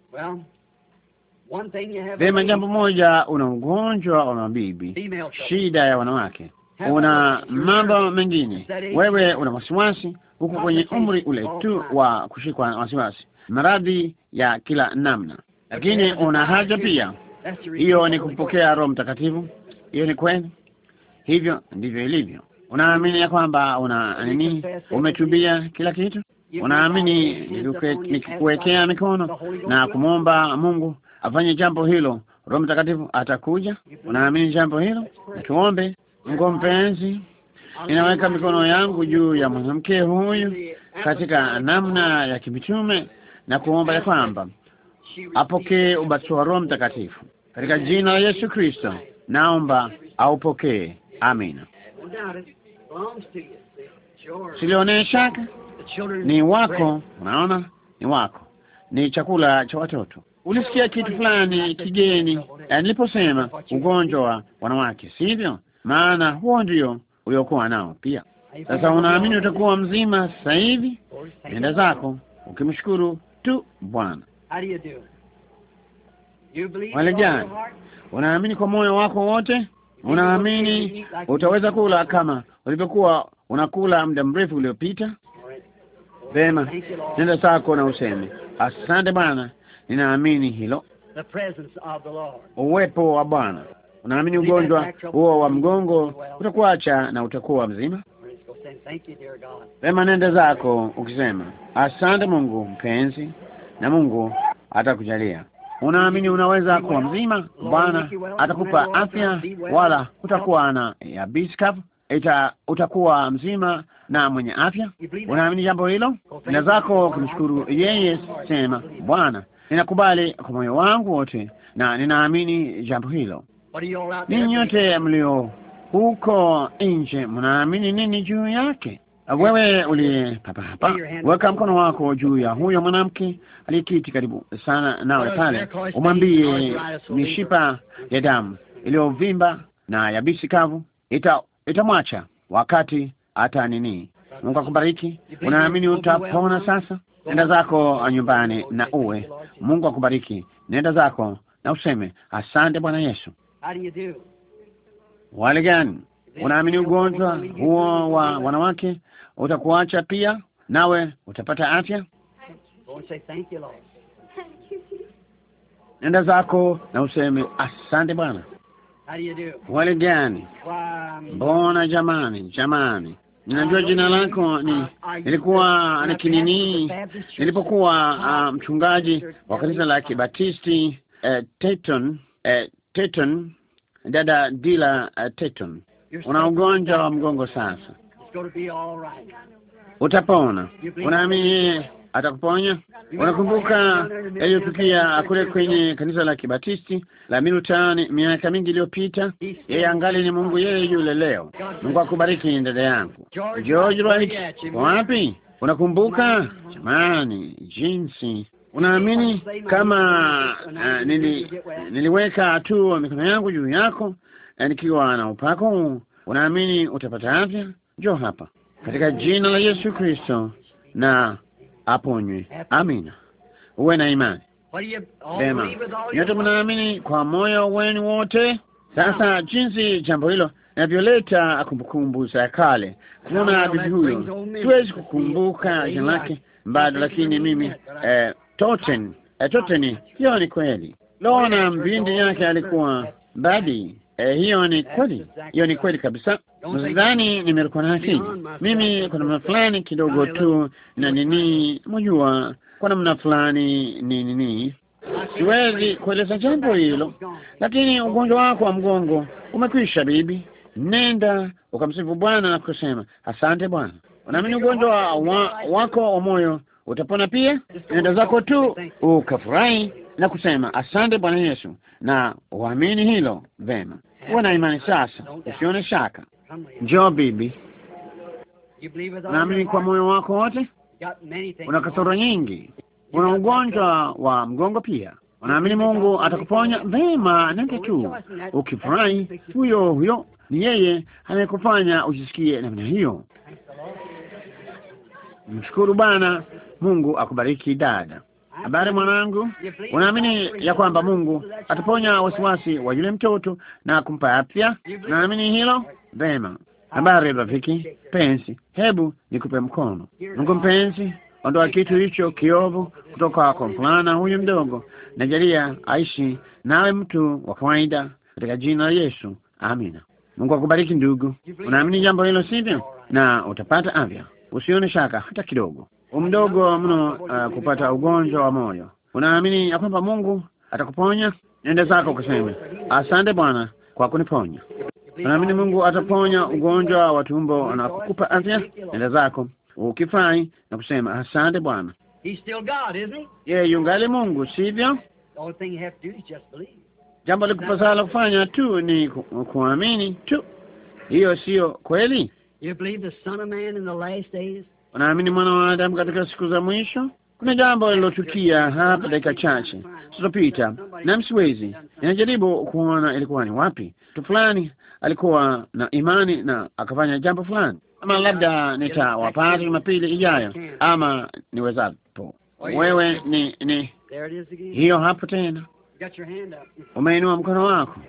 Vema, jambo moja, una ugonjwa wa mabibi, shida ya wanawake una mambo mengine, wewe una wasiwasi huko kwenye umri ule tu wa kushikwa wasiwasi, maradhi ya kila namna, lakini una haja pia. Hiyo ni kupokea Roho Mtakatifu, hiyo ni kweli. Hivyo ndivyo ilivyo. Unaamini ya kwamba una nini, umetubia kila kitu, unaamini nikikuwekea mikono na kumwomba Mungu afanye jambo hilo, Roho Mtakatifu atakuja. Unaamini jambo hilo? Na tuombe. Mungu mpenzi, inaweka mikono yangu juu ya mwanamke huyu katika namna ya kimitume na kuomba ya kwamba apokee ubatizo wa Roho Mtakatifu katika jina la Yesu Kristo. Naomba aupokee, amina. Silionee shaka, ni wako. Unaona, ni wako, ni chakula cha watoto. Ulisikia kitu fulani kigeni eh, niliposema ugonjwa wa wanawake, sivyo? maana huo ndio uliokuwa nao pia. Sasa unaamini utakuwa mzima sasa hivi? Nenda zako ukimshukuru tu Bwana. Walejani, unaamini kwa moyo wako wote? Unaamini utaweza kula kama ulivyokuwa unakula muda mrefu uliopita? Vema, nenda zako na useme asante Bwana, ninaamini hilo, uwepo wa Bwana Unaamini ugonjwa huo wa mgongo utakuacha na utakuwa mzima? pema nenda zako ukisema asante Mungu mpenzi, na Mungu atakujalia. Unaamini unaweza kuwa mzima? Bwana atakupa afya, wala utakuwa na yabisi kavu ita utakuwa mzima na mwenye afya. Unaamini jambo hilo? Nenda zako kumshukuru yeye, sema Bwana, ninakubali kwa moyo wangu wote na ninaamini jambo hilo. Ninyi nyote mlio huko nje, mnaamini nini juu yake? Wewe uliye papa hapa, weka mkono wako juu ya huyo mwanamke aliyekiti karibu sana nawe pale, umwambie mishipa ya damu iliyovimba na yabisi kavu ita- itamwacha wakati hata nini. Mungu akubariki. Unaamini utapona sasa? Nenda zako nyumbani na uwe. Mungu akubariki. Nenda zako na useme asante Bwana Yesu. Wale gani? Unaamini ugonjwa huo wa wanawake utakuacha pia nawe utapata afya? Nenda zako na useme asante Bwana. Wale gani? Um, Mbona jamani, jamani, ninajua jina lako ni nilikuwa nikinini, nilipokuwa uh, mchungaji wa kanisa la Kibatisti uh, eh, Teton uh, eh, Teton, dada Dila uh, Teton, una ugonjwa wa mgongo sasa, Utapona, unaamini atakuponya. Unakumbuka yaliyotukia kule kwenye kanisa la Kibatisti la Milutani miaka mingi iliyopita? Yeye angali ni Mungu yeye yule leo. Mungu akubariki dada yangu George Wright. Wapi? Unakumbuka jamani, jinsi Unaamini kama uh, nili, niliweka tu mikono yangu juu yako eh, nikiwa na upako, unaamini utapata afya? Njoo hapa katika jina la Yesu Kristo na aponywe. Amina. Uwe na imani sema, nyote mnaamini kwa moyo wenu wote. Sasa jinsi jambo hilo navyoleta kumbukumbu za kale, kuona bibi huyo, siwezi kukumbuka jina lake bado, lakini mimi eh, Totten, eh, Toten, hiyo ni kweli. Lona mbindi yake alikuwa Badi. Eh, hiyo ni kweli, hiyo ni kweli kabisa. Msidhani nimerukwa na akili mimi, kwa namna fulani kidogo tu na nini, mjua, kwa namna fulani ni nini, siwezi kueleza jambo hilo, lakini ugonjwa wako wa mgongo umekwisha, bibi. Nenda ukamsifu Bwana na kusema asante Bwana. Unaamini ugonjwa wa, wako wa moyo utapona pia nenda zako tu ukafurahi na kusema asante Bwana Yesu, na uamini hilo vema. Wana imani sasa, usione shaka. Njoo bibi, naamini kwa moyo wako wote. Una kasoro nyingi, una ugonjwa wa mgongo pia. Unaamini Mungu atakuponya vema, nenda tu ukifurahi. Huyo huyo ni yeye anayekufanya usisikie namna hiyo. Mshukuru Bwana Mungu akubariki dada. Habari mwanangu, unaamini ya kwamba Mungu ataponya wasiwasi wa yule mtoto na kumpa afya? Naamini hilo vema. Habari rafiki pensi, hebu nikupe mkono. Mungu mpenzi, ondoa kitu hicho kiovu kutoka kwa mvulana huyu mdogo, najalia aishi nawe mtu wa kawaida, katika jina la Yesu, amina. Mungu akubariki ndugu. Unaamini jambo hilo, sivyo? Na utapata afya, usione shaka hata kidogo umdogo mno uh, kupata ugonjwa wa moyo. Unaamini ya kwamba Mungu atakuponya? Nenda zako ukaseme, asante Bwana kwa kuniponya. Unaamini Mungu ataponya ugonjwa wa tumbo na kukupa afya? Nenda zako ukifurahi na kusema asante Bwana. Yeye yungali Mungu, sivyo? Jambo likupasala kufanya tu ni ku, kuamini tu. Hiyo siyo kweli? wanaamini mwana wa Adamu katika siku za mwisho. Kuna jambo lilotukia hapa dakika chache zilizopita, na msiwezi ninajaribu kuona ilikuwa ni wapi. Mtu fulani alikuwa na imani na akafanya jambo fulani, ama labda nitawapata Jumapili ijayo ama niwezapo. Wewe ni ni hiyo hapo tena, umeinua mkono wako.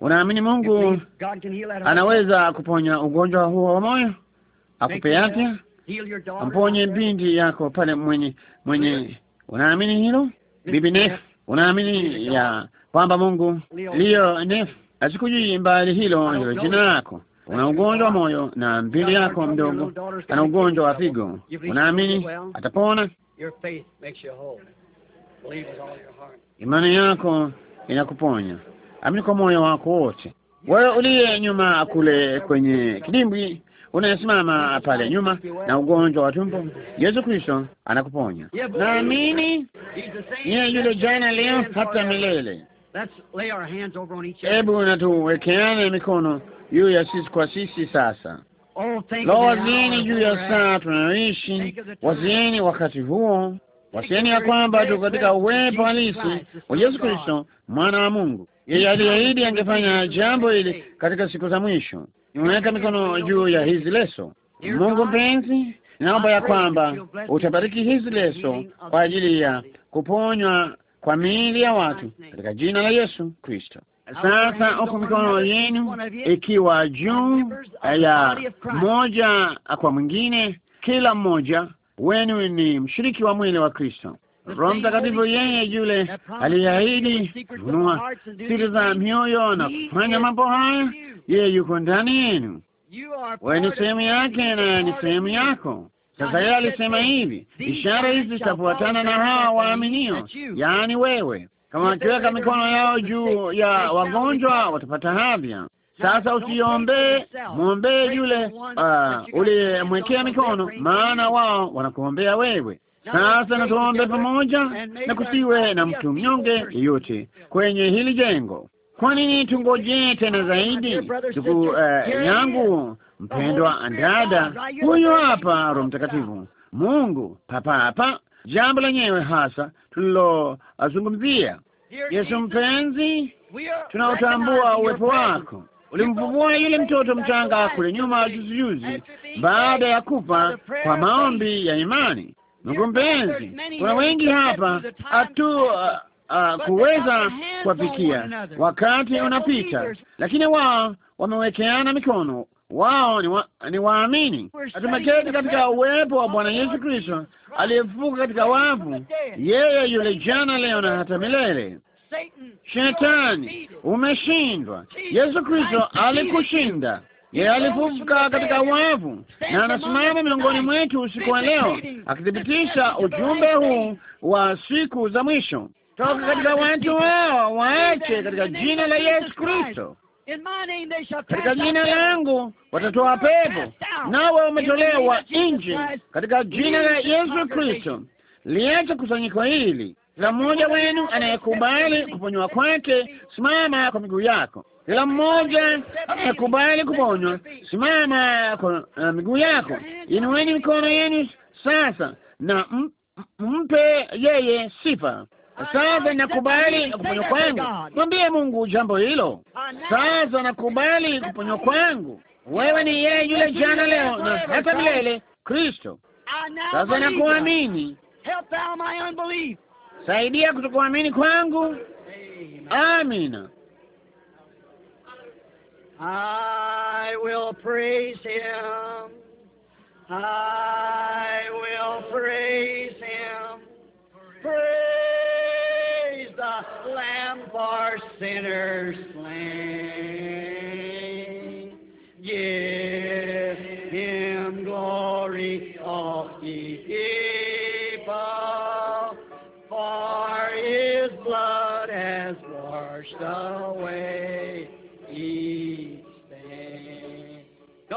Unaamini Mungu anaweza kuponya ugonjwa huo wa moyo? Akupea afya amponye binti yako pale mwenye mwenye. Unaamini hilo bibi Nef? Unaamini ya kwamba Mungu lio Nef asikujui mbali hilo hilo jina lako. Una ugonjwa wa moyo na mbili yako mdogo ana ugonjwa wa figo. Unaamini atapona? Imani yako inakuponya. Amini kwa moyo wako wote, wewe uliye nyuma kule kwenye kidimbwi unayesimama pale nyuma na ugonjwa wa tumbo, Yesu Kristo anakuponya. Naamini yeye yule jana, leo, hata milele. Hebu natuwekeane mikono juu ya sisi kwa sisi sasa. Lo, wazieni juu ya saa tunayoishi, wazieni wakati huo, wasieni ya kwamba tu katika uwepo halisi wa Yesu Kristo mwana wa Mungu. Yeye aliahidi angefanya jambo hili katika siku za mwisho. Nimeweka mikono juu ya hizi leso. Mungu mpenzi, naomba ya kwamba utabariki hizi leso kwa ajili ya kuponywa kwa miili ya watu katika jina la Yesu Kristo. Sasa huku mikono yenu ikiwa juu ya mmoja kwa mwingine, kila mmoja wenu ni mshiriki wa mwili wa Kristo. Roho Mtakatifu, yeye yule aliyeahidi kununua siri za mioyo na kufanya mambo haya, yeye yuko ndani yenu, wewe ni sehemu yake na ni sehemu yako. Sasa yeye alisema hivi, ishara hizi zitafuatana na hawa waaminio, yaani wewe. Kama wakiweka mikono yao juu ya wagonjwa watapata afya. Sasa usiombee, mwombee yule uh, uliyemwekea mikono, maana wao wanakuombea wewe. Sasa na pamoja, na kusiwe na mtu mnyonge yeyote kwenye hili jengo. Kwa nini tungojee tena zaidi? Ndugu uh, yangu mpendwa, andada huyu hapa, Roho Mtakatifu, Mungu papa hapa, jambo lenyewe hasa tulilozungumzia. Yesu mpenzi, tunaotambua uwepo wako ulimvuvua yule mtoto mchanga kule nyuma juzi juzi, baada ya kufa kwa maombi ya imani ndugu mpenzi, kuna wengi hapa hatu uh, uh kuweza kuwafikia. Wakati unapita, lakini wao wamewekeana mikono wao ni, wa, ni waamini. Tumeketi katika uwepo wa Bwana Yesu Kristo aliyefufuka katika wafu, yeye yule jana, leo na hata milele. Shetani umeshindwa, Yesu Kristo alikushinda. Yeye alifufuka katika wavu na anasimama miongoni mwetu usiku wa leo akithibitisha ujumbe huu wa siku za mwisho. Toka katika watu wao waache katika jina la Yesu Kristo. Katika jina langu watatoa pepo, nawe umetolewa nje katika jina la Yesu Kristo. Liacha kusanyiko hili. Kila mmoja wenu anayekubali kuponywa kwake, simama kwa miguu yako. Kila mmoja akubali eh, kuponywa. Simama kwa eh, miguu yako, inueni mikono yenu sasa na mpe yeye sifa. Sasa nakubali kuponywa kwangu, mwambie Mungu jambo hilo. Sasa nakubali kuponywa kwangu, wewe ni yeye yule jana, leo na hata milele, Kristo. Sasa nakuamini, saidia kutokuamini kwangu. Amina. I will praise him. I will praise him. Praise the Lamb for sinners slain. Give him glory, all ye people, for his blood has washed away evil.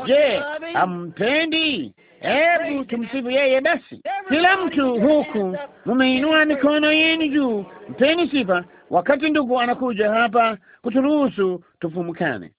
Je, ampendi? Hebu tumsifu yeye basi. Kila mtu huku, mumeinua mikono yenu juu, mpeni sifa, wakati ndugu anakuja hapa kuturuhusu tufumukane.